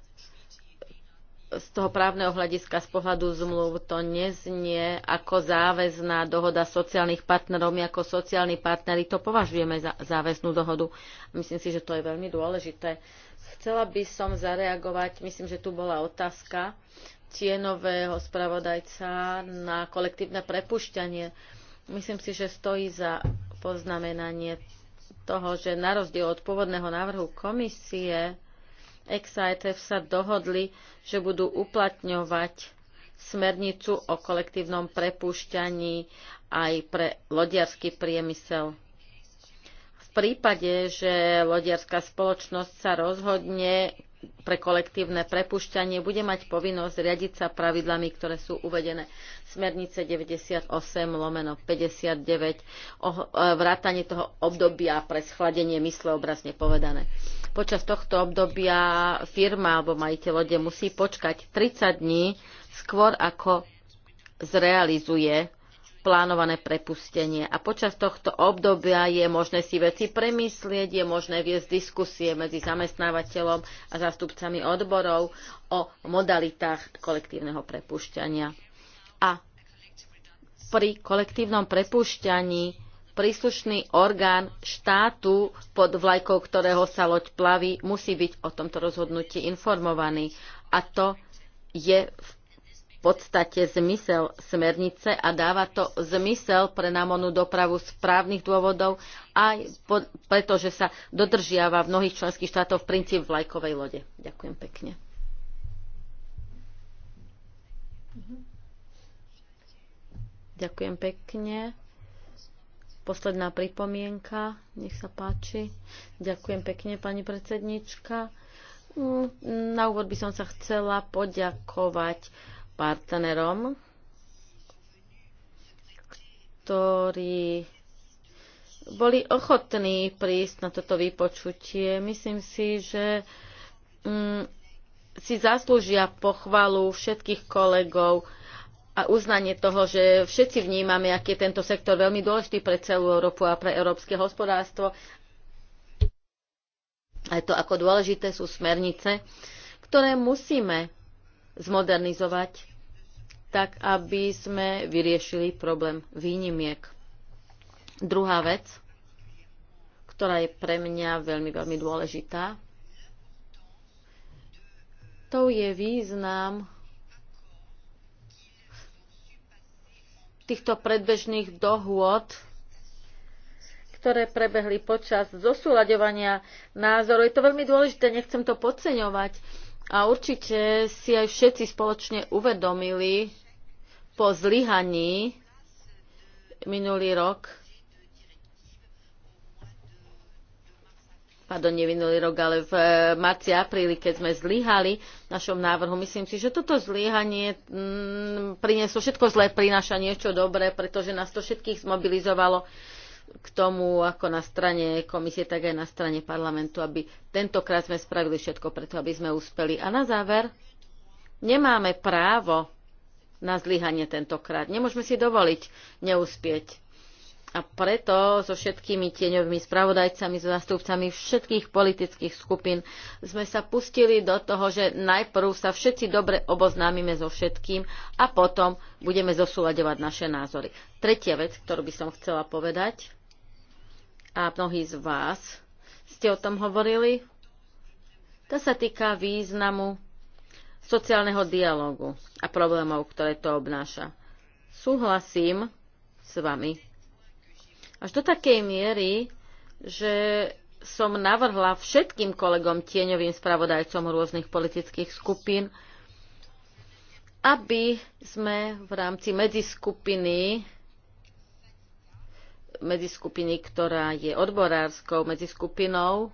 z toho právneho hľadiska, z pohľadu zmluv, to neznie ako záväzná dohoda sociálnych partnerov. My ako sociálni partnery to považujeme za záväznú dohodu. Myslím si, že to je veľmi dôležité. Chcela by som zareagovať, myslím, že tu bola otázka tienového spravodajca na kolektívne prepušťanie. Myslím si, že stojí za poznamenanie toho, že na rozdiel od pôvodného návrhu komisie EXA e sa dohodli, že budú uplatňovať smernicu o kolektívnom prepúšťaní aj pre lodiarský priemysel. V prípade, že lodiarská spoločnosť sa rozhodne pre kolektívne prepušťanie bude mať povinnosť riadiť sa pravidlami, ktoré sú uvedené v smernice 98 lomeno 59, o e, vrátanie toho obdobia pre schladenie mysle obrazne povedané. Počas tohto obdobia firma alebo majiteľ lode musí počkať 30 dní skôr ako zrealizuje plánované prepustenie. A počas tohto obdobia je možné si veci premyslieť, je možné viesť diskusie medzi zamestnávateľom a zástupcami odborov o modalitách kolektívneho prepušťania. A pri kolektívnom prepušťaní príslušný orgán štátu, pod vlajkou ktorého sa loď plaví, musí byť o tomto rozhodnutí informovaný. A to je v podstate zmysel smernice a dáva to zmysel pre námonnú dopravu z právnych dôvodov, aj preto, že sa dodržiava v mnohých členských štátoch princíp vlajkovej lode. Ďakujem pekne. Mhm. Ďakujem pekne. Posledná pripomienka, nech sa páči. Ďakujem pekne, pani predsednička. Mm, na úvod by som sa chcela poďakovať partnerom, ktorí boli ochotní prísť na toto vypočutie. Myslím si, že mm, si zaslúžia pochvalu všetkých kolegov a uznanie toho, že všetci vnímame, aký je tento sektor veľmi dôležitý pre celú Európu a pre európske hospodárstvo. A to, ako dôležité sú smernice, ktoré musíme zmodernizovať, tak aby sme vyriešili problém výnimiek. Druhá vec, ktorá je pre mňa veľmi, veľmi dôležitá, to je význam týchto predbežných dohôd, ktoré prebehli počas zosúľadovania názoru, Je to veľmi dôležité, nechcem to podceňovať a určite si aj všetci spoločne uvedomili po zlyhaní minulý rok, pardon, nie minulý rok, ale v eh, marci, apríli, keď sme zlyhali v našom návrhu. Myslím si, že toto zlyhanie mm, prinieslo všetko zlé, prináša niečo dobré, pretože nás to všetkých zmobilizovalo k tomu, ako na strane komisie, tak aj na strane parlamentu, aby tentokrát sme spravili všetko preto, aby sme uspeli. A na záver, nemáme právo na zlyhanie tentokrát. Nemôžeme si dovoliť neúspieť. A preto so všetkými tieňovými spravodajcami, so zástupcami všetkých politických skupín sme sa pustili do toho, že najprv sa všetci dobre oboznámime so všetkým a potom budeme zosúľadovať naše názory. Tretia vec, ktorú by som chcela povedať, a mnohí z vás ste o tom hovorili. To sa týka významu sociálneho dialogu a problémov, ktoré to obnáša. Súhlasím s vami. Až do takej miery, že som navrhla všetkým kolegom tieňovým spravodajcom rôznych politických skupín, aby sme v rámci medziskupiny medzi skupiny, ktorá je odborárskou medzi skupinou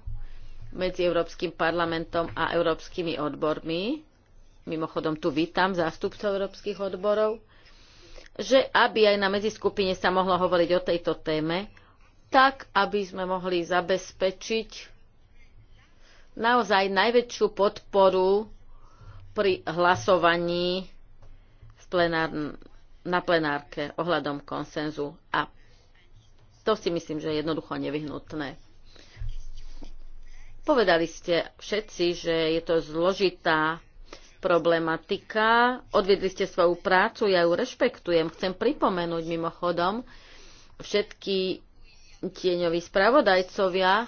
medzi Európskym parlamentom a európskymi odbormi. Mimochodom, tu vítam zástupcov európskych odborov že aby aj na medziskupine sa mohlo hovoriť o tejto téme, tak aby sme mohli zabezpečiť naozaj najväčšiu podporu pri hlasovaní v plenár, na plenárke ohľadom konsenzu. A to si myslím, že je jednoducho nevyhnutné. Povedali ste všetci, že je to zložitá problematika. Odvedli ste svoju prácu, ja ju rešpektujem. Chcem pripomenúť mimochodom všetky tieňoví spravodajcovia,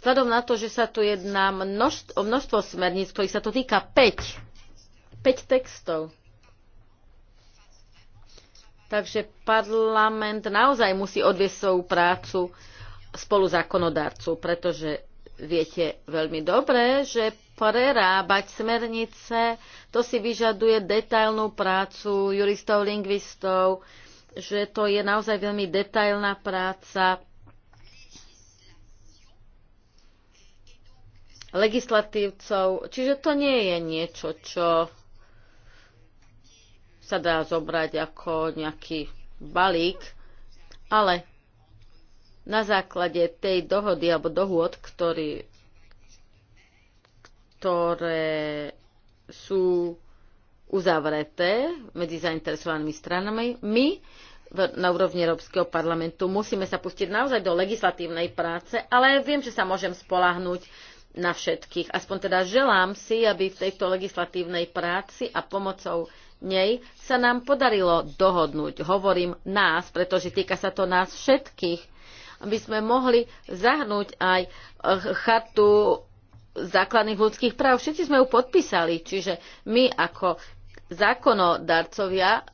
vzhľadom na to, že sa tu jedná množstvo, o množstvo smerníc, ktorých sa to týka 5. 5 textov. Takže parlament naozaj musí odviesť svoju prácu spolu zákonodárcu, pretože viete veľmi dobre, že prerábať smernice, to si vyžaduje detailnú prácu juristov, lingvistov, že to je naozaj veľmi detailná práca. legislatívcov. Čiže to nie je niečo, čo sa dá zobrať ako nejaký balík, ale na základe tej dohody alebo dohôd, ktorý, ktoré sú uzavreté medzi zainteresovanými stranami, my na úrovni Európskeho parlamentu musíme sa pustiť naozaj do legislatívnej práce, ale viem, že sa môžem spolahnúť na všetkých. Aspoň teda želám si, aby v tejto legislatívnej práci a pomocou nej sa nám podarilo dohodnúť. Hovorím nás, pretože týka sa to nás všetkých, aby sme mohli zahrnúť aj eh, chartu základných ľudských práv. Všetci sme ju podpísali, čiže my ako zákonodarcovia eh,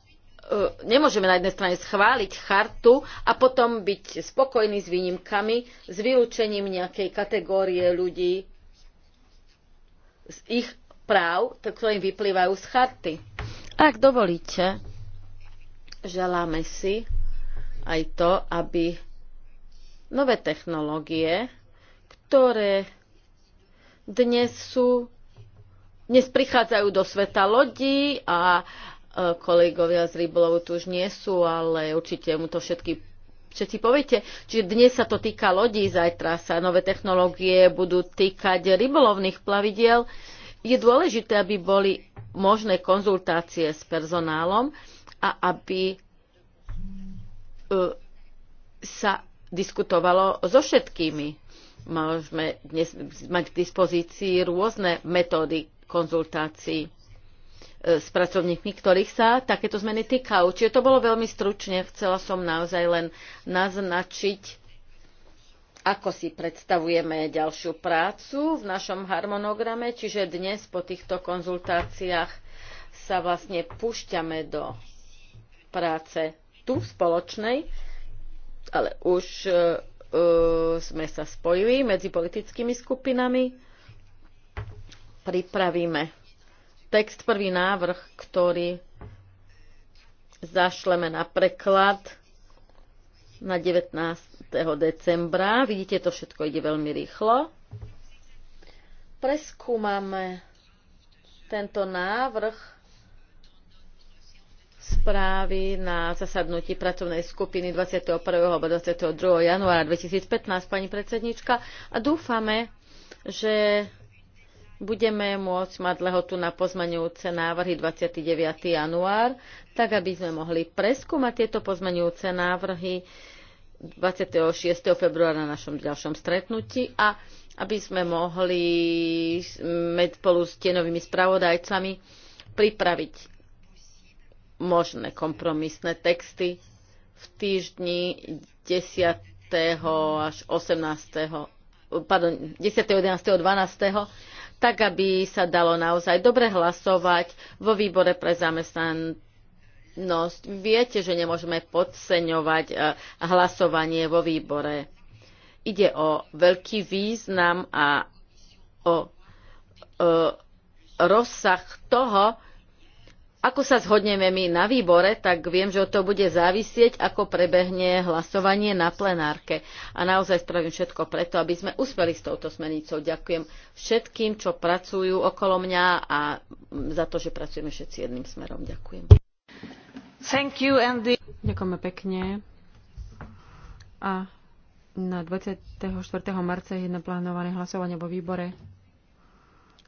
nemôžeme na jednej strane schváliť chartu a potom byť spokojní s výnimkami, s vylúčením nejakej kategórie ľudí z ich práv, ktoré im vyplývajú z charty. Ak dovolíte, želáme si aj to, aby nové technológie, ktoré dnes sú, dnes prichádzajú do sveta lodí a e, kolegovia z rybolovu tu už nie sú, ale určite mu to všetky všetci poviete. Čiže dnes sa to týka lodí, zajtra sa nové technológie budú týkať rybolovných plavidiel. Je dôležité, aby boli možné konzultácie s personálom a aby e, sa diskutovalo so všetkými. Môžeme dnes mať k dispozícii rôzne metódy konzultácií e, s pracovníkmi, ktorých sa takéto zmeny týkajú. Čiže to bolo veľmi stručne. Chcela som naozaj len naznačiť ako si predstavujeme ďalšiu prácu v našom harmonograme, čiže dnes po týchto konzultáciách sa vlastne púšťame do práce tu spoločnej, ale už uh, sme sa spojili medzi politickými skupinami. Pripravíme text, prvý návrh, ktorý zašleme na preklad na 19. decembra. Vidíte, to všetko ide veľmi rýchlo. Preskúmame tento návrh správy na zasadnutí pracovnej skupiny 21. alebo 22. januára 2015, pani predsednička, a dúfame, že budeme môcť mať lehotu na pozmeňujúce návrhy 29. január, tak aby sme mohli preskúmať tieto pozmeňujúce návrhy 26. februára na našom ďalšom stretnutí a aby sme mohli spolu s tenovými spravodajcami pripraviť možné kompromisné texty v týždni 10. až 18. pardon, 10. 11. 12 tak aby sa dalo naozaj dobre hlasovať vo výbore pre zamestnanosť. Viete, že nemôžeme podceňovať eh, hlasovanie vo výbore. Ide o veľký význam a o eh, rozsah toho, ako sa zhodneme my na výbore, tak viem, že od toho bude závisieť, ako prebehne hlasovanie na plenárke. A naozaj spravím všetko preto, aby sme uspeli s touto smernicou. Ďakujem všetkým, čo pracujú okolo mňa a za to, že pracujeme všetci jedným smerom. Ďakujem. Thank you, Andy. Ďakujeme pekne. A na 24. marca je naplánované hlasovanie vo výbore.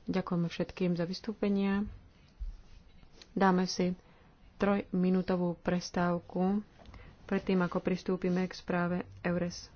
Ďakujeme všetkým za vystúpenia. Dáme si trojminútovú prestávku predtým, ako pristúpime k správe EURES.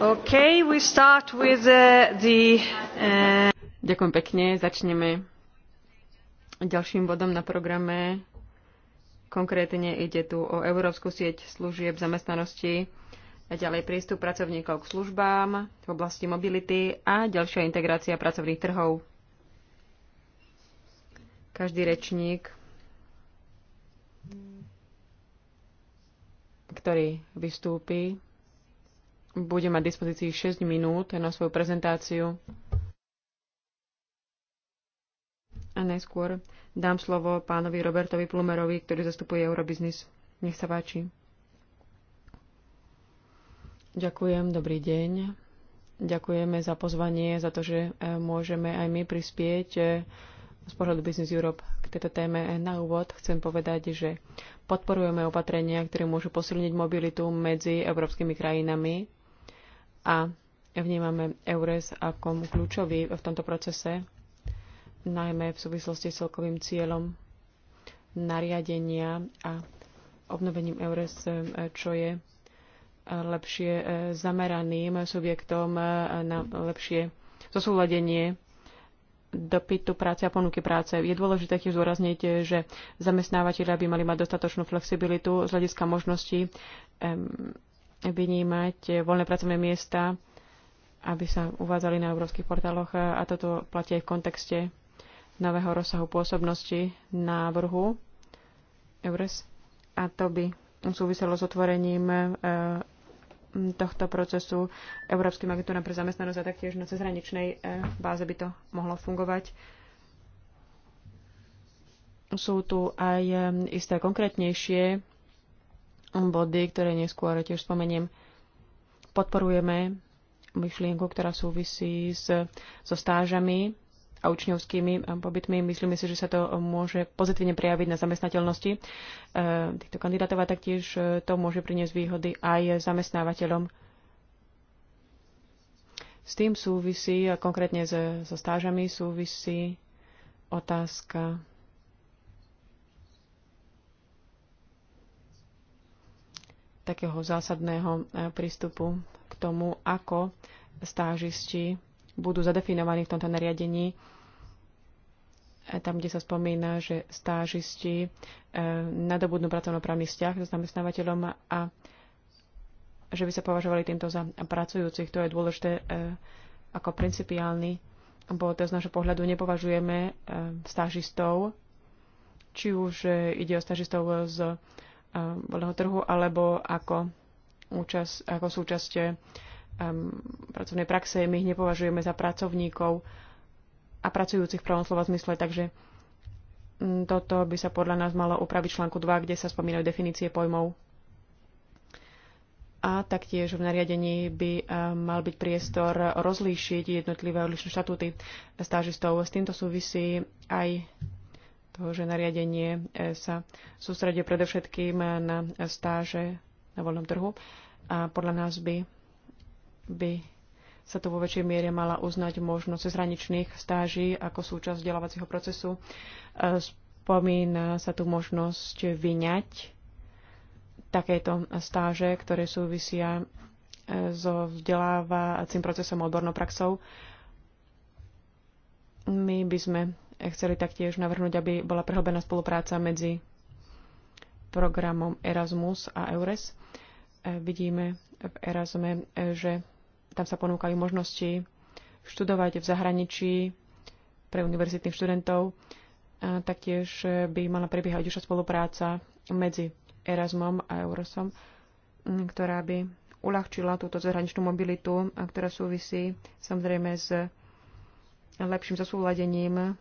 Okay, we start with the, uh, the, uh... Ďakujem pekne. Začneme ďalším bodom na programe. Konkrétne ide tu o Európsku sieť služieb zamestnanosti a ďalej prístup pracovníkov k službám v oblasti mobility a ďalšia integrácia pracovných trhov. Každý rečník, ktorý vystúpi, bude mať dispozícii 6 minút na svoju prezentáciu. A najskôr dám slovo pánovi Robertovi Plumerovi, ktorý zastupuje Eurobiznis. Nech sa páči. Ďakujem, dobrý deň. Ďakujeme za pozvanie, za to, že e, môžeme aj my prispieť e, z pohľadu Business Europe k tejto téme. E, na úvod chcem povedať, že podporujeme opatrenia, ktoré môžu posilniť mobilitu medzi európskymi krajinami a vnímame EURES ako kľúčový v tomto procese, najmä v súvislosti s celkovým cieľom nariadenia a obnovením EURES, eh, čo je eh, lepšie eh, zameraným subjektom na lepšie zosúladenie dopytu práce a ponuky práce. Je dôležité tiež zúrazniť, že zamestnávateľia by mali mať dostatočnú flexibilitu z hľadiska možností vynímať voľné pracovné miesta, aby sa uvádzali na európskych portáloch a toto platí aj v kontexte nového rozsahu pôsobnosti návrhu EURES a to by súviselo s otvorením e, tohto procesu Európskym agentúram pre zamestnanosť a taktiež na cezhraničnej e, báze by to mohlo fungovať. Sú tu aj e, isté konkrétnejšie body, ktoré neskôr tiež spomeniem. Podporujeme myšlienku, ktorá súvisí s, so stážami a učňovskými pobytmi. Myslíme si, že sa to môže pozitívne prejaviť na zamestnateľnosti e, týchto kandidátov a taktiež e, to môže priniesť výhody aj zamestnávateľom. S tým súvisí, a konkrétne so, so stážami súvisí otázka takého zásadného e, prístupu k tomu, ako stážisti budú zadefinovaní v tomto nariadení. E, tam, kde sa spomína, že stážisti e, nadobudnú pracovnoprávny vzťah s zamestnávateľom a že by sa považovali týmto za pracujúcich. To je dôležité ako principiálny to Z nášho pohľadu nepovažujeme stážistov, či už ide o stážistov z Eh, voľného trhu alebo ako, účas, ako súčasť um, eh, pracovnej praxe. My ich nepovažujeme za pracovníkov a pracujúcich v pravom slova zmysle, takže mm, toto by sa podľa nás malo upraviť článku 2, kde sa spomínajú definície pojmov. A taktiež v nariadení by eh, mal byť priestor rozlíšiť jednotlivé odlišné štatúty stážistov. S týmto súvisí aj toho, že nariadenie e, sa sústredie predovšetkým na stáže na voľnom trhu a podľa nás by, by sa to vo väčšej miere mala uznať možnosť zhraničných stáží ako súčasť vzdelávacieho procesu. E, spomína sa tu možnosť vyňať takéto stáže, ktoré súvisia e, so vzdelávacím procesom odbornou praxou. My by sme chceli taktiež navrhnúť, aby bola prehlbená spolupráca medzi programom Erasmus a EURES. E, vidíme v Erasme, e, že tam sa ponúkajú možnosti študovať v zahraničí pre univerzitných študentov. A e, taktiež by mala prebiehať už spolupráca medzi Erasmom a Eurosom, ktorá by uľahčila túto zahraničnú mobilitu, ktorá súvisí samozrejme s lepším zasúladením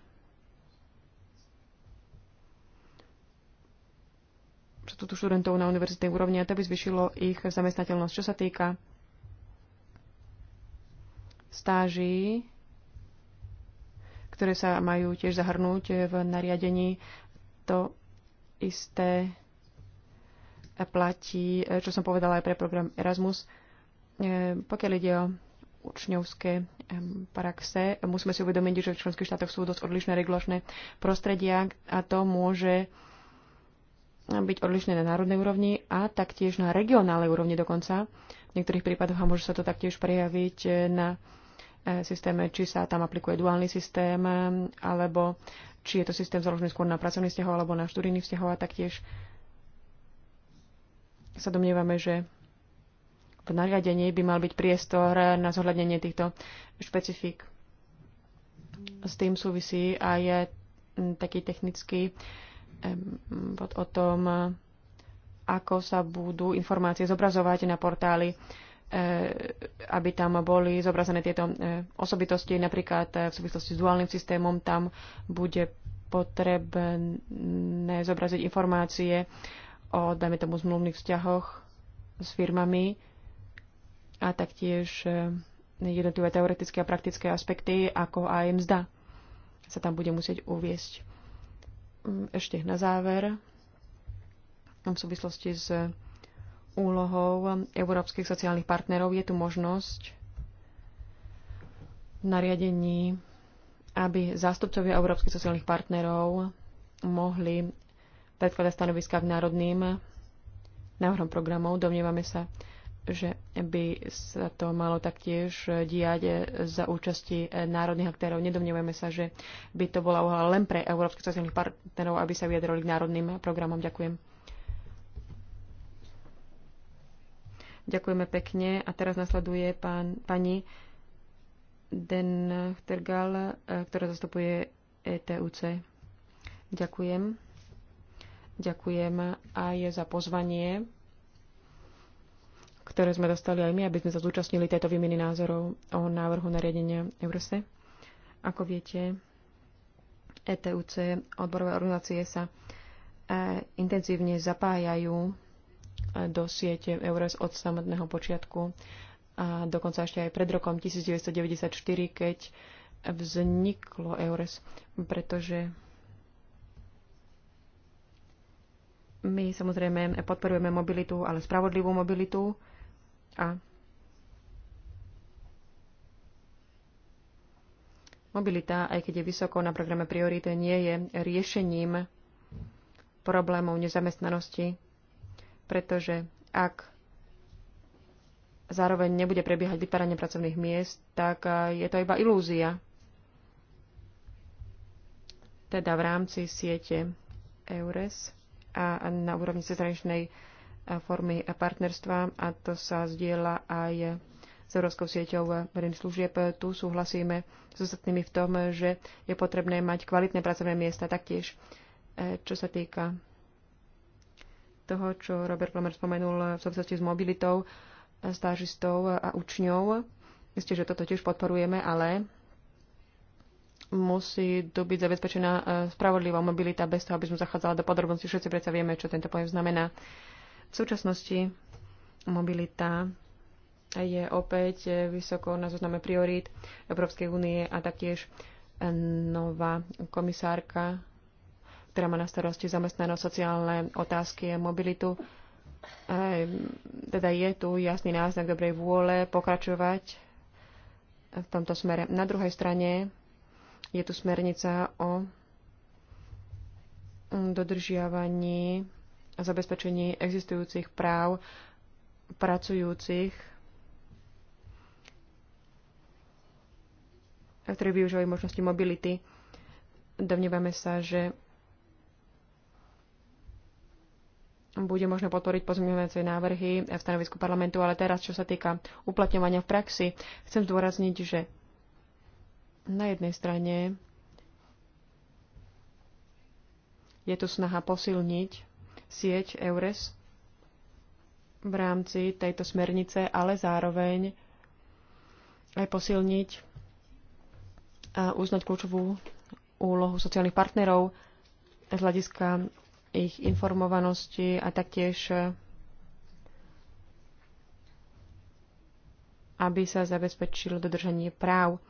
túto študentov na univerzitnej úrovni a to by zvyšilo ich zamestnateľnosť. Čo sa týka stáží, ktoré sa majú tiež zahrnúť v nariadení, to isté platí, čo som povedala aj pre program Erasmus. E, pokiaľ ide o učňovské e, praxe, musíme si uvedomiť, že v členských štátoch sú dosť odlišné regulačné prostredia a to môže byť odlišné na národnej úrovni a taktiež na regionálnej úrovni dokonca. V niektorých prípadoch a môže sa to taktiež prejaviť na e, systéme, či sa tam aplikuje duálny systém, alebo či je to systém založený skôr na pracovných vzťahov alebo na študijných vzťahov a taktiež sa domnievame, že v nariadení by mal byť priestor na zohľadnenie týchto špecifik. S tým súvisí aj taký technický uh, o tom, ako sa budú informácie zobrazovať na portáli, e, aby tam boli zobrazené tieto e, osobitosti, napríklad e, v súvislosti s duálnym systémom, tam bude potrebné zobraziť informácie o, dajme tomu, zmluvných vzťahoch s firmami a taktiež jednotlivé teoretické a praktické aspekty, ako aj mzda sa tam bude musieť uviesť. Mm, ešte na záver, v súvislosti s úlohou európskych sociálnych partnerov, je tu možnosť v nariadení, aby zástupcovia európskych sociálnych partnerov mohli predkladať stanoviska k národným návrhom programov. Domnievame sa, že by sa to malo taktiež diať e, za účasti e, národných aktérov. Nedomnievame sa, že by to bola úloha len pre európskych sociálnych partnerov, aby sa vyjadrali k národným programom. Ďakujem. Ďakujeme pekne. A teraz nasleduje pán, pani Den Tergal, e, ktorá zastupuje ETUC. Ďakujem. Ďakujem aj za pozvanie ktoré sme dostali aj my, aby sme sa zúčastnili tejto výmeny názorov o návrhu nariadenia Eurose. Ako viete, ETUC, odborové organizácie sa e, intenzívne zapájajú e, do siete EURES od samotného počiatku a dokonca ešte aj pred rokom 1994, keď vzniklo EURES, pretože my samozrejme podporujeme mobilitu, ale spravodlivú mobilitu a Mobilita, aj keď je vysoko na programe priority, nie je riešením problémov nezamestnanosti, pretože ak zároveň nebude prebiehať vytváranie pracovných miest, tak je to iba ilúzia. Teda v rámci siete EURES a na úrovni cezraničnej formy partnerstva a to sa zdieľa aj s Európskou sieťou verejných služieb. Tu súhlasíme s ostatnými v tom, že je potrebné mať kvalitné pracovné miesta taktiež. E, čo sa týka toho, čo Robert Plomer spomenul v súvislosti s mobilitou e, stážistov a učňou, isté, že toto tiež podporujeme, ale musí tu byť zabezpečená e, spravodlivá mobilita bez toho, aby sme zachádzala do podrobností. Všetci predsa vieme, čo tento pojem znamená. Uh, v súčasnosti mobilita je opäť vysoko na zozname priorít Európskej únie a taktiež nová komisárka, ktorá má na starosti zamestnané sociálne otázky a mobilitu. Teda je tu jasný náznak dobrej vôle pokračovať v tomto smere. Na druhej strane je tu smernica o dodržiavaní zabezpečení existujúcich práv pracujúcich, ktorí využívajú možnosti mobility. Domnievame sa, že bude možné podporiť pozmeňujúce návrhy v stanovisku parlamentu, ale teraz, čo sa týka uplatňovania v praxi, chcem zdôrazniť, že na jednej strane je tu snaha posilniť sieť EURES v rámci tejto smernice, ale zároveň aj posilniť a uznať kľúčovú úlohu sociálnych partnerov z hľadiska ich informovanosti a taktiež aby sa zabezpečilo dodržanie práv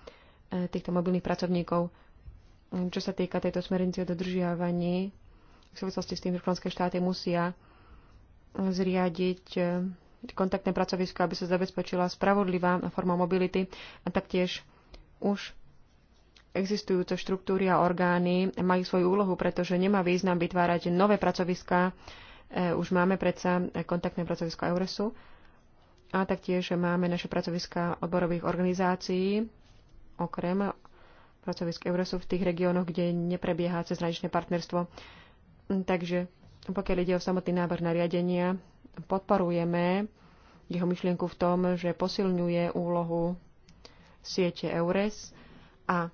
eh, týchto mobilných pracovníkov. Čo sa týka tejto smernice o dodržiavaní v súvislosti s tým, že členské štáty musia zriadiť eh, kontaktné pracovisko, aby sa zabezpečila spravodlivá forma mobility a taktiež už existujúce štruktúry a orgány majú svoju úlohu, pretože nemá význam vytvárať nové pracoviská. Eh, už máme predsa kontaktné pracovisko Euresu a taktiež máme naše pracoviska odborových organizácií, okrem pracovisk Euresu v tých regiónoch, kde neprebieha cezhraničné partnerstvo. Takže pokiaľ ide o samotný návrh nariadenia, podporujeme jeho myšlienku v tom, že posilňuje úlohu siete EURES a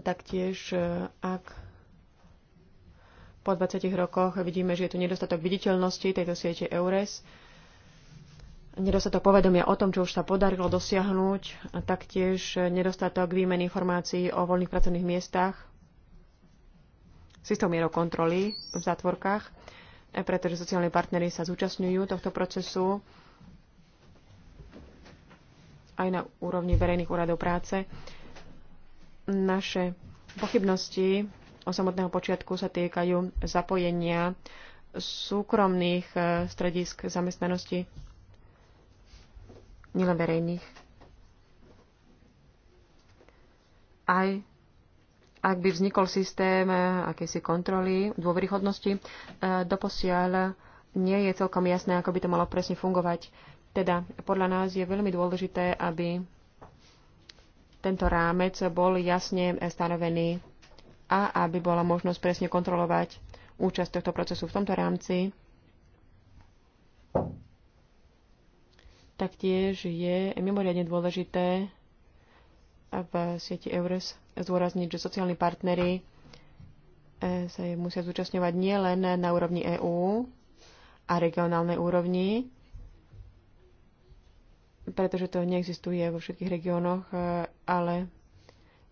taktiež, e, ak po 20 rokoch vidíme, že je tu nedostatok viditeľnosti tejto siete EURES, nedostatok povedomia o tom, čo už sa podarilo dosiahnuť a taktiež nedostatok výmeny informácií o voľných pracovných miestach s istou mierou kontroly v zatvorkách, e, pretože sociálni partnery sa zúčastňujú tohto procesu aj na úrovni verejných úradov práce. Naše pochybnosti o samotného počiatku sa týkajú zapojenia súkromných e, stredisk zamestnanosti, nielen verejných. Aj ak by vznikol systém eh, akejsi kontroly dôveryhodnosti, eh, doposiaľ nie je celkom jasné, ako by to malo presne fungovať. Teda podľa nás je veľmi dôležité, aby tento rámec bol jasne stanovený a aby bola možnosť presne kontrolovať účasť tohto procesu v tomto rámci. Taktiež je mimoriadne dôležité v sieti EURES zdôrazniť, že sociálni partnery eh, sa musia zúčastňovať nielen na úrovni EÚ a regionálnej úrovni, pretože to neexistuje vo všetkých regiónoch, eh, ale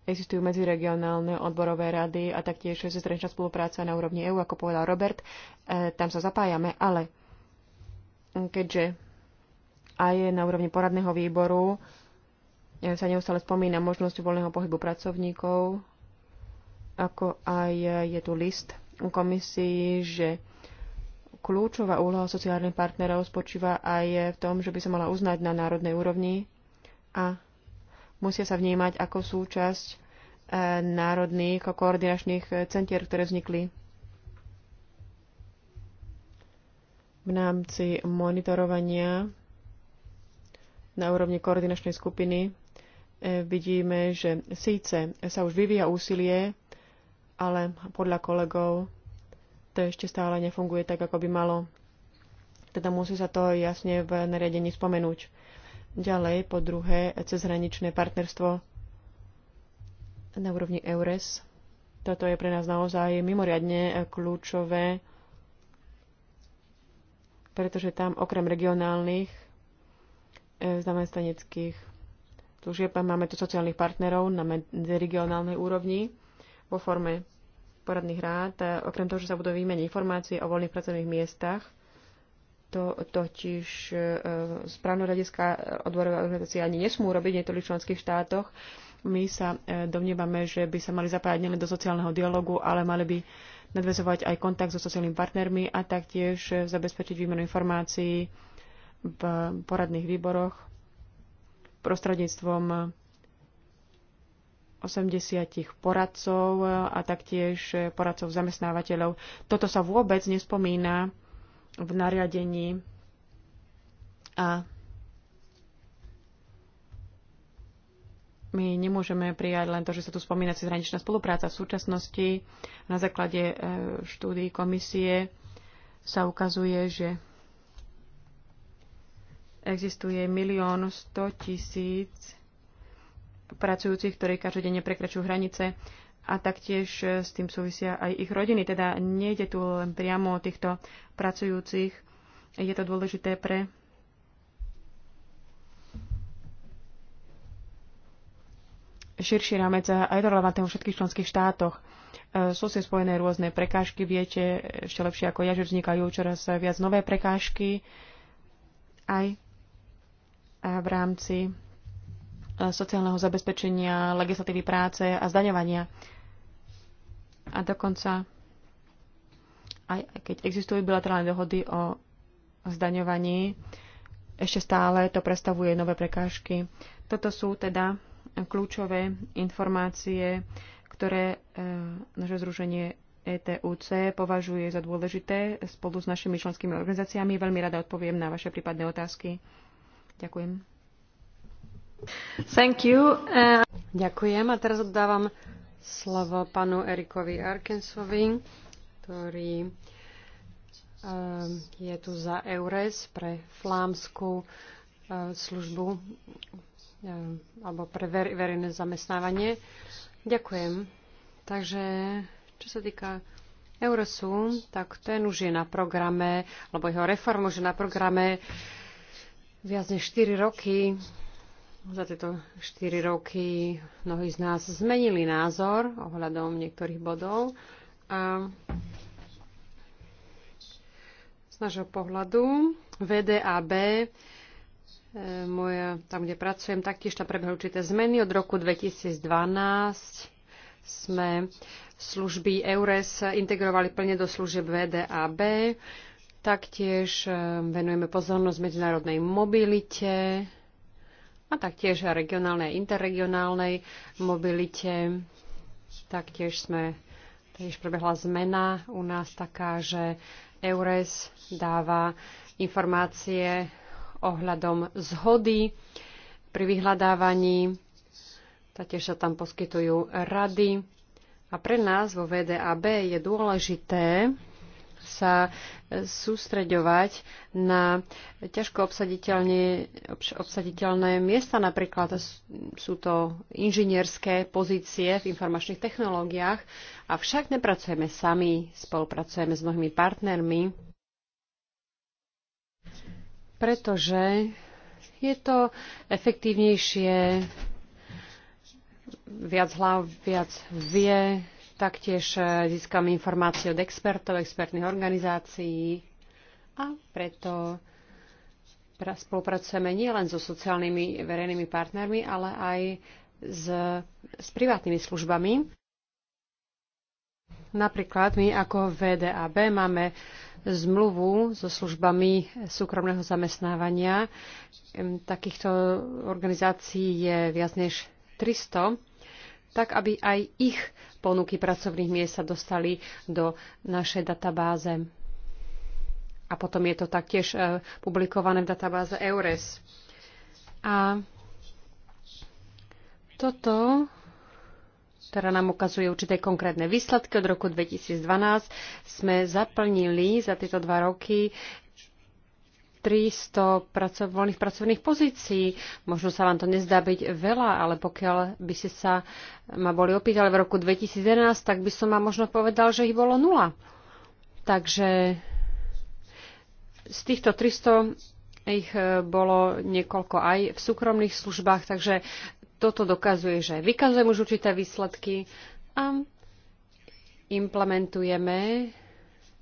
existujú medziregionálne odborové rady a taktiež sestraničná spolupráca na úrovni EÚ, ako povedal Robert. Eh, tam sa zapájame, ale keďže aj na úrovni poradného výboru sa neustále spomína možnosť voľného pohybu pracovníkov, ako aj je tu list komisii, že kľúčová úloha sociálnych partnerov spočíva aj v tom, že by sa mala uznať na národnej úrovni a musia sa vnímať ako súčasť e, národných koordinačných centier, ktoré vznikli v rámci monitorovania na úrovni koordinačnej skupiny vidíme, že síce sa už vyvíja úsilie, ale podľa kolegov to ešte stále nefunguje tak, ako by malo. Teda musí sa to jasne v nariadení spomenúť. Ďalej, po druhé, cezhraničné partnerstvo na úrovni EURES. Toto je pre nás naozaj mimoriadne kľúčové, pretože tam okrem regionálnych eh, zamestnaneckých služieb a máme tu sociálnych partnerov na medziregionálnej úrovni vo forme poradných rád. Okrem toho, že sa budú vymeniť informácie o voľných pracovných miestach, to totiž e, právneho hľadiska odborové organizácie ani nesmú robiť nie v členských štátoch. My sa e, domnievame, že by sa mali zapájať nielen do sociálneho dialogu, ale mali by nadvezovať aj kontakt so sociálnymi partnermi a taktiež e, zabezpečiť výmenu informácií v poradných výboroch prostredníctvom 80 poradcov a taktiež poradcov zamestnávateľov. Toto sa vôbec nespomína v nariadení a my nemôžeme prijať len to, že sa tu spomína cezhraničná spolupráca. V súčasnosti na základe eh, štúdií komisie sa ukazuje, že Existuje milión 100 tisíc pracujúcich, ktorí každodenne prekračujú hranice a taktiež eh, s tým súvisia aj ich rodiny. Teda nejde tu len priamo o týchto pracujúcich. Je to dôležité pre širší rámec a je to relevantné vo všetkých členských štátoch. Eh, sú si spojené rôzne prekážky, viete ešte lepšie ako ja, že vznikajú čoraz viac nové prekážky. Aj v rámci e, sociálneho zabezpečenia, legislatívy práce a zdaňovania. A dokonca, aj keď existujú bilaterálne dohody o zdaňovaní, ešte stále to predstavuje nové prekážky. Toto sú teda kľúčové informácie, ktoré e, naše združenie ETUC považuje za dôležité spolu s našimi členskými organizáciami. Veľmi rada odpoviem na vaše prípadné otázky. Ďakujem. Thank you. Uh... Ďakujem a teraz oddávam slovo panu Erikovi Arkensovi, ktorý eh, je tu za EURES pre flámsku eh, službu eh, alebo pre verejné zamestnávanie. Ďakujem. Takže čo sa týka Eurosu, tak ten už je na programe, alebo jeho reforma už je na programe viac než 4 roky. Za tieto 4 roky mnohí z nás zmenili názor ohľadom niektorých bodov. A z nášho pohľadu VDAB e, moja, tam, kde pracujem, taktiež tam prebehli určité zmeny. Od roku 2012 sme služby EURES integrovali plne do služieb VDAB. Taktiež eh, venujeme pozornosť medzinárodnej mobilite a taktiež regionálnej a interregionálnej mobilite. Taktiež sme, taktiež prebehla zmena u nás taká, že EURES dáva informácie ohľadom zhody pri vyhľadávaní. Taktiež sa tam poskytujú rady. A pre nás vo VDAB je dôležité, sa e, sústreďovať na ťažko obsaditeľné miesta. Napríklad sú to inžinierské pozície v informačných technológiách. Avšak nepracujeme sami, spolupracujeme s mnohými partnermi, pretože je to efektívnejšie, viac hlav, viac vie, Taktiež e, získame informácie od expertov, expertných organizácií a preto spolupracujeme nielen so sociálnymi verejnými partnermi, ale aj s, s privátnymi službami. Napríklad my ako VDAB máme zmluvu so službami súkromného zamestnávania. Takýchto organizácií je viac než 300 tak aby aj ich ponuky pracovných miest sa dostali do našej databáze. A potom je to taktiež e, publikované v databáze EURES. A toto ktorá teda nám ukazuje určité konkrétne výsledky. Od roku 2012 sme zaplnili za tieto dva roky 300 pracov, voľných pracovných pozícií. Možno sa vám to nezdá byť veľa, ale pokiaľ by ste sa ma boli opýtali v roku 2011, tak by som vám možno povedal, že ich bolo nula. Takže z týchto 300 ich e, bolo niekoľko aj v súkromných službách, takže toto dokazuje, že vykazujem už určité výsledky a implementujeme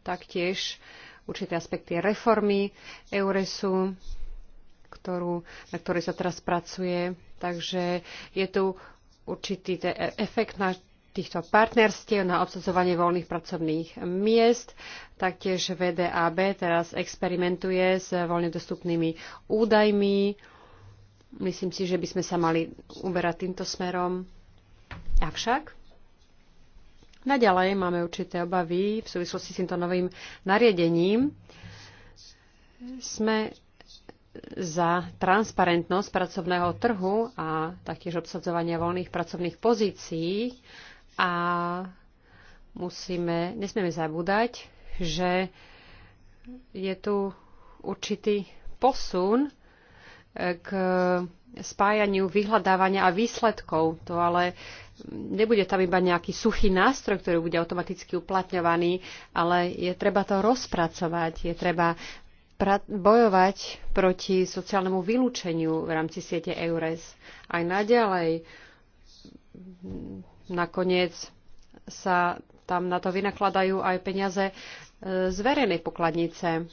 taktiež uh, určité aspekty reformy Euresu, ktorú, na ktorej sa teraz pracuje. Takže je tu určitý efekt na týchto partnerstiev na obsadzovanie voľných pracovných miest. Taktiež VDAB teraz experimentuje s voľne dostupnými údajmi. Myslím si, že by sme sa mali uberať týmto smerom. Avšak Naďalej máme určité obavy v súvislosti s týmto novým nariadením. Sme za transparentnosť pracovného trhu a taktiež obsadzovania voľných pracovných pozícií a musíme, nesmieme zabúdať, že je tu určitý posun k spájaniu vyhľadávania a výsledkov. To ale nebude tam iba nejaký suchý nástroj, ktorý bude automaticky uplatňovaný, ale je treba to rozpracovať, je treba bojovať proti sociálnemu vylúčeniu v rámci siete EURES. Aj naďalej nakoniec sa tam na to vynakladajú aj peniaze e, z verejnej pokladnice.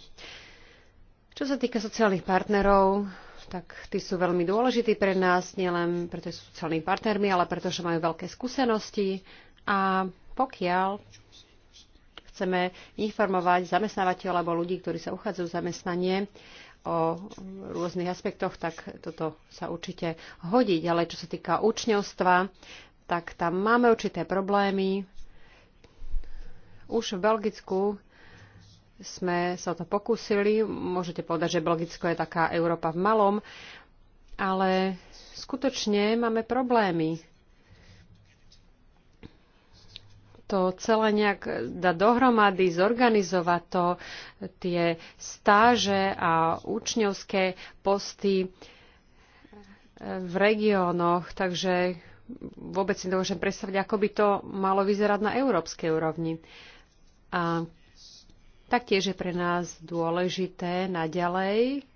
Čo sa týka sociálnych partnerov, tak tí sú veľmi dôležití pre nás, nielen preto, sú sociálnymi partnermi, ale pretože majú veľké skúsenosti. A pokiaľ chceme informovať zamestnávateľov alebo ľudí, ktorí sa uchádzajú zamestnanie o rôznych aspektoch, tak toto sa určite hodí. Ale čo sa týka učňovstva, tak tam máme určité problémy. Už v Belgicku sme sa to pokúsili. Môžete povedať, že Belgicko je taká Európa v malom, ale skutočne máme problémy. To celé nejak dá dohromady, zorganizovať to, tie stáže a učňovské posty eh, v regiónoch, takže vôbec si dokážem predstaviť, ako by to malo vyzerať na európskej úrovni. A Taktiež je pre nás dôležité naďalej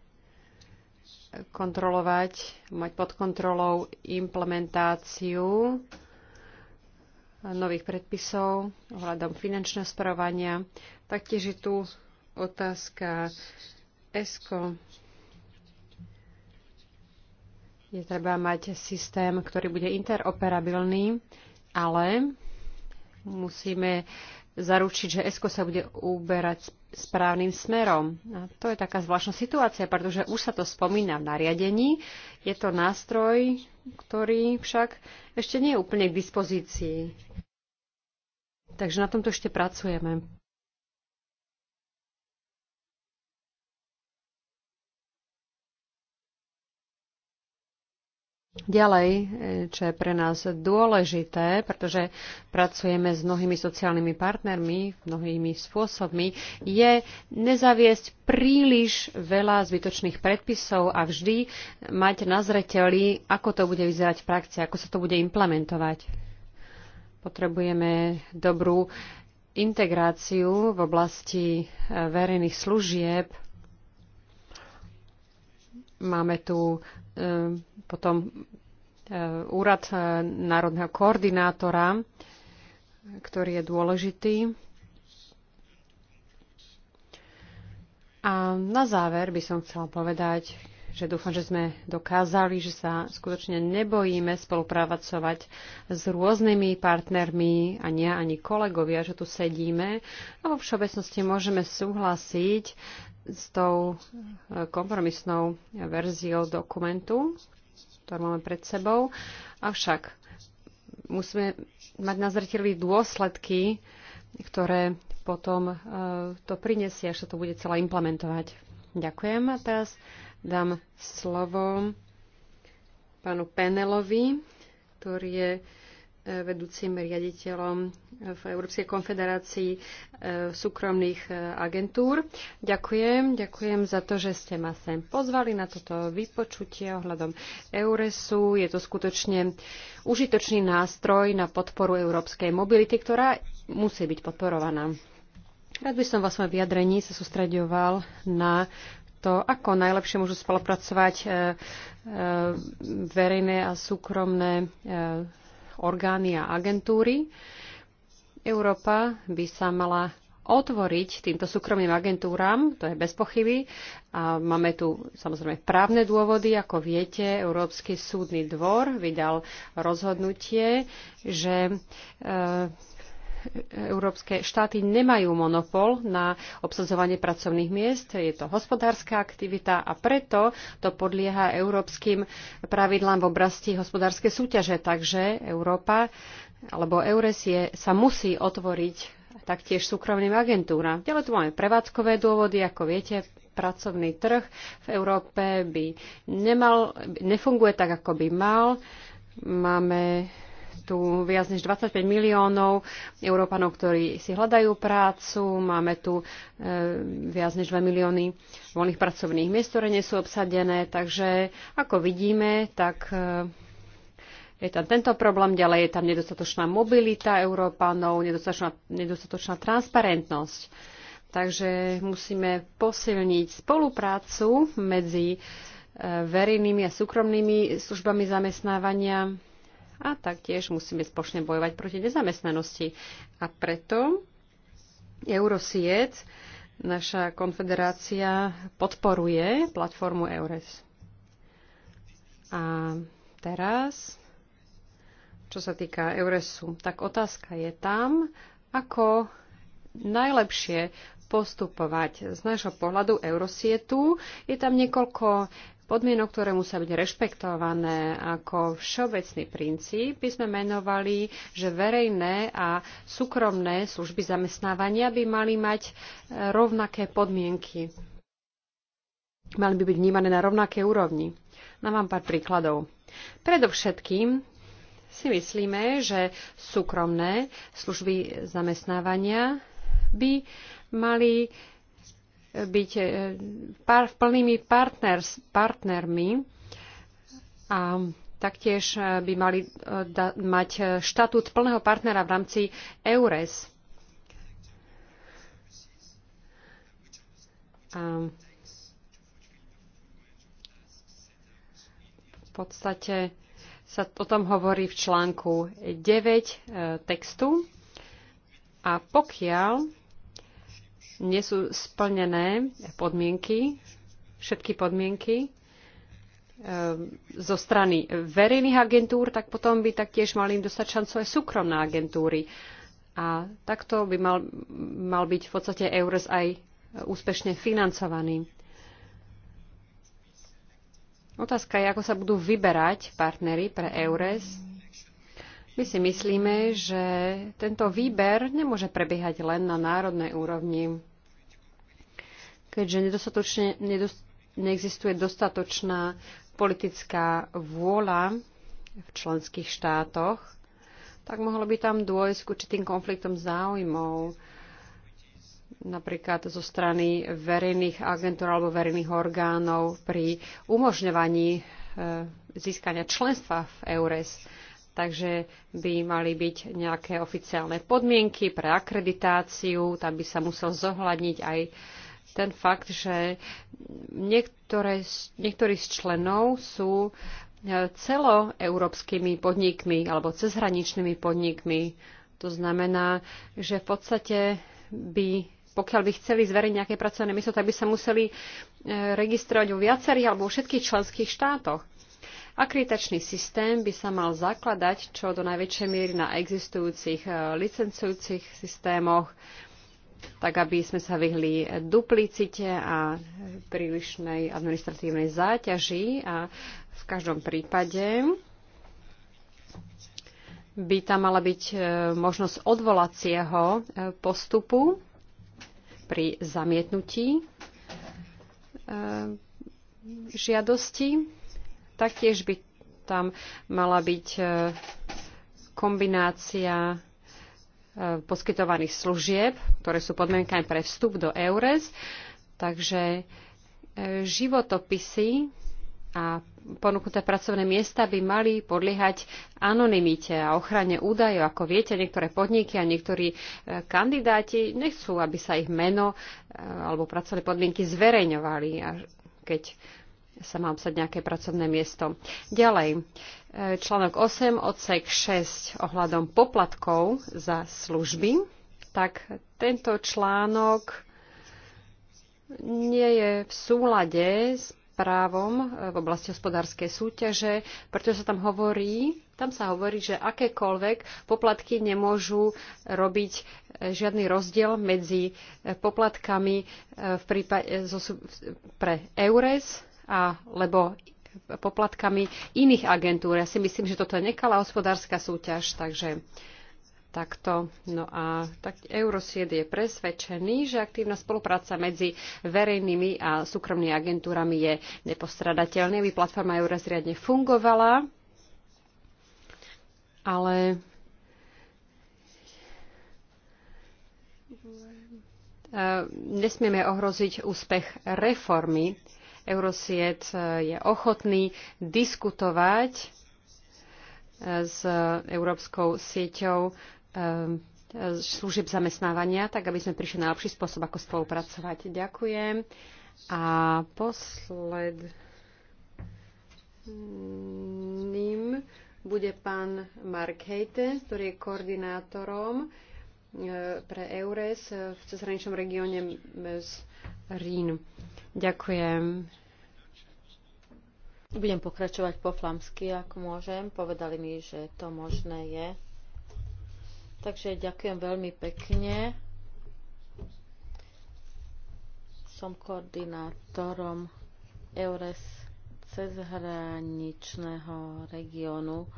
kontrolovať, mať pod kontrolou implementáciu nových predpisov ohľadom finančného správania. Taktiež je tu otázka ESCO. Je treba mať systém, ktorý bude interoperabilný, ale musíme zaručiť, že ESCO sa bude uberať správnym smerom. A to je taká zvláštna situácia, pretože už sa to spomína v nariadení. Je to nástroj, ktorý však ešte nie je úplne k dispozícii. Takže na tomto ešte pracujeme. Ďalej, e, čo je pre nás dôležité, pretože pracujeme s mnohými sociálnymi partnermi, mnohými spôsobmi, je nezaviesť príliš veľa zbytočných predpisov a vždy mať na zreteli, ako to bude vyzerať v praxi, ako sa to bude implementovať. Potrebujeme dobrú integráciu v oblasti e, verejných služieb. Máme tu E, potom e, úrad e, národného koordinátora, ktorý je dôležitý. A na záver by som chcela povedať, že dúfam, že sme dokázali, že sa skutočne nebojíme spolupracovať s rôznymi partnermi a nie ani kolegovia, že tu sedíme. A vo všeobecnosti môžeme súhlasiť s tou e, kompromisnou verziou dokumentu, ktorú máme pred sebou. Avšak musíme mať na zreteli dôsledky, ktoré potom e, to prinesie, až sa to bude celá implementovať. Ďakujem. A teraz dám slovo pánu Penelovi, ktorý je vedúcim riaditeľom v Európskej konfederácii e, súkromných e, agentúr. Ďakujem, ďakujem za to, že ste ma sem pozvali na toto vypočutie ohľadom Euresu. Je to skutočne užitočný nástroj na podporu európskej mobility, ktorá musí byť podporovaná. Rád by som vo svojom vyjadrení sa sústredoval na to, ako najlepšie môžu spolupracovať e, verejné a súkromné orgány a agentúry. Európa by sa mala otvoriť týmto súkromným agentúram, to je bez pochyby. A máme tu samozrejme právne dôvody, ako viete, Európsky súdny dvor vydal rozhodnutie, že e, európske štáty nemajú monopol na obsadzovanie pracovných miest. Je to hospodárska aktivita a preto to podlieha európskym pravidlám v oblasti hospodárskej súťaže. Takže Európa alebo EURES je, sa musí otvoriť taktiež súkromným agentúram. Ďalej tu máme prevádzkové dôvody, ako viete, pracovný trh v Európe by nemal, nefunguje tak, ako by mal. Máme tu viac než 25 miliónov Európanov, ktorí si hľadajú prácu. Máme tu e, viac než 2 milióny voľných pracovných miest, ktoré nie sú obsadené. Takže ako vidíme, tak e, je tam tento problém, ďalej je tam nedostatočná mobilita Európanov, nedostatočná, nedostatočná transparentnosť. Takže musíme posilniť spoluprácu medzi e, verejnými a súkromnými službami zamestnávania a taktiež musíme spoločne bojovať proti nezamestnanosti. A preto Eurosiec, naša konfederácia, podporuje platformu EURES. A teraz, čo sa týka EURESu, tak otázka je tam, ako najlepšie postupovať. Z nášho pohľadu Eurosietu je tam niekoľko podmienok, ktoré musia byť rešpektované ako všeobecný princíp, by sme menovali, že verejné a súkromné služby zamestnávania by mali mať e, rovnaké podmienky. Mali by byť vnímané na rovnakej úrovni. Na vám pár príkladov. Predovšetkým si myslíme, že súkromné služby zamestnávania by mali byť e, par, plnými partners, partnermi a taktiež e, by mali e, da, mať štatút plného partnera v rámci EURES. A v podstate sa o tom hovorí v článku 9 textu. A pokiaľ nie sú splnené podmienky, všetky podmienky ehm, zo strany verejných agentúr, tak potom by taktiež mali im dostať šancu aj súkromné agentúry. A takto by mal, mal byť v podstate EURES aj úspešne financovaný. Otázka je, ako sa budú vyberať partnery pre EURES. My si myslíme, že tento výber nemôže prebiehať len na národnej úrovni keďže nedostatočne, nedos, neexistuje dostatočná politická vôľa v členských štátoch, tak mohlo by tam dôjsť k určitým konfliktom záujmov, napríklad zo strany verejných agentúr alebo verejných orgánov pri umožňovaní e, získania členstva v EURES. Takže by mali byť nejaké oficiálne podmienky pre akreditáciu, tam by sa musel zohľadniť aj ten fakt, že niektoré, niektorí z členov sú e, celoeurópskymi podnikmi alebo cezhraničnými podnikmi. To znamená, že v podstate by, pokiaľ by chceli zveriť nejaké pracovné miesto, tak by sa museli e, registrovať vo viacerých alebo vo všetkých členských štátoch. Akreditačný systém by sa mal zakladať čo do najväčšej miery na existujúcich e, licencujúcich systémoch, tak aby sme sa vyhli duplicite a prílišnej administratívnej záťaži a v každom prípade by tam mala byť e, možnosť odvolacieho e, postupu pri zamietnutí e, žiadosti. Taktiež by tam mala byť kombinácia Eh, poskytovaných služieb, ktoré sú podmienkami pre vstup do EURES. Takže eh, životopisy a ponúknuté pracovné miesta by mali podliehať anonymite a ochrane údajov. Ako viete, niektoré podniky a niektorí eh, kandidáti nechcú, aby sa ich meno alebo pracovné podmienky zverejňovali. keď sa má obsať nejaké pracovné miesto. Ďalej, e, článok 8, odsek 6 ohľadom poplatkov za služby, tak tento článok nie je v súlade s právom e, v oblasti hospodárskej súťaže, pretože sa tam hovorí, tam sa hovorí, že akékoľvek poplatky nemôžu robiť e, žiadny rozdiel medzi poplatkami v prípade, pre EURES alebo poplatkami iných agentúr. Ja si myslím, že toto je nekalá hospodárska súťaž, takže takto. No a tak Eurosied je presvedčený, že aktívna spolupráca medzi verejnými a súkromnými agentúrami je nepostradateľná, aby platforma Euros riadne fungovala, ale e, nesmieme ohroziť úspech reformy Eurosiet eh, je ochotný diskutovať eh, s Európskou sieťou eh, služieb zamestnávania, tak aby sme prišli na lepší spôsob, ako spolupracovať. Ďakujem. A posledným bude pán Mark Hejte, ktorý je koordinátorom E, pre EURES e, v cezhraničnom regióne z Rín. Ďakujem. Budem pokračovať po flamsky, ak môžem. Povedali mi, že to možné je. Takže ďakujem veľmi pekne. Som koordinátorom EURES cezhraničného regiónu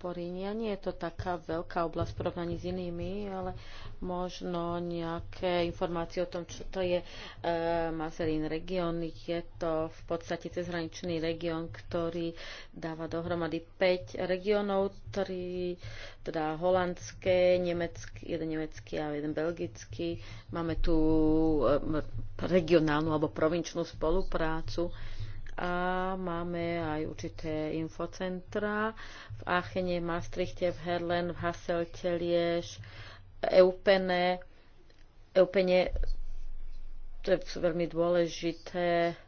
Porínia. Nie je to taká veľká oblasť v porovnaní s inými, ale možno nejaké informácie o tom, čo to je e, Mazerín región. Je to v podstate cezhraničný región, ktorý dáva dohromady 5 regiónov, tri teda holandské, nemecký, jeden nemecký a jeden belgický. Máme tu e, regionálnu alebo provinčnú spoluprácu. E, a máme aj určité infocentra v Achene, v Maastrichte, v Herlen, v Haselte, Liež, Eupene. Eupene to je veľmi dôležité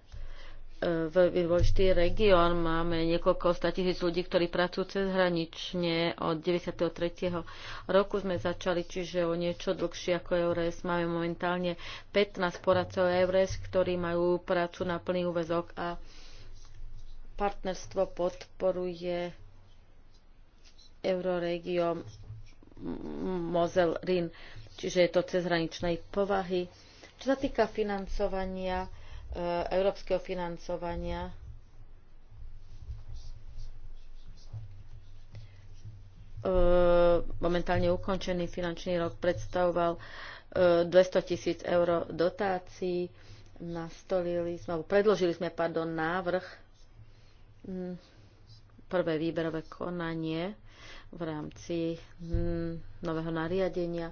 eh, veľmi dôležitý región. Máme niekoľko statisíc ľudí, ktorí pracujú cezhranične. Od 93. roku sme začali, čiže o niečo dlhšie ako EURES. Máme momentálne 15 poradcov EURES, ktorí majú prácu na plný úvezok a partnerstvo podporuje Euroregiom Mozel Rin, čiže je to cezhraničnej povahy. Čo sa týka financovania, eh, európskeho financovania, eh, momentálne ukončený finančný rok predstavoval 200 eh, tisíc eur dotácií. Nastolili sme, alebo predložili sme pardon, návrh Mm, prvé výberové konanie v rámci mm, nového nariadenia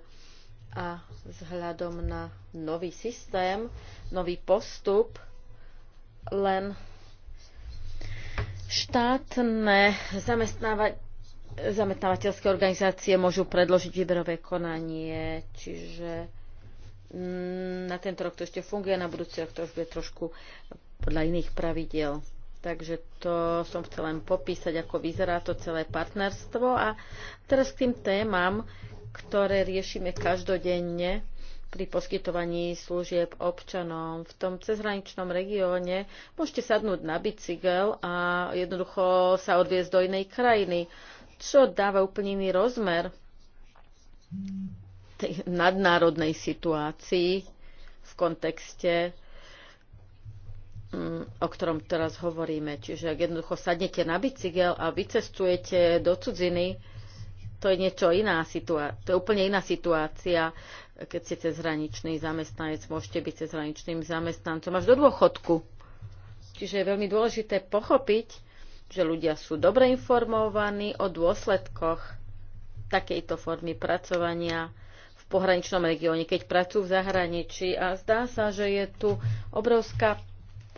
a vzhľadom na nový systém, nový postup, len štátne zamestnávateľské organizácie môžu predložiť výberové konanie, čiže mm, na tento rok to ešte funguje, na budúci rok to už bude trošku podľa iných pravidel. Takže to som chcela len popísať, ako vyzerá to celé partnerstvo. A teraz k tým témam, ktoré riešime každodenne pri poskytovaní služieb občanom v tom cezhraničnom regióne. Môžete sadnúť na bicykel a jednoducho sa odviezť do inej krajiny, čo dáva úplne iný rozmer tej nadnárodnej situácii v kontekste Mm, o ktorom teraz hovoríme. Čiže ak jednoducho sadnete na bicykel a vycestujete do cudziny, to je niečo iná situácia, to je úplne iná situácia, keď ste cezhraničný zamestnanec, môžete byť cezhraničným zamestnancom až do dôchodku. Čiže je veľmi dôležité pochopiť, že ľudia sú dobre informovaní o dôsledkoch takejto formy pracovania v pohraničnom regióne, keď pracujú v zahraničí. A zdá sa, že je tu obrovská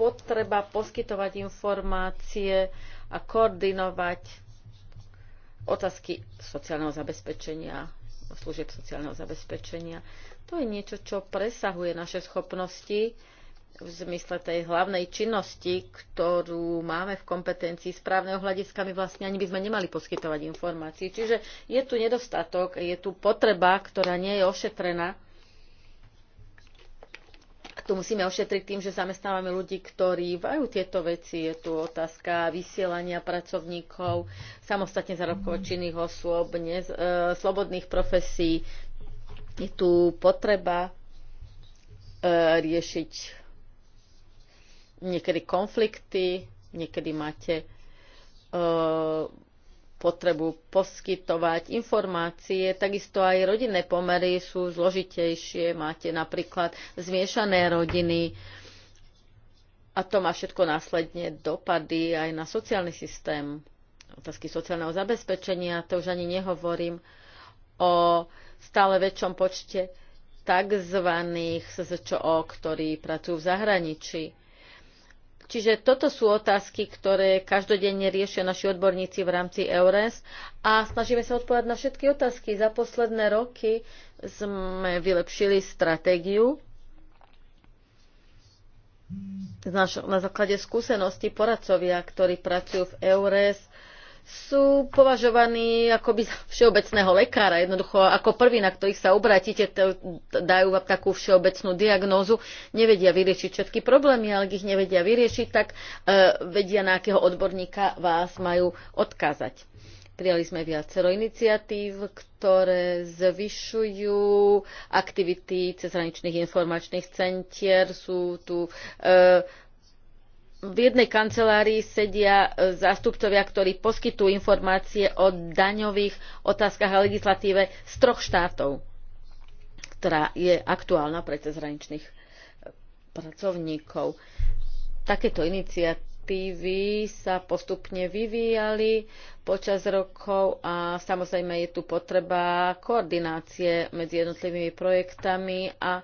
potreba poskytovať informácie a koordinovať otázky sociálneho zabezpečenia, služieb sociálneho zabezpečenia. To je niečo, čo presahuje naše schopnosti v zmysle tej hlavnej činnosti, ktorú máme v kompetencii správneho hľadiska, my vlastne ani by sme nemali poskytovať informácie. Čiže je tu nedostatok, je tu potreba, ktorá nie je ošetrená tu musíme ošetriť tým, že zamestnávame ľudí, ktorí majú tieto veci. Je tu otázka vysielania pracovníkov, samostatne zarobkovačinných činných osôb, ne, e, slobodných profesí. Je tu potreba e, riešiť niekedy konflikty, niekedy máte e, potrebu poskytovať informácie, takisto aj rodinné pomery sú zložitejšie. Máte napríklad zmiešané rodiny a to má všetko následne dopady aj na sociálny systém, otázky sociálneho zabezpečenia, to už ani nehovorím o stále väčšom počte tzv. SZČO, ktorí pracujú v zahraničí Čiže toto sú otázky, ktoré každodenne riešia naši odborníci v rámci EURES a snažíme sa odpovedať na všetky otázky. Za posledné roky sme vylepšili stratégiu na základe skúseností poradcovia, ktorí pracujú v EURES, sú považovaní akoby by všeobecného lekára. Jednoducho ako prvý, na ktorých sa obratíte, dajú vám takú všeobecnú diagnózu. Nevedia vyriešiť všetky problémy, ale ak ich nevedia vyriešiť, tak e, vedia, na akého odborníka vás majú odkázať. Prijali sme viacero iniciatív, ktoré zvyšujú aktivity cezhraničných informačných centier. Sú tu e, v jednej kancelárii sedia e, zástupcovia, ktorí poskytujú informácie o daňových otázkach a legislatíve z troch štátov, ktorá je aktuálna pre cezhraničných e, pracovníkov. Takéto iniciatívy legislatívy sa postupne vyvíjali počas rokov a samozrejme je tu potreba koordinácie medzi jednotlivými projektami a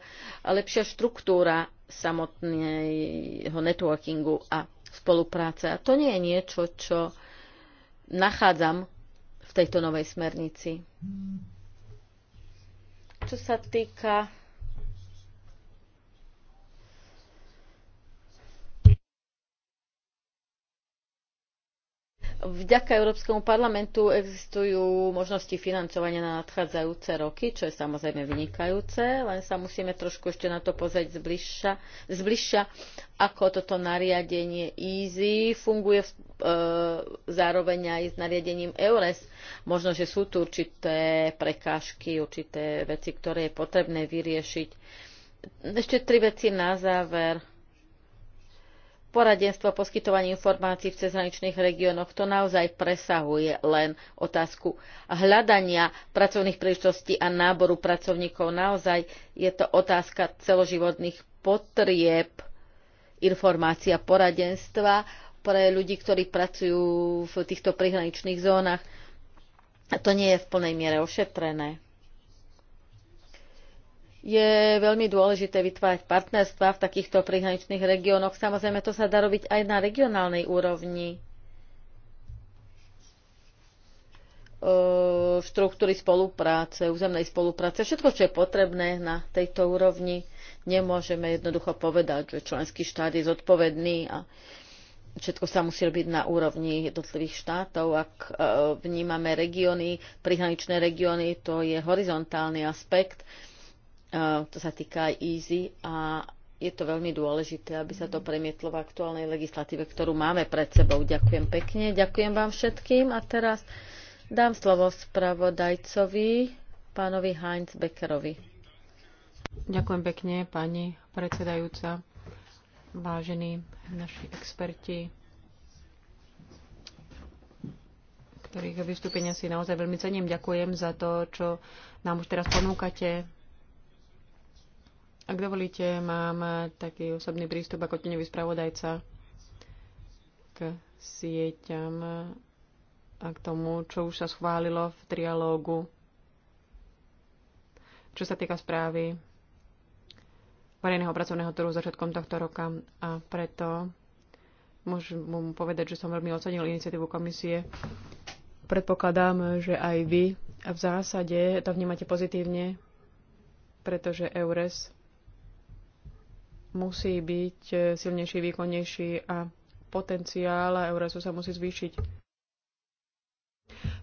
lepšia štruktúra samotného networkingu a spolupráce. A to nie je niečo, čo nachádzam v tejto novej smernici. Čo sa týka Vďaka Európskemu parlamentu existujú možnosti financovania na nadchádzajúce roky, čo je samozrejme vynikajúce, len sa musíme trošku ešte na to pozrieť zbližša, zbližša ako toto nariadenie EASY funguje e, zároveň aj s nariadením EURES. Možno, že sú tu určité prekážky, určité veci, ktoré je potrebné vyriešiť. Ešte tri veci na záver poradenstvo a poskytovanie informácií v cezhraničných regiónoch, to naozaj presahuje len otázku hľadania pracovných príležitostí a náboru pracovníkov. Naozaj je to otázka celoživotných potrieb informácia poradenstva pre ľudí, ktorí pracujú v týchto prihraničných zónach. A to nie je v plnej miere ošetrené je veľmi dôležité vytvárať partnerstva v takýchto prihraničných regiónoch. Samozrejme, to sa dá robiť aj na regionálnej úrovni. štruktúry spolupráce, územnej spolupráce, všetko, čo je potrebné na tejto úrovni. Nemôžeme jednoducho povedať, že členský štát je zodpovedný a všetko sa musí robiť na úrovni jednotlivých štátov. Ak e, vnímame regióny, prihraničné regióny, to je horizontálny aspekt to sa týka aj EASY a je to veľmi dôležité, aby sa to premietlo v aktuálnej legislatíve, ktorú máme pred sebou. Ďakujem pekne, ďakujem vám všetkým a teraz dám slovo spravodajcovi, pánovi Heinz Beckerovi. Ďakujem pekne, pani predsedajúca, vážení naši experti, ktorých vystúpenia si naozaj veľmi cením. Ďakujem za to, čo nám už teraz ponúkate ak dovolíte, mám taký osobný prístup ako tenevý spravodajca k sieťam a k tomu, čo už sa schválilo v trialógu. Čo sa týka správy verejného pracovného trhu začiatkom tohto roka a preto môžem mu povedať, že som veľmi ocenil iniciatívu komisie. Predpokladám, že aj vy v zásade to vnímate pozitívne, pretože EURES musí byť e, silnejší, výkonnejší a potenciál Eurasu sa musí zvýšiť.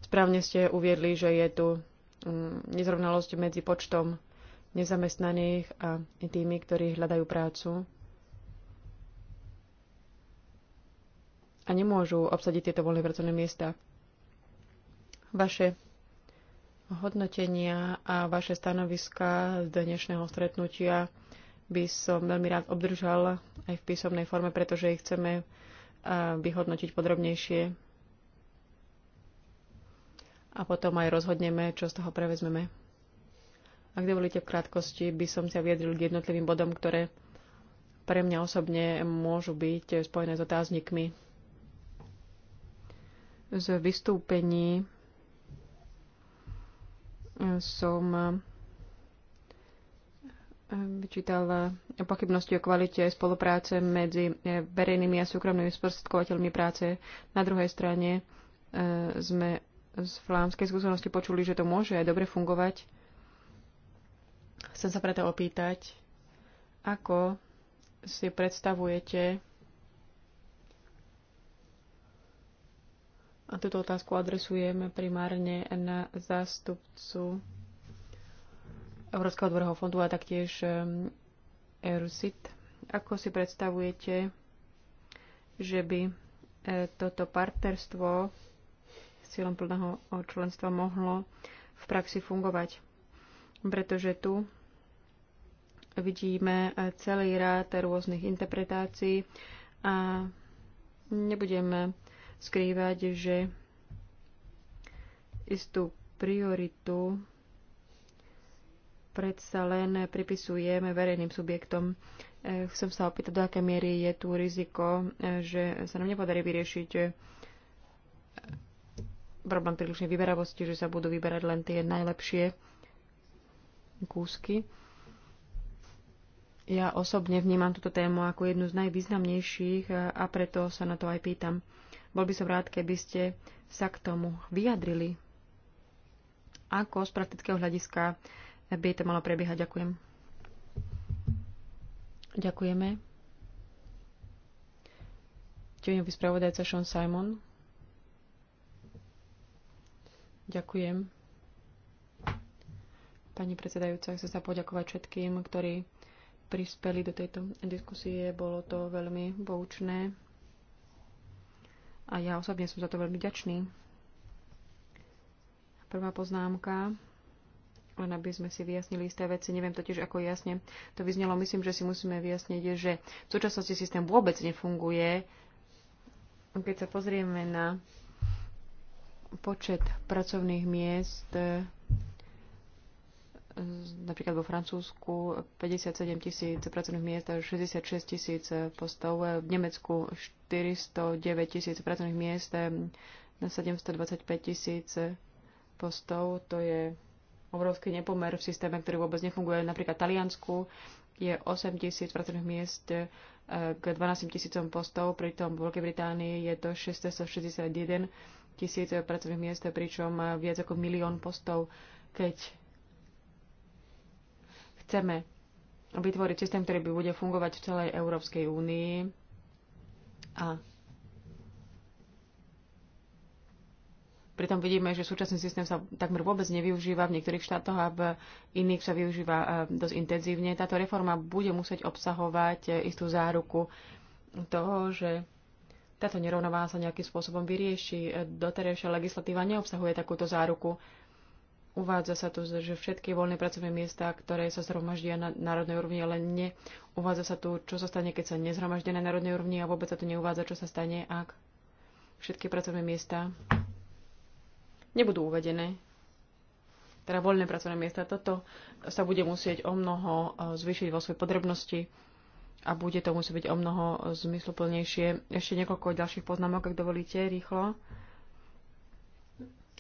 Správne ste uviedli, že je tu mm, nezrovnalosť medzi počtom nezamestnaných a tými, ktorí hľadajú prácu a nemôžu obsadiť tieto voľné pracovné miesta. Vaše hodnotenia a vaše stanoviska z dnešného stretnutia by som veľmi rád obdržal aj v písomnej forme, pretože ich chceme eh, vyhodnotiť podrobnejšie. A potom aj rozhodneme, čo z toho prevezmeme. Ak dovolíte v krátkosti, by som sa vyjadril k jednotlivým bodom, ktoré pre mňa osobne môžu byť spojené s otáznikmi. Z vystúpení eh, som vyčítal eh, pochybnosti o kvalite spolupráce medzi eh, verejnými a súkromnými sprostredkovateľmi práce. Na druhej strane eh, sme z flámskej skúsenosti počuli, že to môže aj dobre fungovať. Chcem sa preto opýtať, ako si predstavujete a túto otázku adresujeme primárne na zástupcu Európskeho dvorho fondu a taktiež Eurusit. Ako si predstavujete, že by e, toto partnerstvo s cieľom plného členstva mohlo v praxi fungovať? Pretože tu vidíme e, celý rád rôznych interpretácií a nebudeme skrývať, že istú prioritu predsa len pripisujeme verejným subjektom. Eh, chcem sa opýtať, do aké miery je tu riziko, eh, že sa nám nepodarí vyriešiť eh, problém prílišnej vyberavosti, že sa budú vyberať len tie najlepšie kúsky. Ja osobne vnímam túto tému ako jednu z najvýznamnejších a preto sa na to aj pýtam. Bol by som rád, keby ste sa k tomu vyjadrili. Ako z praktického hľadiska by to malo prebiehať. Ďakujem. Ďakujeme. by spravodajca Sean Simon. Ďakujem. Pani predsedajúca, chcem sa poďakovať všetkým, ktorí prispeli do tejto diskusie. Bolo to veľmi poučné a ja osobne som za to veľmi ďačný. Prvá poznámka len aby sme si vyjasnili isté veci. Neviem totiž, ako jasne to vyznelo. Myslím, že si musíme vyjasniť, že v súčasnosti systém vôbec nefunguje. Keď sa pozrieme na počet pracovných miest, e, napríklad vo Francúzsku 57 tisíc pracovných miest a 66 tisíc postov, e, v Nemecku 409 tisíc pracovných miest e, na 725 tisíc postov, to je obrovský nepomer v systéme, ktorý vôbec nefunguje. Napríklad v Taliansku je 8 tisíc pracovných miest eh, k 12 tisícom postov, pritom v Veľkej Británii je to 661 tisíc pracovných miest, pričom eh, viac ako milión postov. Keď chceme vytvoriť systém, ktorý by bude fungovať v celej Európskej únii a Pritom vidíme, že súčasný systém sa takmer vôbec nevyužíva v niektorých štátoch a v iných sa využíva e, dosť intenzívne. Táto reforma bude musieť obsahovať e, istú záruku toho, že táto nerovnováha sa nejakým spôsobom vyrieši. E, doterajšia legislatíva neobsahuje takúto záruku. Uvádza sa tu, že všetky voľné pracovné miesta, ktoré sa zhromaždia na národnej úrovni, ale Uvádza sa tu, čo sa stane, keď sa nezhromaždia na národnej úrovni a vôbec sa tu neuvádza, čo sa stane, ak všetky pracovné miesta nebudú uvedené. Teda voľné pracovné miesta. Toto sa bude musieť o mnoho e, zvýšiť vo svojej podrobnosti a bude to musieť byť o mnoho zmysluplnejšie. Ešte niekoľko ďalších poznámok, ak dovolíte, rýchlo.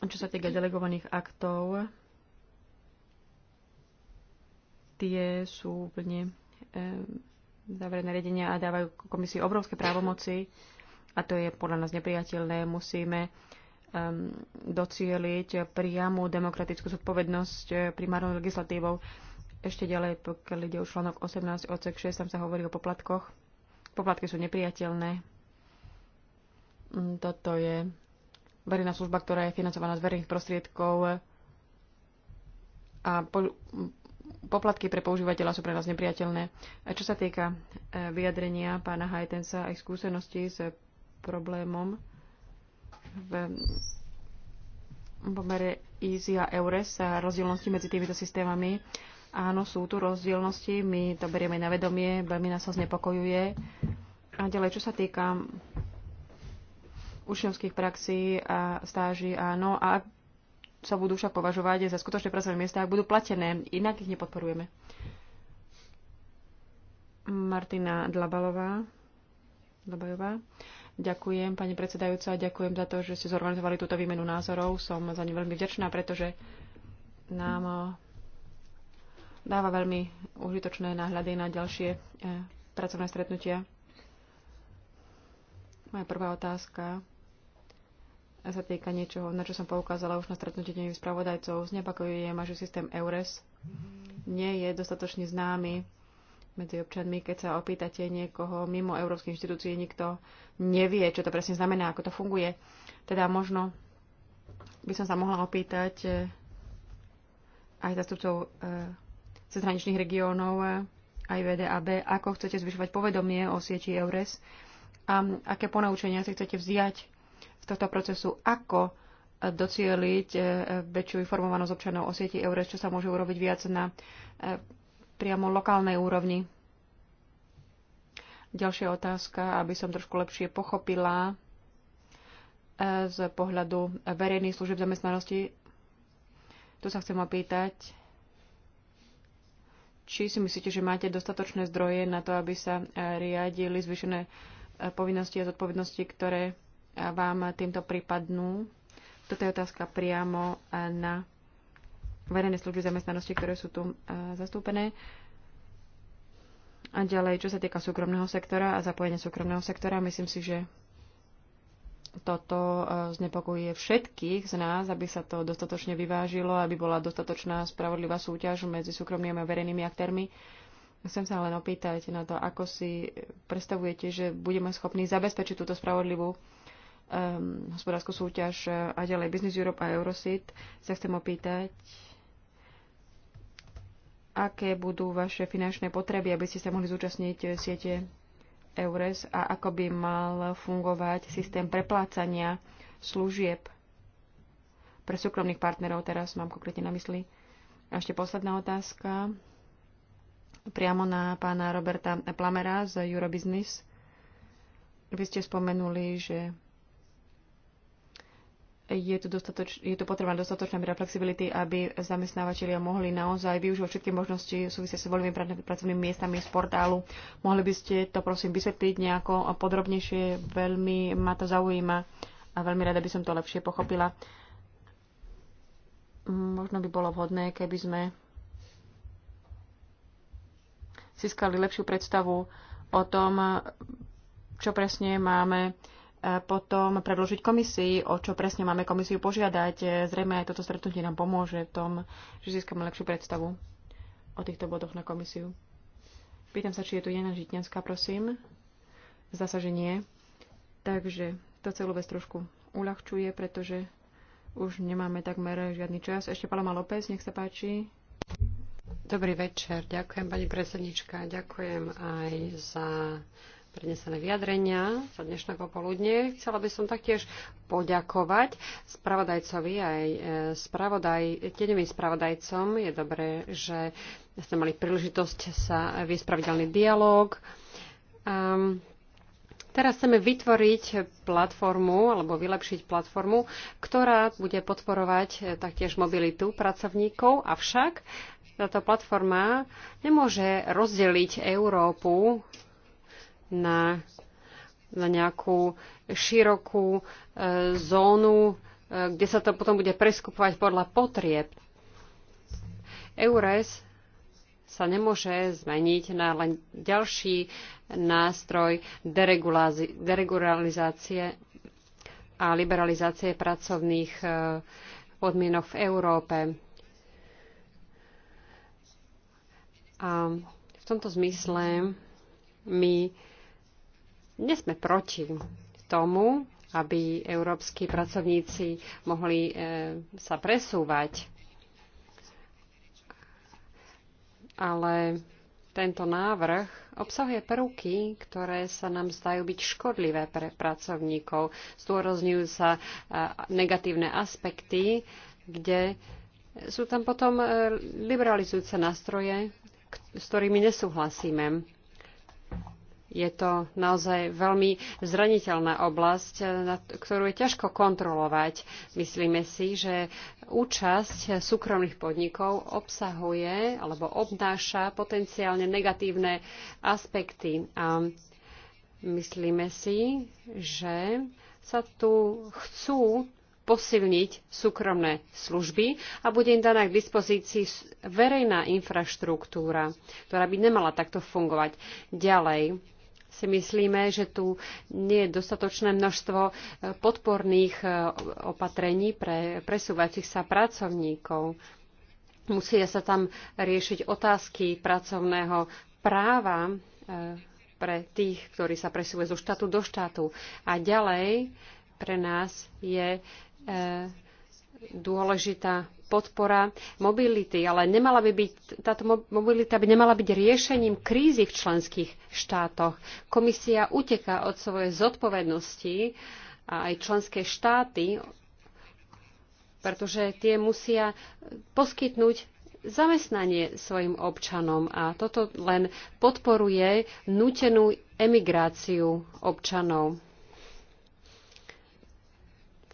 Čo sa týka delegovaných aktov, tie sú úplne e, záverné riadenia a dávajú komisii obrovské právomoci a to je podľa nás nepriateľné. Musíme docieliť priamu demokratickú zodpovednosť eh, primárnou legislatívou. Ešte ďalej, pokiaľ ide o článok 18 odsek 6, tam sa hovorí o poplatkoch. Poplatky sú nepriateľné. Mm, toto je verejná služba, ktorá je financovaná z verejných prostriedkov a po, poplatky pre používateľa sú pre nás nepriateľné. A čo sa týka eh, vyjadrenia pána Hajtensa aj skúsenosti s problémom, v pomere EASY a EURES a rozdielnosti medzi týmito systémami. Áno, sú tu rozdielnosti, my to berieme na vedomie, veľmi nás sa znepokojuje. A ďalej, čo sa týka učňovských praxí a stáží, áno, a sa budú však považovať za skutočné pracovné miesta, ak budú platené, inak ich nepodporujeme. Martina Dlabalová. Dlabajová. Ďakujem, pani predsedajúca, ďakujem za to, že ste zorganizovali túto výmenu názorov. Som za ňu veľmi vďačná, pretože nám eh, dáva veľmi užitočné náhľady na ďalšie eh, pracovné stretnutia. Moja prvá otázka sa týka niečoho, na čo som poukázala už na stretnutí deňových spravodajcov. Znepakujem, že systém EURES nie je dostatočne známy medzi občanmi, keď sa opýtate niekoho mimo Európskej inštitúcie, nikto nevie, čo to presne znamená, ako to funguje. Teda možno by som sa mohla opýtať eh, aj zastupcov eh, cezhraničných regiónov, eh, aj VDAB, ako chcete zvyšovať povedomie o sieti EURES a aké ponaučenia si chcete vziať z tohto procesu, ako docieliť väčšiu informovanosť občanov o sieti EURES, čo sa môže urobiť viac na priamo lokálnej úrovni. Ďalšia otázka, aby som trošku lepšie pochopila e, z pohľadu verejných služieb zamestnanosti. Tu sa chcem opýtať, či si myslíte, že máte dostatočné zdroje na to, aby sa e, riadili zvyšené e, povinnosti a zodpovednosti, ktoré vám týmto prípadnú. Toto je otázka priamo na verejné služby zamestnanosti, ktoré sú tu e, zastúpené. A ďalej, čo sa týka súkromného sektora a zapojenia súkromného sektora, myslím si, že toto e, znepokojuje všetkých z nás, aby sa to dostatočne vyvážilo, aby bola dostatočná spravodlivá súťaž medzi súkromnými a verejnými aktérmi. Chcem sa len opýtať na to, ako si predstavujete, že budeme schopní zabezpečiť túto spravodlivú um, hospodárskú súťaž a ďalej Business Europe a Eurosit. Sa chcem opýtať, aké budú vaše finančné potreby, aby ste sa mohli zúčastniť siete EURES a ako by mal fungovať systém preplácania služieb pre súkromných partnerov. Teraz mám konkrétne na mysli. A ešte posledná otázka priamo na pána Roberta Plamera z Eurobusiness. Vy ste spomenuli, že je tu, dostatoč, je tu potrebná dostatočná miera flexibility, aby zamestnávateľia mohli naozaj využívať všetky možnosti súvisia s voľnými pracovnými miestami z portálu. Mohli by ste to prosím vysvetliť nejako podrobnejšie, veľmi ma to zaujíma a veľmi rada by som to lepšie pochopila. Možno by bolo vhodné, keby sme získali lepšiu predstavu o tom, čo presne máme potom predložiť komisii, o čo presne máme komisiu požiadať. Zrejme aj toto stretnutie nám pomôže v tom, že získame lepšiu predstavu o týchto bodoch na komisiu. Pýtam sa, či je tu Jana Žitňanská, prosím. Zdá sa, že nie. Takže to celú vec trošku uľahčuje, pretože už nemáme takmer žiadny čas. Ešte Paloma López, nech sa páči. Dobrý večer, ďakujem pani predsednička, ďakujem aj za prednesené vyjadrenia za dnešné popoludne. Chcela by som taktiež poďakovať spravodajcovi aj e, spravodaj, tieňovým spravodajcom. Je dobré, že sme mali príležitosť sa viesť pravidelný dialog. Um, teraz chceme vytvoriť platformu alebo vylepšiť platformu, ktorá bude podporovať e, taktiež mobilitu pracovníkov, avšak táto platforma nemôže rozdeliť Európu na, na nejakú širokú e, zónu, e, kde sa to potom bude preskupovať podľa potrieb. EURES sa nemôže zmeniť na len ďalší nástroj deregularizácie a liberalizácie pracovných e, podmienok v Európe. A v tomto zmysle my nesme proti tomu, aby európsky pracovníci mohli e, sa presúvať. Ale tento návrh obsahuje prvky, ktoré sa nám zdajú byť škodlivé pre pracovníkov. Zdôrazňujú sa e, negatívne aspekty, kde sú tam potom e, liberalizujúce nástroje, s ktorými nesúhlasíme. Je to naozaj veľmi zraniteľná oblasť, eh, ktorú je ťažko kontrolovať. Myslíme si, že účasť súkromných podnikov obsahuje alebo obnáša potenciálne negatívne aspekty. A myslíme si, že sa tu chcú posilniť súkromné služby a bude im daná k dispozícii verejná infraštruktúra, ktorá by nemala takto fungovať. Ďalej, si myslíme, že tu nie je dostatočné množstvo eh, podporných eh, opatrení pre presúvacích sa pracovníkov. Musia sa tam riešiť otázky pracovného práva eh, pre tých, ktorí sa presúvajú zo štátu do štátu. A ďalej pre nás je dôležitá podpora mobility, ale nemala by byť, táto mobilita by nemala byť riešením krízy v členských štátoch. Komisia uteká od svojej zodpovednosti a aj členské štáty, pretože tie musia poskytnúť zamestnanie svojim občanom a toto len podporuje nutenú emigráciu občanov.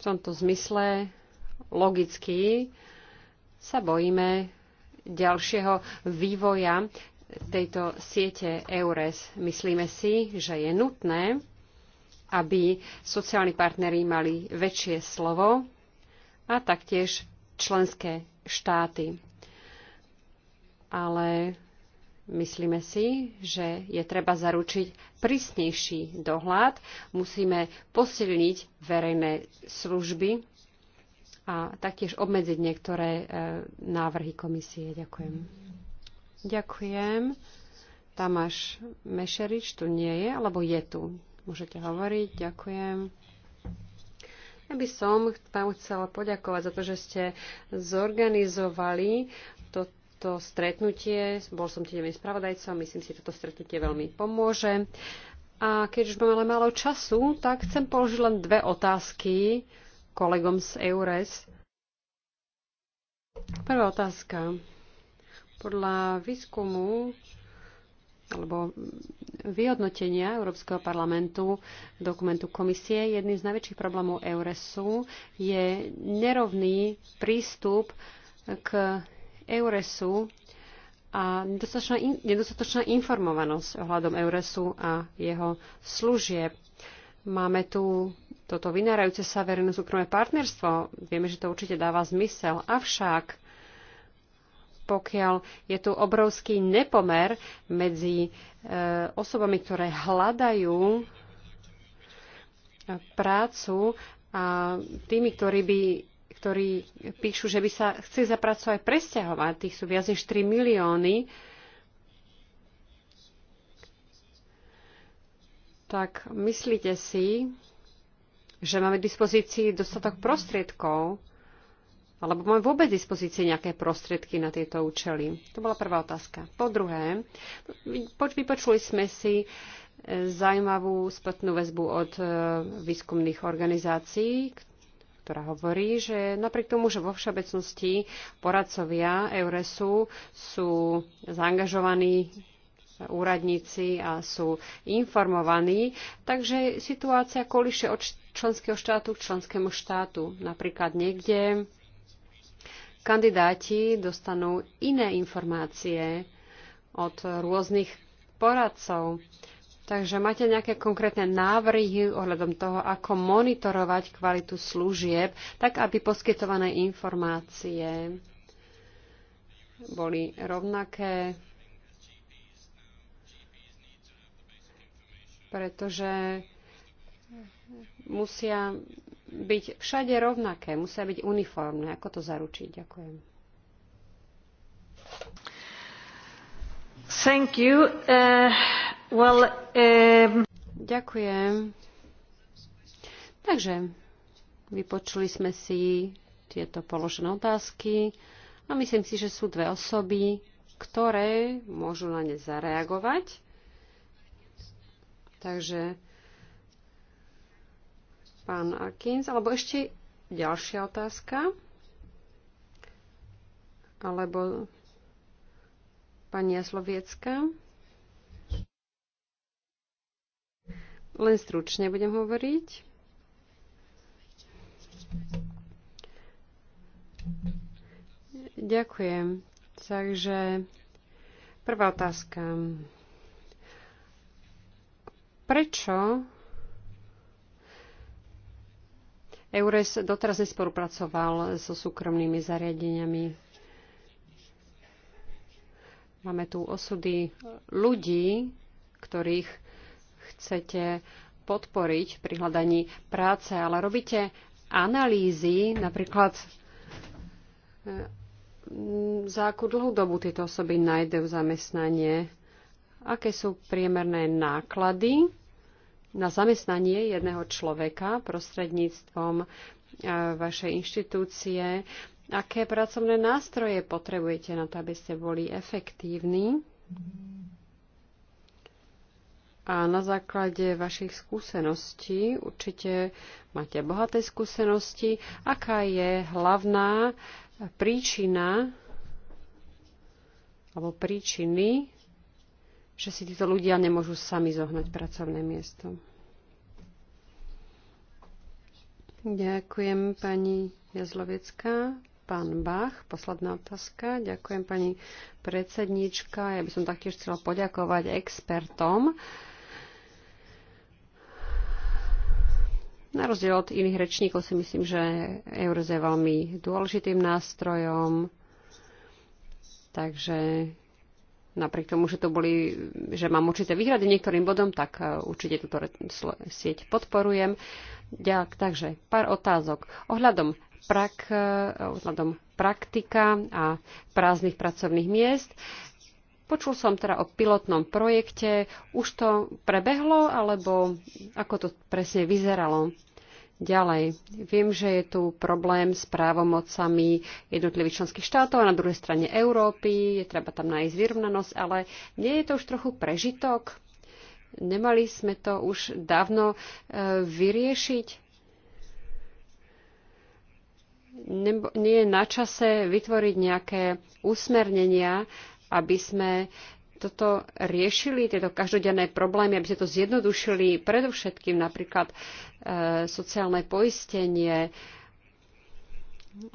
V tomto zmysle logicky sa bojíme ďalšieho vývoja tejto siete EURES. Myslíme si, že je nutné, aby sociálni partneri mali väčšie slovo a taktiež členské štáty. Ale myslíme si, že je treba zaručiť prísnejší dohľad, musíme posilniť verejné služby a taktiež obmedziť niektoré e, návrhy komisie. Ďakujem. Ďakujem. Tamáš Mešerič tu nie je, alebo je tu. Môžete hovoriť. Ďakujem. Ja by som vám chcela poďakovať za to, že ste zorganizovali toto stretnutie. Bol som tým spravodajcom, myslím si, že toto stretnutie veľmi pomôže. A keď už máme ale málo času, tak chcem položiť len dve otázky kolegom z EURES. Prvá otázka. Podľa výskumu alebo vyhodnotenia Európskeho parlamentu dokumentu komisie jedným z najväčších problémov Euresu je nerovný prístup k Euresu a nedostatočná, in, nedostatočná informovanosť ohľadom Euresu a jeho služieb. Máme tu toto vynárajúce sa verejno-súkromné partnerstvo. Vieme, že to určite dáva zmysel. Avšak pokiaľ je tu obrovský nepomer medzi e, osobami, ktoré hľadajú e, prácu a tými, ktorí, by, ktorí píšu, že by sa chceli za prácu aj presťahovať. Tých sú viac než 3 milióny. Tak myslíte si, že máme k dispozícii dostatok prostriedkov, alebo máme vôbec dispozícii nejaké prostriedky na tieto účely? To bola prvá otázka. Po druhé, vypočuli sme si e, zaujímavú spätnú väzbu od e, výskumných organizácií, ktorá hovorí, že napriek tomu, že vo všeobecnosti poradcovia Euresu sú zaangažovaní úradníci a sú informovaní. Takže situácia kolíše od členského štátu k členskému štátu. Napríklad niekde kandidáti dostanú iné informácie od rôznych poradcov. Takže máte nejaké konkrétne návrhy ohľadom toho, ako monitorovať kvalitu služieb, tak aby poskytované informácie boli rovnaké, pretože musia byť všade rovnaké, musia byť uniformné. Ako to zaručiť? Ďakujem. Thank you. Uh, well, um... Ďakujem. Takže vypočuli sme si tieto položené otázky a myslím si, že sú dve osoby, ktoré môžu na ne zareagovať. Takže pán Akins. Alebo ešte ďalšia otázka. Alebo pani Jasloviecka. Len stručne budem hovoriť. Ďakujem. Takže prvá otázka. Prečo EURES doteraz nespolupracoval so súkromnými zariadeniami. Máme tu osudy ľudí, ktorých chcete podporiť pri hľadaní práce, ale robíte analýzy, napríklad mm, za akú dlhú dobu tieto osoby nájdú zamestnanie, aké sú priemerné náklady na zamestnanie jedného človeka prostredníctvom e, vašej inštitúcie. Aké pracovné nástroje potrebujete na to, aby ste boli efektívni? A na základe vašich skúseností, určite máte bohaté skúsenosti, aká je hlavná príčina alebo príčiny že si títo ľudia nemôžu sami zohnať pracovné miesto. Ďakujem pani Jazlovecká. Pán Bach, posledná otázka. Ďakujem pani predsednička. Ja by som taktiež chcela poďakovať expertom. Na rozdiel od iných rečníkov si myslím, že Eurozé je veľmi dôležitým nástrojom. Takže napriek tomu, že, to boli, že mám určité výhrady niektorým bodom, tak e, určite túto sieť podporujem. Ďak, takže pár otázok. Ohľadom, prak, e, ohľadom praktika a prázdnych pracovných miest. Počul som teda o pilotnom projekte. Už to prebehlo, alebo ako to presne vyzeralo? Ďalej, viem, že je tu problém s právomocami jednotlivých členských štátov a na druhej strane Európy, je treba tam nájsť vyrovnanosť, ale nie je to už trochu prežitok? Nemali sme to už dávno e, vyriešiť? Nebo, nie je na čase vytvoriť nejaké usmernenia, aby sme toto riešili, tieto každodenné problémy, aby ste to zjednodušili, predovšetkým napríklad e, sociálne poistenie.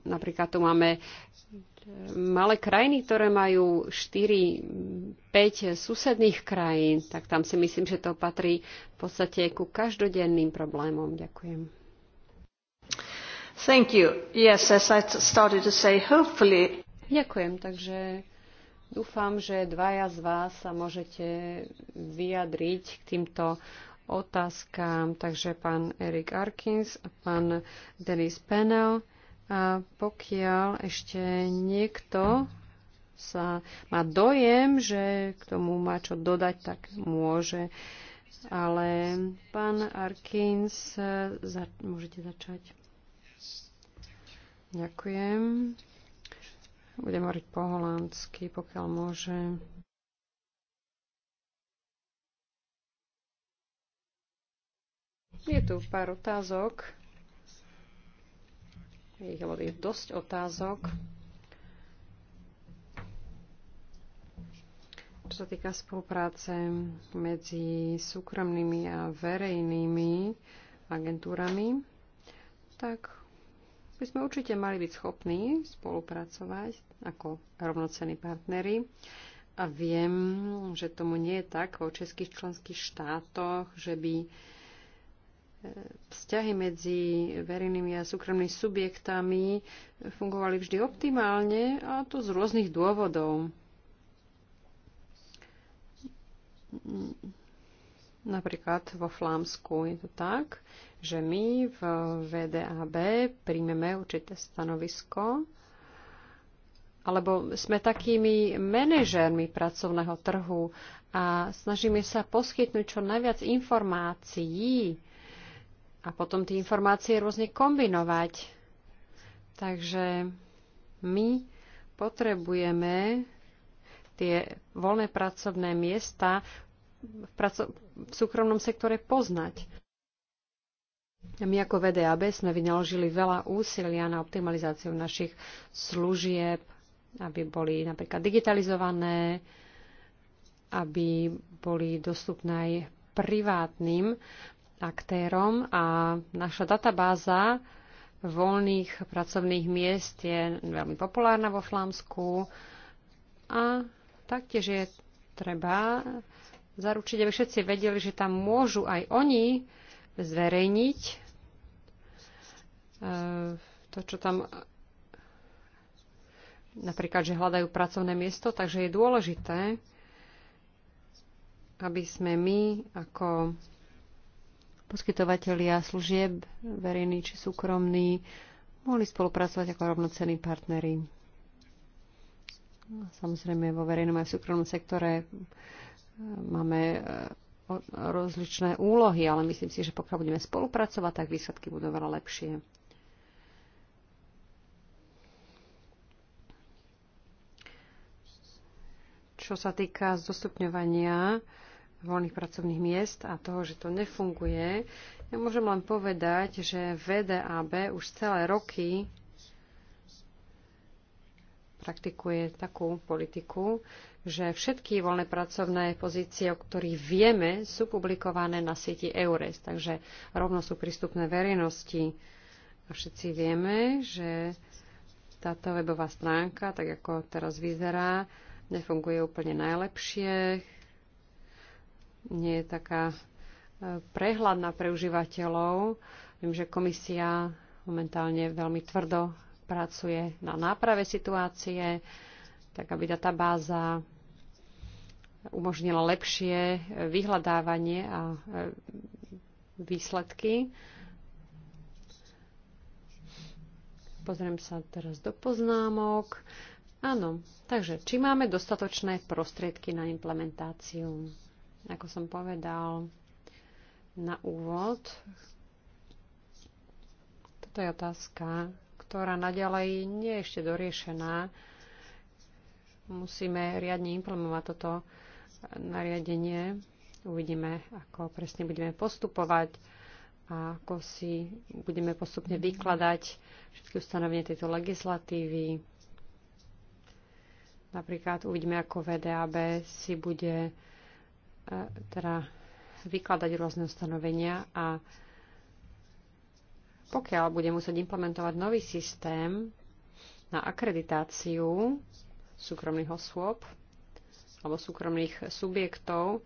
Napríklad tu máme e, malé krajiny, ktoré majú 4-5 susedných krajín, tak tam si myslím, že to patrí v podstate ku každodenným problémom. Ďakujem. Thank you. Yes, as I started to say, hopefully... Ďakujem, takže Dúfam, že dvaja z vás sa môžete vyjadriť k týmto otázkam. Takže pán Erik Arkins a pán Denis Penel. A pokiaľ ešte niekto sa má dojem, že k tomu má čo dodať, tak môže. Ale pán Arkins, za, môžete začať. Ďakujem. Budem hovoriť po holandsky, pokiaľ môžem. Je tu pár otázok. Je dosť otázok. Čo sa týka spolupráce medzi súkromnými a verejnými agentúrami, tak by sme určite mali byť schopní spolupracovať ako rovnocení partnery. A viem, že tomu nie je tak vo českých členských štátoch, že by e, vzťahy medzi verejnými a súkromnými subjektami e, fungovali vždy optimálne a to z rôznych dôvodov Napríklad vo Flámsku je to tak, že my v VDAB príjmeme určité stanovisko, alebo sme takými manažérmi pracovného trhu a snažíme sa poskytnúť čo najviac informácií a potom tie informácie rôzne kombinovať. Takže my potrebujeme tie voľné pracovné miesta v, praco- v súkromnom sektore poznať. My ako VDAB sme vynaložili veľa úsilia na optimalizáciu našich služieb, aby boli napríklad digitalizované, aby boli dostupné aj privátnym aktérom a naša databáza voľných pracovných miest je veľmi populárna vo Flámsku a taktiež je treba zaručiť, aby všetci vedeli, že tam môžu aj oni zverejniť e, to, čo tam napríklad, že hľadajú pracovné miesto, takže je dôležité, aby sme my ako poskytovateľia služieb, verejný či súkromný, mohli spolupracovať ako rovnocenní partnery. Samozrejme, vo verejnom aj v súkromnom sektore máme e, rozličné úlohy, ale myslím si, že pokiaľ budeme spolupracovať, tak výsledky budú veľa lepšie. Čo sa týka zdostupňovania voľných pracovných miest a toho, že to nefunguje, ja môžem len povedať, že VDAB už celé roky praktikuje takú politiku, že všetky voľné pracovné pozície, o ktorých vieme, sú publikované na sieti EURES, takže rovno sú prístupné verejnosti. A všetci vieme, že táto webová stránka, tak ako teraz vyzerá, nefunguje úplne najlepšie, nie je taká e, prehľadná pre užívateľov. Viem, že komisia momentálne veľmi tvrdo pracuje na náprave situácie, tak aby databáza umožnila lepšie vyhľadávanie a e, výsledky. Pozriem sa teraz do poznámok. Áno, takže či máme dostatočné prostriedky na implementáciu? Ako som povedal na úvod, toto je otázka, ktorá naďalej nie je ešte doriešená. Musíme riadne implementovať toto nariadenie. Uvidíme, ako presne budeme postupovať a ako si budeme postupne vykladať všetky ustanovenie tejto legislatívy. Napríklad uvidíme, ako VDAB si bude e, teda vykladať rôzne ustanovenia a pokiaľ bude musieť implementovať nový systém na akreditáciu súkromných osôb alebo súkromných subjektov,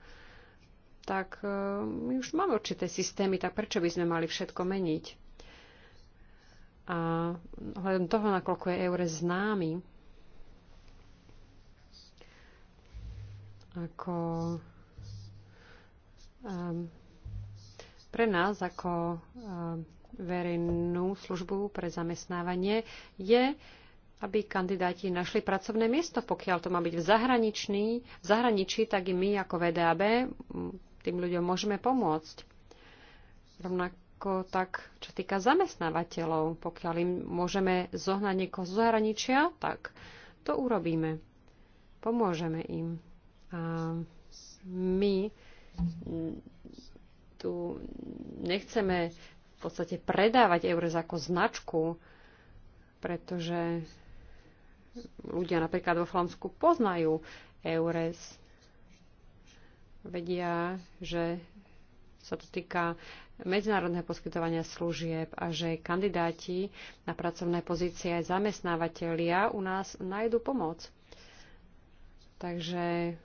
tak e, my už máme určité systémy, tak prečo by sme mali všetko meniť? A hľadom toho, nakoľko je eure známy, ako um, pre nás ako um, verejnú službu pre zamestnávanie, je, aby kandidáti našli pracovné miesto. Pokiaľ to má byť v, zahraničný, v zahraničí, tak i my ako VDAB tým ľuďom môžeme pomôcť. Rovnako tak, čo týka zamestnávateľov, pokiaľ im môžeme zohnať niekoho z zahraničia, tak to urobíme. Pomôžeme im. A my tu nechceme v podstate predávať EURES ako značku, pretože ľudia napríklad vo Flámsku poznajú EURES, vedia, že sa to týka medzinárodného poskytovania služieb a že kandidáti na pracovné pozície aj zamestnávateľia u nás nájdu pomoc. Takže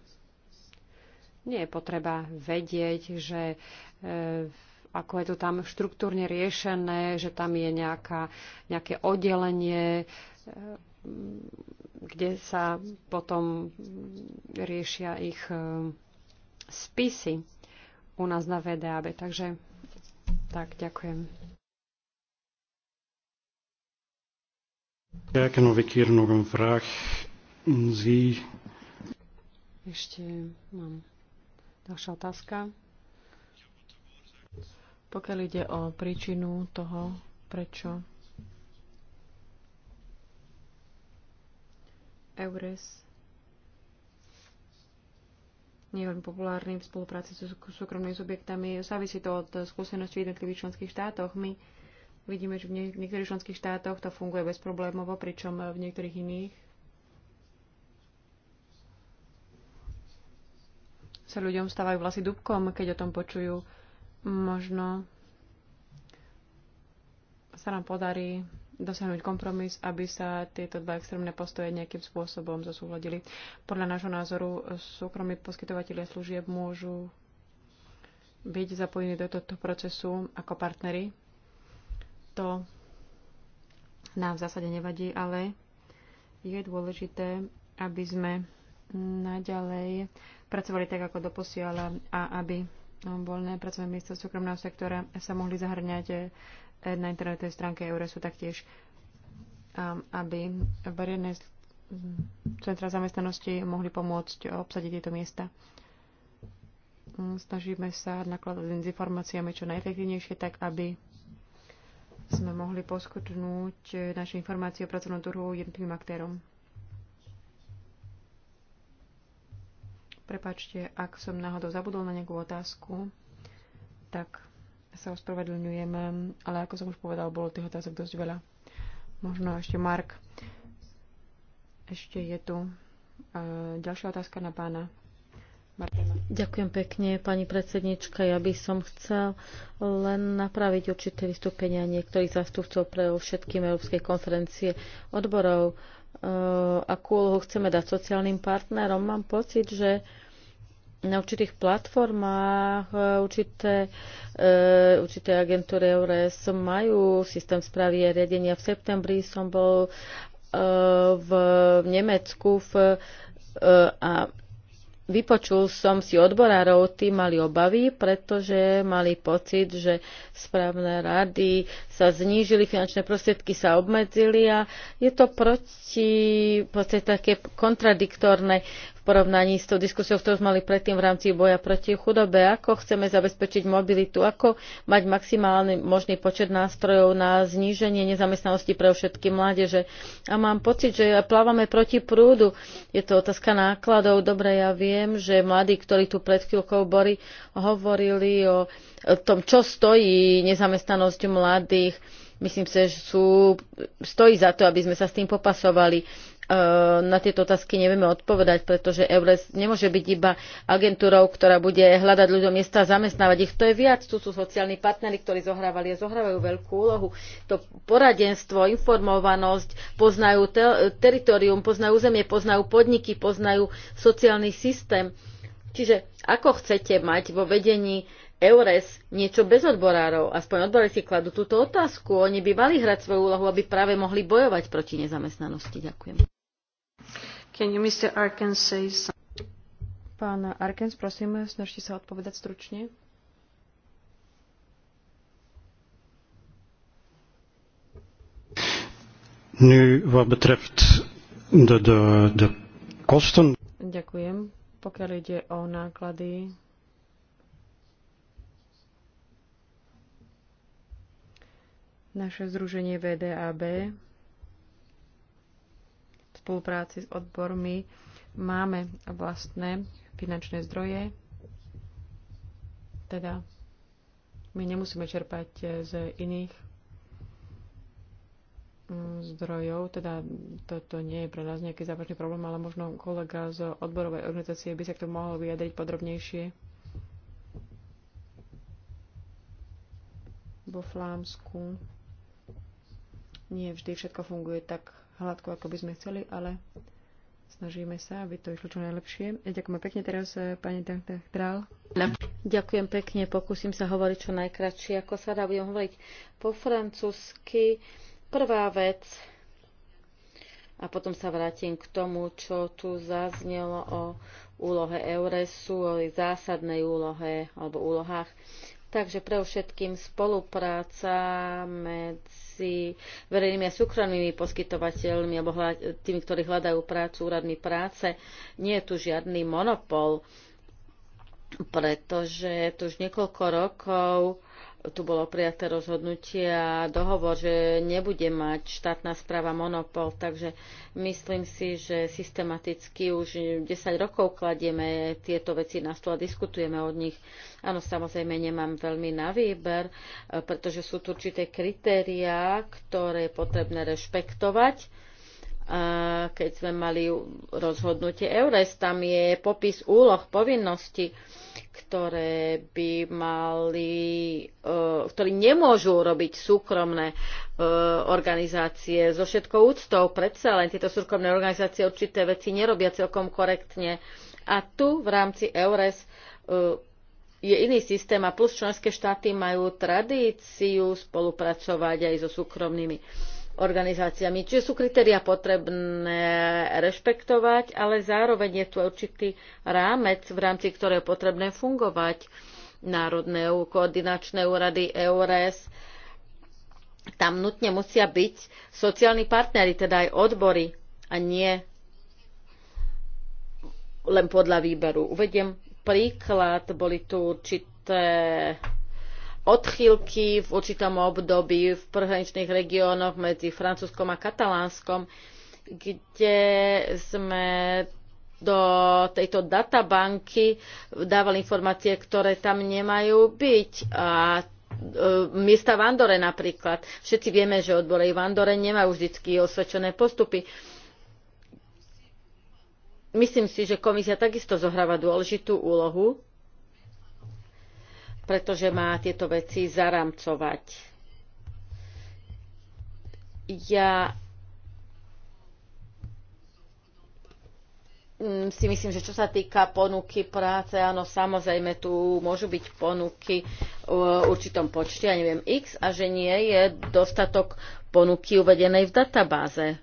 nie je potreba vedieť, že e, ako je to tam štruktúrne riešené, že tam je nejaká, nejaké oddelenie, eh, kde sa potom riešia ich eh, spisy u nás na VDAB. Takže tak, ďakujem. Ešte mám ďalšia otázka. Pokiaľ ide o príčinu toho, prečo Eures nie je veľmi populárny v spolupráci so súkromnými subjektami. Závisí to od skúseností v jednotlivých členských štátoch. My vidíme, že v niektorých členských štátoch to funguje bezproblémovo, pričom v niektorých iných sa ľuďom stávajú vlasy dubkom, keď o tom počujú možno sa nám podarí dosiahnuť kompromis, aby sa tieto dva extrémne postoje nejakým spôsobom zosúhľadili. Podľa nášho názoru súkromí poskytovateľia služieb môžu byť zapojení do tohto procesu ako partnery. To nám v zásade nevadí, ale je dôležité, aby sme naďalej pracovali tak, ako doposiaľ a aby voľné pracovné miesta súkromného sektora sa mohli zahrňať eh, na internetovej stránke Euresu taktiež, aby verejné centra zamestnanosti mohli pomôcť obsadiť tieto miesta. Snažíme sa nakladať s informáciami čo najefektívnejšie, tak aby sme mohli poskytnúť eh, naše informácie o pracovnom trhu jednotlivým aktérom. Prepačte, ak som náhodou zabudol na nejakú otázku, tak sa ospravedlňujem, ale ako som už povedal, bolo tých otázok dosť veľa. Možno ešte Mark. Ešte je tu eh, ďalšia otázka na pána Martina. Ďakujem pekne, pani predsednička. Ja by som chcel len napraviť určité vystúpenia niektorých zastupcov pre všetkým Európskej konferencie odborov. Eh, akú úlohu chceme dať sociálnym partnerom? Mám pocit, že na určitých platformách e, určité, e, určité agentúry EURES majú systém správy a riadenia. V septembri som bol e, v Nemecku v, a vypočul som si odborárov, tí mali obavy, pretože mali pocit, že správne rady sa znížili, finančné prostriedky sa obmedzili a je to proti v podstate také kontradiktorné porovnaní s tou diskusiou, ktorú sme mali predtým v rámci boja proti chudobe. Ako chceme zabezpečiť mobilitu, ako mať maximálny možný počet nástrojov na zníženie nezamestnanosti pre všetky mládeže. A mám pocit, že plávame proti prúdu. Je to otázka nákladov. Dobre, ja viem, že mladí, ktorí tu pred chvíľkou boli, hovorili o tom, čo stojí nezamestnanosť mladých. Myslím si, že sú, stojí za to, aby sme sa s tým popasovali Ehm, na tieto otázky nevieme odpovedať, pretože EURES nemôže byť iba agentúrou, ktorá bude hľadať ľuďom miesta a zamestnávať ich. To je viac, tu sú sociálni partnery, ktorí zohrávali a zohrávajú veľkú úlohu. To poradenstvo, informovanosť, poznajú te- teritorium, poznajú územie, poznajú podniky, poznajú sociálny systém. Čiže ako chcete mať vo vedení EURES niečo bez odborárov? Aspoň odborári si kladú túto otázku. Oni by mali hrať svoju úlohu, aby práve mohli bojovať proti nezamestnanosti. Ďakujem. Can you, Pán Arkens, prosím, snažte sa odpovedať stručne. Nu, wat betreft de, de, de kosten. Ďakujem. Pokiaľ ide o náklady, naše združenie VDAB spolupráci s odbormi máme vlastné finančné zdroje, teda my nemusíme čerpať eh, z iných mm, zdrojov, teda toto nie je pre nás nejaký závažný problém, ale možno kolega z odborovej organizácie by sa k tomu mohol vyjadriť podrobnejšie. Vo Flámsku nie vždy všetko funguje tak, hladko, ako by sme chceli, ale snažíme sa, aby to išlo čo najlepšie. Ja e, ďakujem pekne teraz, e, pani Drál. Ďakujem pekne, pokúsim sa hovoriť čo najkračšie, ako sa dá, budem hovoriť po francúzsky. Prvá vec, a potom sa vrátim k tomu, čo tu zaznelo o úlohe Euresu, o zásadnej úlohe alebo úlohách. Takže pre všetkým spolupráca medzi verejnými a súkromnými poskytovateľmi alebo tými, ktorí hľadajú prácu, úradmi práce, nie je tu žiadny monopol, pretože tu už niekoľko rokov tu bolo prijaté rozhodnutie a dohovor, že nebude mať štátna správa monopol, takže myslím si, že systematicky už 10 rokov kladieme tieto veci na stôl a diskutujeme o nich. Áno, samozrejme nemám veľmi na výber, eh, pretože sú tu určité kritériá, ktoré je potrebné rešpektovať keď sme mali rozhodnutie EURES, tam je popis úloh, povinností, ktoré by mali, e, ktorí nemôžu robiť súkromné e, organizácie. So všetkou úctou predsa len tieto súkromné organizácie určité veci nerobia celkom korektne. A tu v rámci EURES e, je iný systém a plus členské štáty majú tradíciu spolupracovať aj so súkromnými organizáciami. Čiže sú kritéria potrebné rešpektovať, ale zároveň je tu určitý rámec, v rámci ktorého je potrebné fungovať. Národné koordinačné úrady EURES, tam nutne musia byť sociálni partnery, teda aj odbory a nie len podľa výberu. Uvediem príklad, boli tu určité odchýlky v určitom období v prhraničných regiónoch medzi Francúzskom a Katalánskom, kde sme do tejto databanky dávali informácie, ktoré tam nemajú byť. A e, miesta v Andore napríklad. Všetci vieme, že odbory v Andore nemajú vždy osvedčené postupy. Myslím si, že komisia takisto zohráva dôležitú úlohu pretože má tieto veci zaramcovať. Ja mm, si myslím, že čo sa týka ponuky práce, áno, samozrejme tu môžu byť ponuky v určitom počte, ja neviem, x a že nie je dostatok ponuky uvedenej v databáze.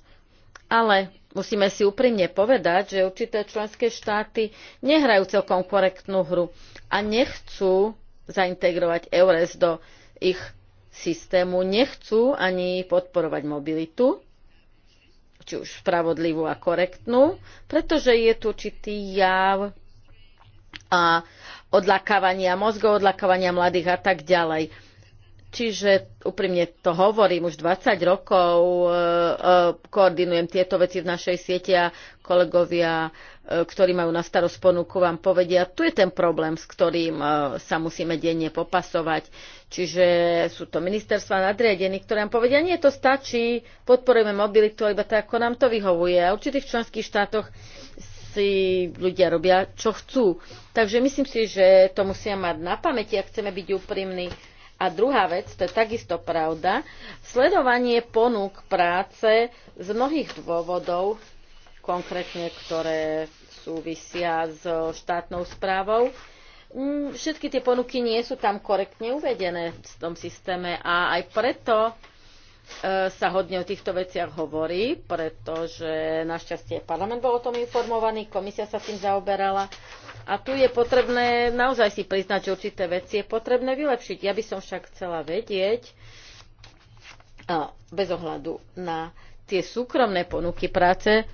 Ale musíme si úprimne povedať, že určité členské štáty nehrajú celkom korektnú hru a nechcú zaintegrovať EURES do ich systému, nechcú ani podporovať mobilitu, či už spravodlivú a korektnú, pretože je tu určitý jav a odlakávania mozgov, odlakávania mladých a tak ďalej Čiže úprimne to hovorím, už 20 rokov e, e, koordinujem tieto veci v našej siete a kolegovia, e, ktorí majú na starost ponuku, vám povedia, tu je ten problém, s ktorým sa musíme denne popasovať. Čiže sú to ministerstva nadriadení, ktoré nám povedia, nie, to stačí, podporujeme mobilitu, iba tak, ako nám to vyhovuje. A v určitých členských štátoch si ľudia robia, čo chcú. Takže myslím si, že to musia mať na pamäti, ak chceme byť úprimní a druhá vec, to je takisto pravda, sledovanie ponúk práce z mnohých dôvodov, konkrétne ktoré súvisia s štátnou správou, mm, všetky tie ponuky nie sú tam korektne uvedené v tom systéme a aj preto e, sa hodne o týchto veciach hovorí, pretože našťastie parlament bol o tom informovaný, komisia sa tým zaoberala a tu je potrebné naozaj si priznať, že určité veci je potrebné vylepšiť. Ja by som však chcela vedieť, bez ohľadu na tie súkromné ponuky práce,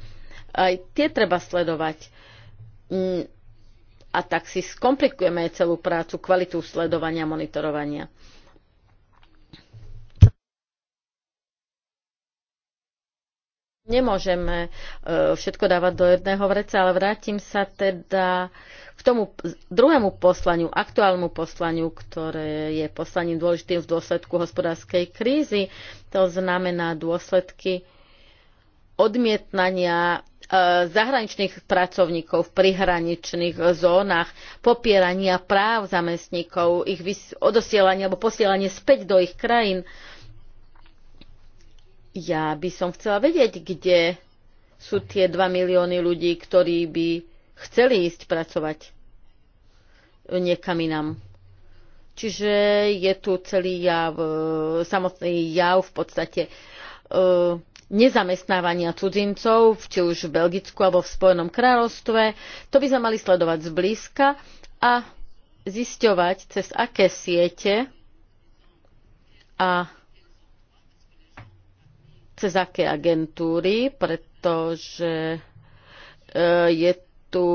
aj tie treba sledovať. Mm, a tak si skomplikujeme celú prácu, kvalitu sledovania, monitorovania. Nemôžeme e, všetko dávať do jedného vreca, ale vrátim sa teda k tomu druhému poslaniu, aktuálnemu poslaniu, ktoré je poslaním dôležitým v dôsledku hospodárskej krízy. To znamená dôsledky odmietnania e, zahraničných pracovníkov v prihraničných zónach, popierania práv zamestníkov, ich odosielanie alebo posielanie späť do ich krajín. Ja by som chcela vedieť, kde sú tie 2 milióny ľudí, ktorí by chceli ísť pracovať niekam inam. Čiže je tu celý jav, e, samotný jav v podstate e, nezamestnávania cudzincov, či už v Belgicku alebo v Spojenom kráľovstve. To by sme mali sledovať zblízka a zisťovať, cez aké siete a cez aké agentúry, pretože e, je tu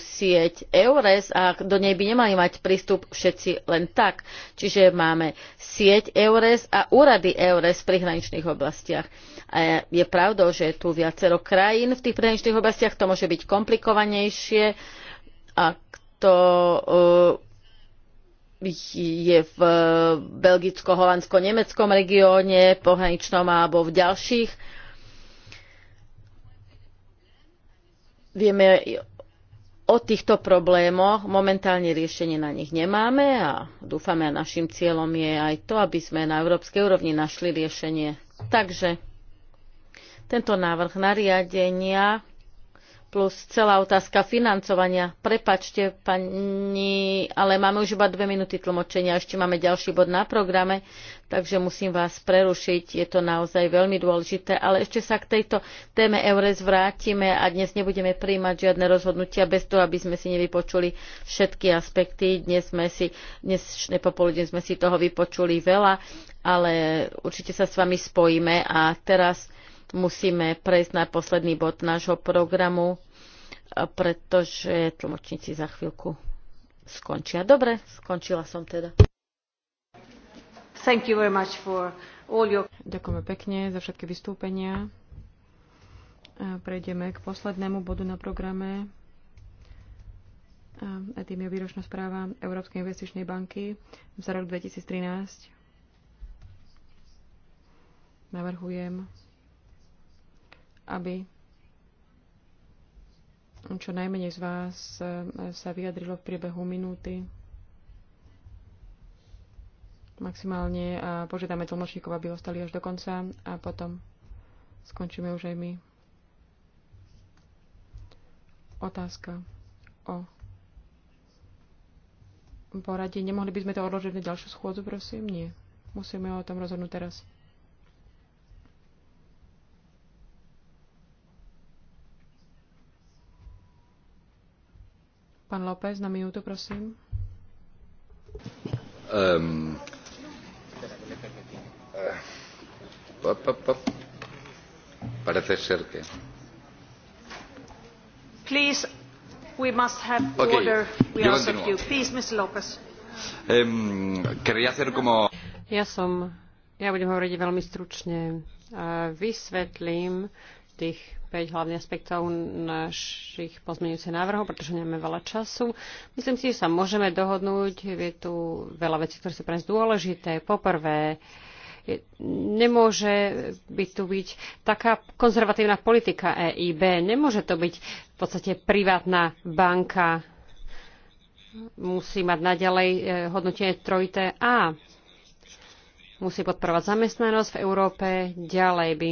sieť EURES a do nej by nemali mať prístup všetci len tak. Čiže máme sieť EURES a úrady EURES v prihraničných oblastiach. A je pravdou, že je tu viacero krajín v tých prihraničných oblastiach, to môže byť komplikovanejšie, ak to e, je v eh, belgicko-holandsko-nemeckom regióne, pohraničnom alebo v ďalších. Vieme o týchto problémoch, momentálne riešenie na nich nemáme a dúfame a našim cieľom je aj to, aby sme na európskej úrovni našli riešenie. Takže tento návrh nariadenia plus celá otázka financovania. Prepačte, pani, ale máme už iba dve minúty tlmočenia, ešte máme ďalší bod na programe, takže musím vás prerušiť, je to naozaj veľmi dôležité, ale ešte sa k tejto téme EURES vrátime a dnes nebudeme príjmať žiadne rozhodnutia bez toho, aby sme si nevypočuli všetky aspekty. Dnes sme si, dnes nepopoludne sme si toho vypočuli veľa, ale určite sa s vami spojíme a teraz musíme prejsť na posledný bod nášho programu, e, pretože tlmočníci za chvíľku skončia. Dobre, skončila som teda. Thank you very much for all your... Ďakujeme pekne za všetky vystúpenia. Prejdeme k poslednému bodu na programe. A tým je výročná správa Európskej investičnej banky za rok 2013. Navrhujem aby čo najmenej z vás eh, sa vyjadrilo v priebehu minúty. Maximálne požiadame tlmočníkov, aby ostali až do konca a potom skončíme už aj my. Otázka o poradí. Nemohli by sme to odložiť na ďalšiu schôdzu, prosím? Nie. Musíme o tom rozhodnúť teraz. Pán López, na minútu, prosím. Um, pa, pa, pa. Parece ser que. Please, we must have okay. order. We Yo answered you. Please, Mr. López. Um, ehm, quería hacer como... Ja som, ja budem hovoriť veľmi stručne. Uh, vysvetlím, tých 5 hlavných aspektov našich pozmeňujúcich návrhov, pretože nemáme veľa času. Myslím si, že sa môžeme dohodnúť. Je tu veľa vecí, ktoré sú pre nás dôležité. Poprvé, je, nemôže by tu byť taká konzervatívna politika EIB. Nemôže to byť v podstate privátna banka. Musí mať naďalej eh, hodnotenie trojité A musí podporovať zamestnanosť v Európe, ďalej by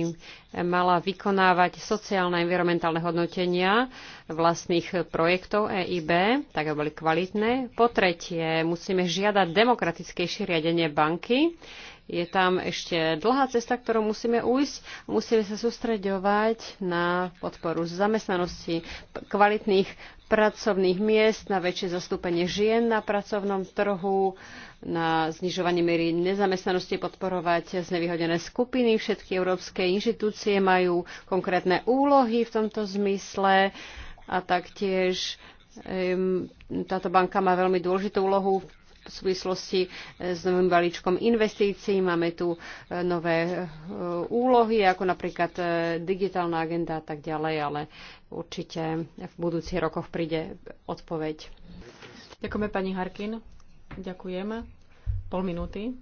mala vykonávať sociálne a environmentálne hodnotenia vlastných projektov EIB, tak aby boli kvalitné. Po tretie, musíme žiadať demokratickejšie riadenie banky, je tam ešte dlhá cesta, ktorú musíme ujsť. Musíme sa sústreďovať na podporu zamestnanosti kvalitných pracovných miest, na väčšie zastúpenie žien na pracovnom trhu, na znižovanie miery nezamestnanosti podporovať znevýhodené skupiny. Všetky európske inštitúcie majú konkrétne úlohy v tomto zmysle a taktiež táto banka má veľmi dôležitú úlohu v súvislosti e, s novým balíčkom investícií. Máme tu e, nové e, úlohy, ako napríklad digitálna agenda a tak ďalej, ale určite v budúcich rokoch príde odpoveď. Ďakujeme pani Harkin. Ďakujem. Pol minúty.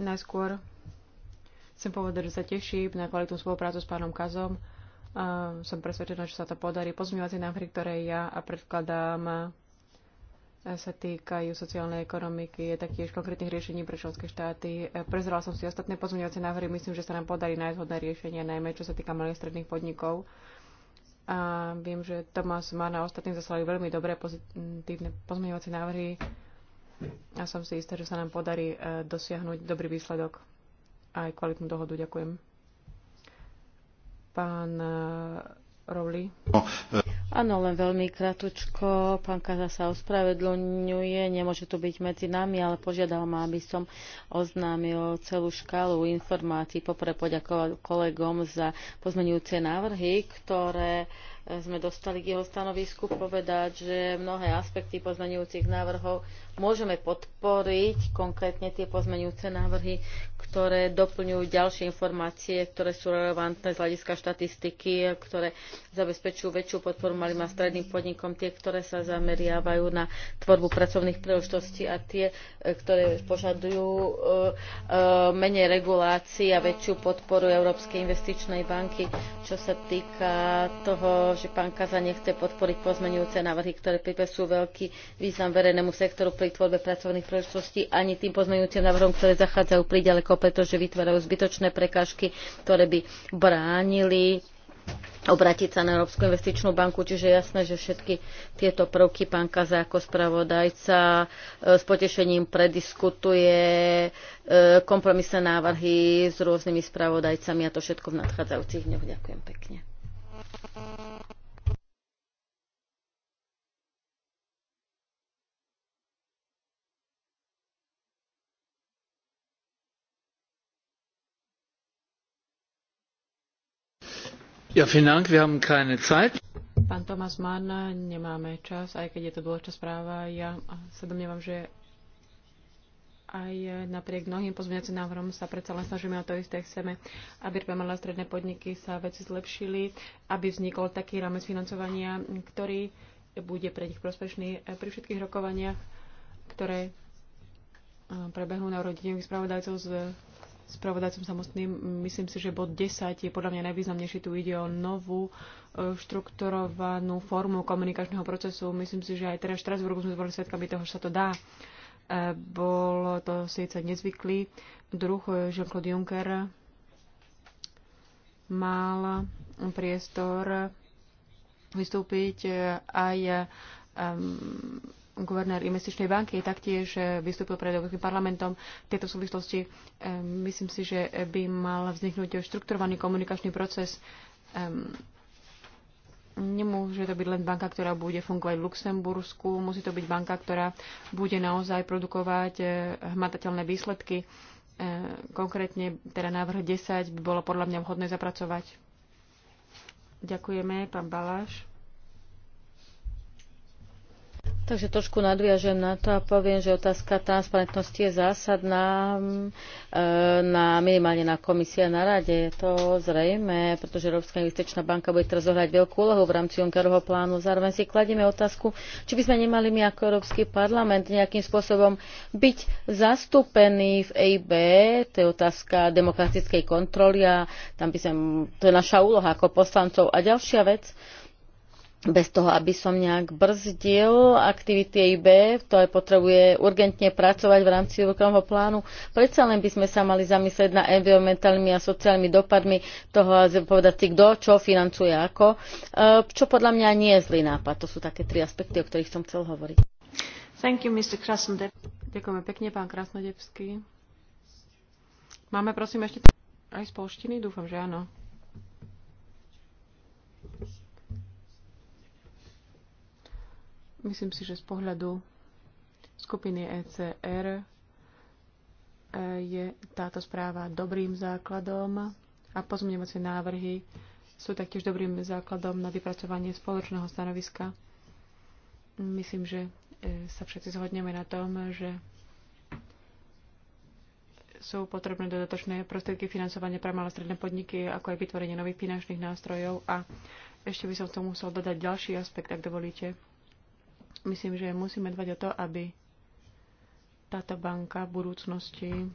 Najskôr chcem povedať, že sa teším na kvalitnú spoluprácu s pánom Kazom. Som presvedčená, že sa to podarí. si návrhy, ktoré ja a predkladám, sa týkajú sociálnej ekonomiky, je taktiež konkrétnych riešení pre členské štáty. Prezrela som si ostatné pozmeňovacie návrhy, myslím, že sa nám podarí nájsť hodné riešenie, najmä čo sa týka malých stredných podnikov. A viem, že Tomás má na ostatných zaslali veľmi dobré pozitívne pozmeňovacie návrhy a som si istá, že sa nám podarí e, dosiahnuť dobrý výsledok a aj kvalitnú dohodu. Ďakujem. Pán e, Rowley. No, e, Áno, len veľmi kratučko. Pán Kaza sa ospravedlňuje, nemôže tu byť medzi nami, ale požiadal ma, aby som oznámil celú škálu informácií. Poprvé poďakoval kolegom za pozmenujúce návrhy, ktoré uh, sme dostali k jeho stanovisku, povedať, že mnohé aspekty pozmenujúcich návrhov môžeme podporiť, konkrétne tie pozmeňujúce návrhy, ktoré doplňujú ďalšie informácie, ktoré sú relevantné z hľadiska štatistiky, ktoré zabezpečujú väčšiu podporu malým a stredným podnikom, tie, ktoré sa zameriavajú na tvorbu pracovných príležitostí a tie, ktoré požadujú e, e, menej regulácií a väčšiu podporu Európskej investičnej banky, čo sa týka toho že pán Kaza nechce podporiť pozmenujúce návrhy, ktoré pripesujú veľký význam verejnému sektoru pri tvorbe pracovných príležitostí, ani tým pozmenujúcim návrhom, ktoré zachádzajú priďaleko, pretože vytvárajú zbytočné prekážky, ktoré by bránili obrátiť sa na Európsku investičnú banku, čiže je jasné, že všetky tieto prvky pán Kaza ako spravodajca e, s potešením prediskutuje e, kompromisné návrhy s rôznymi spravodajcami a to všetko v nadchádzajúcich dňoch. Ďakujem pekne. Ja, vielen Dank, wir haben keine Zeit. Pán Tomás Mann, nemáme čas, aj keď je to dôležitá správa. Ja sa domnievam, že aj napriek mnohým pozmeňovacím návrhom sa predsa len snažíme o to isté. Chceme, aby pre malé stredné podniky sa veci zlepšili, aby vznikol taký rámec financovania, ktorý bude pre nich prospešný pri všetkých rokovaniach, ktoré e, prebehnú na rodinných spravodajcov s spravodajcom samostným. Myslím si, že bod 10 je podľa mňa najvýznamnejší. Tu ide o novú e, štrukturovanú formu komunikačného procesu. Myslím si, že aj teraz v Štrasburgu sme boli svetkami toho, že sa to dá. Bol to síce nezvyklý druh Jean-Claude Juncker, mal priestor vystúpiť aj um, guvernér investičnej banky taktiež vystúpil pred Európskym parlamentom v tejto súvislosti. Um, myslím si, že by mal vzniknúť štrukturovaný komunikačný proces um, Nemôže to byť len banka, ktorá bude fungovať v Luxembursku, musí to byť banka, ktorá bude naozaj produkovať eh, hmatateľné výsledky. Eh, konkrétne teda návrh 10 by bolo podľa mňa vhodné zapracovať. Ďakujeme, pán Baláš. Takže trošku nadviažem na to a poviem, že otázka transparentnosti je zásadná mm, e, na, minimálne na komisie a na rade. Je to zrejme, pretože Európska investičná banka bude teraz zohrať veľkú úlohu v rámci Junckerovho plánu. Zároveň si kladieme otázku, či by sme nemali my ako Európsky parlament nejakým spôsobom byť zastúpení v EIB. To je otázka demokratickej kontroly a tam by sme, to je naša úloha ako poslancov. A ďalšia vec, bez toho, aby som nejak brzdil aktivity EIB, to aj potrebuje urgentne pracovať v rámci úrokového plánu. Predsa len by sme sa mali zamyslieť na environmentálnymi a sociálnymi dopadmi toho a povedať si, kto čo financuje ako, e, čo podľa mňa nie je zlý nápad. To sú také tri aspekty, o ktorých som chcel hovoriť. Thank you, Mr. Ďakujeme pekne, pán Krasnodebský. Máme prosím ešte aj z polštiny? Dúfam, že áno. Myslím si, že z pohľadu skupiny ECR e, je táto správa dobrým základom a pozmeňovacie návrhy sú taktiež dobrým základom na vypracovanie spoločného stanoviska. Myslím, že e, sa všetci zhodneme na tom, že sú potrebné dodatočné prostriedky financovania pre malé stredné podniky, ako aj vytvorenie nových finančných nástrojov. A ešte by som to musel dodať ďalší aspekt, ak dovolíte. Myslím, že musíme dbať o to, aby táto banka v budúcnosti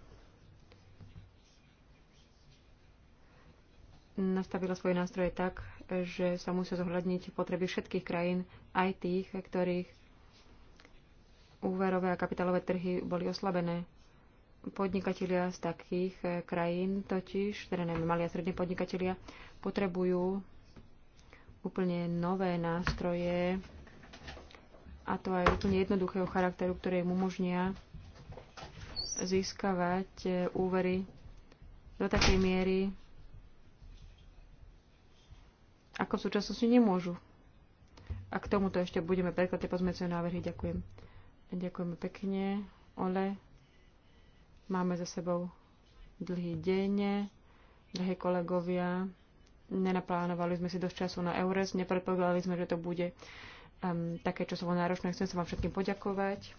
nastavila svoje nástroje tak, že sa musia zohľadniť potreby všetkých krajín, aj tých, ktorých úverové a kapitálové trhy boli oslabené. Podnikatelia z takých eh, krajín totiž, teda najmä mali a strední podnikatelia, potrebujú úplne nové nástroje a to aj úplne jednoduchého charakteru, ktoré im umožnia získavať e, úvery do takej miery, ako v súčasnosti nemôžu. A k tomuto ešte budeme tie pozmeňujúce návrhy. Ďakujem. Ďakujeme pekne. Ole, máme za sebou dlhý deň, drahí kolegovia. Nenaplánovali sme si dosť času na EURES, nepredpokladali sme, že to bude um, také časovo náročné. Chcem sa vám všetkým poďakovať.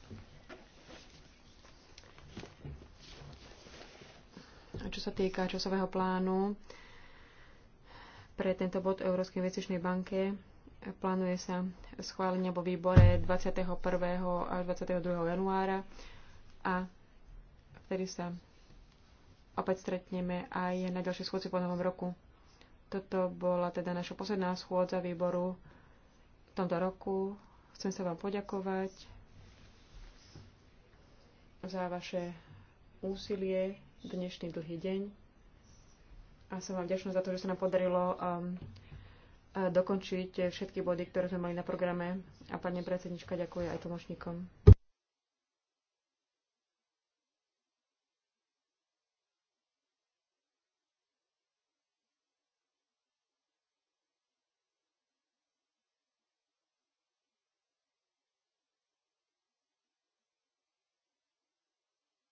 A čo sa týka časového plánu pre tento bod Európskej investičnej banke, plánuje sa schválenie vo výbore 21. až 22. januára a vtedy sa opäť stretneme aj na ďalšej schôdci po novom roku. Toto bola teda naša posledná schôdza výboru v tomto roku. Chcem sa vám poďakovať za vaše úsilie dnešný dlhý deň a som vám vďačná za to, že sa nám podarilo um, dokončiť všetky body, ktoré sme mali na programe. A pani predsednička ďakuje aj tomočníkom.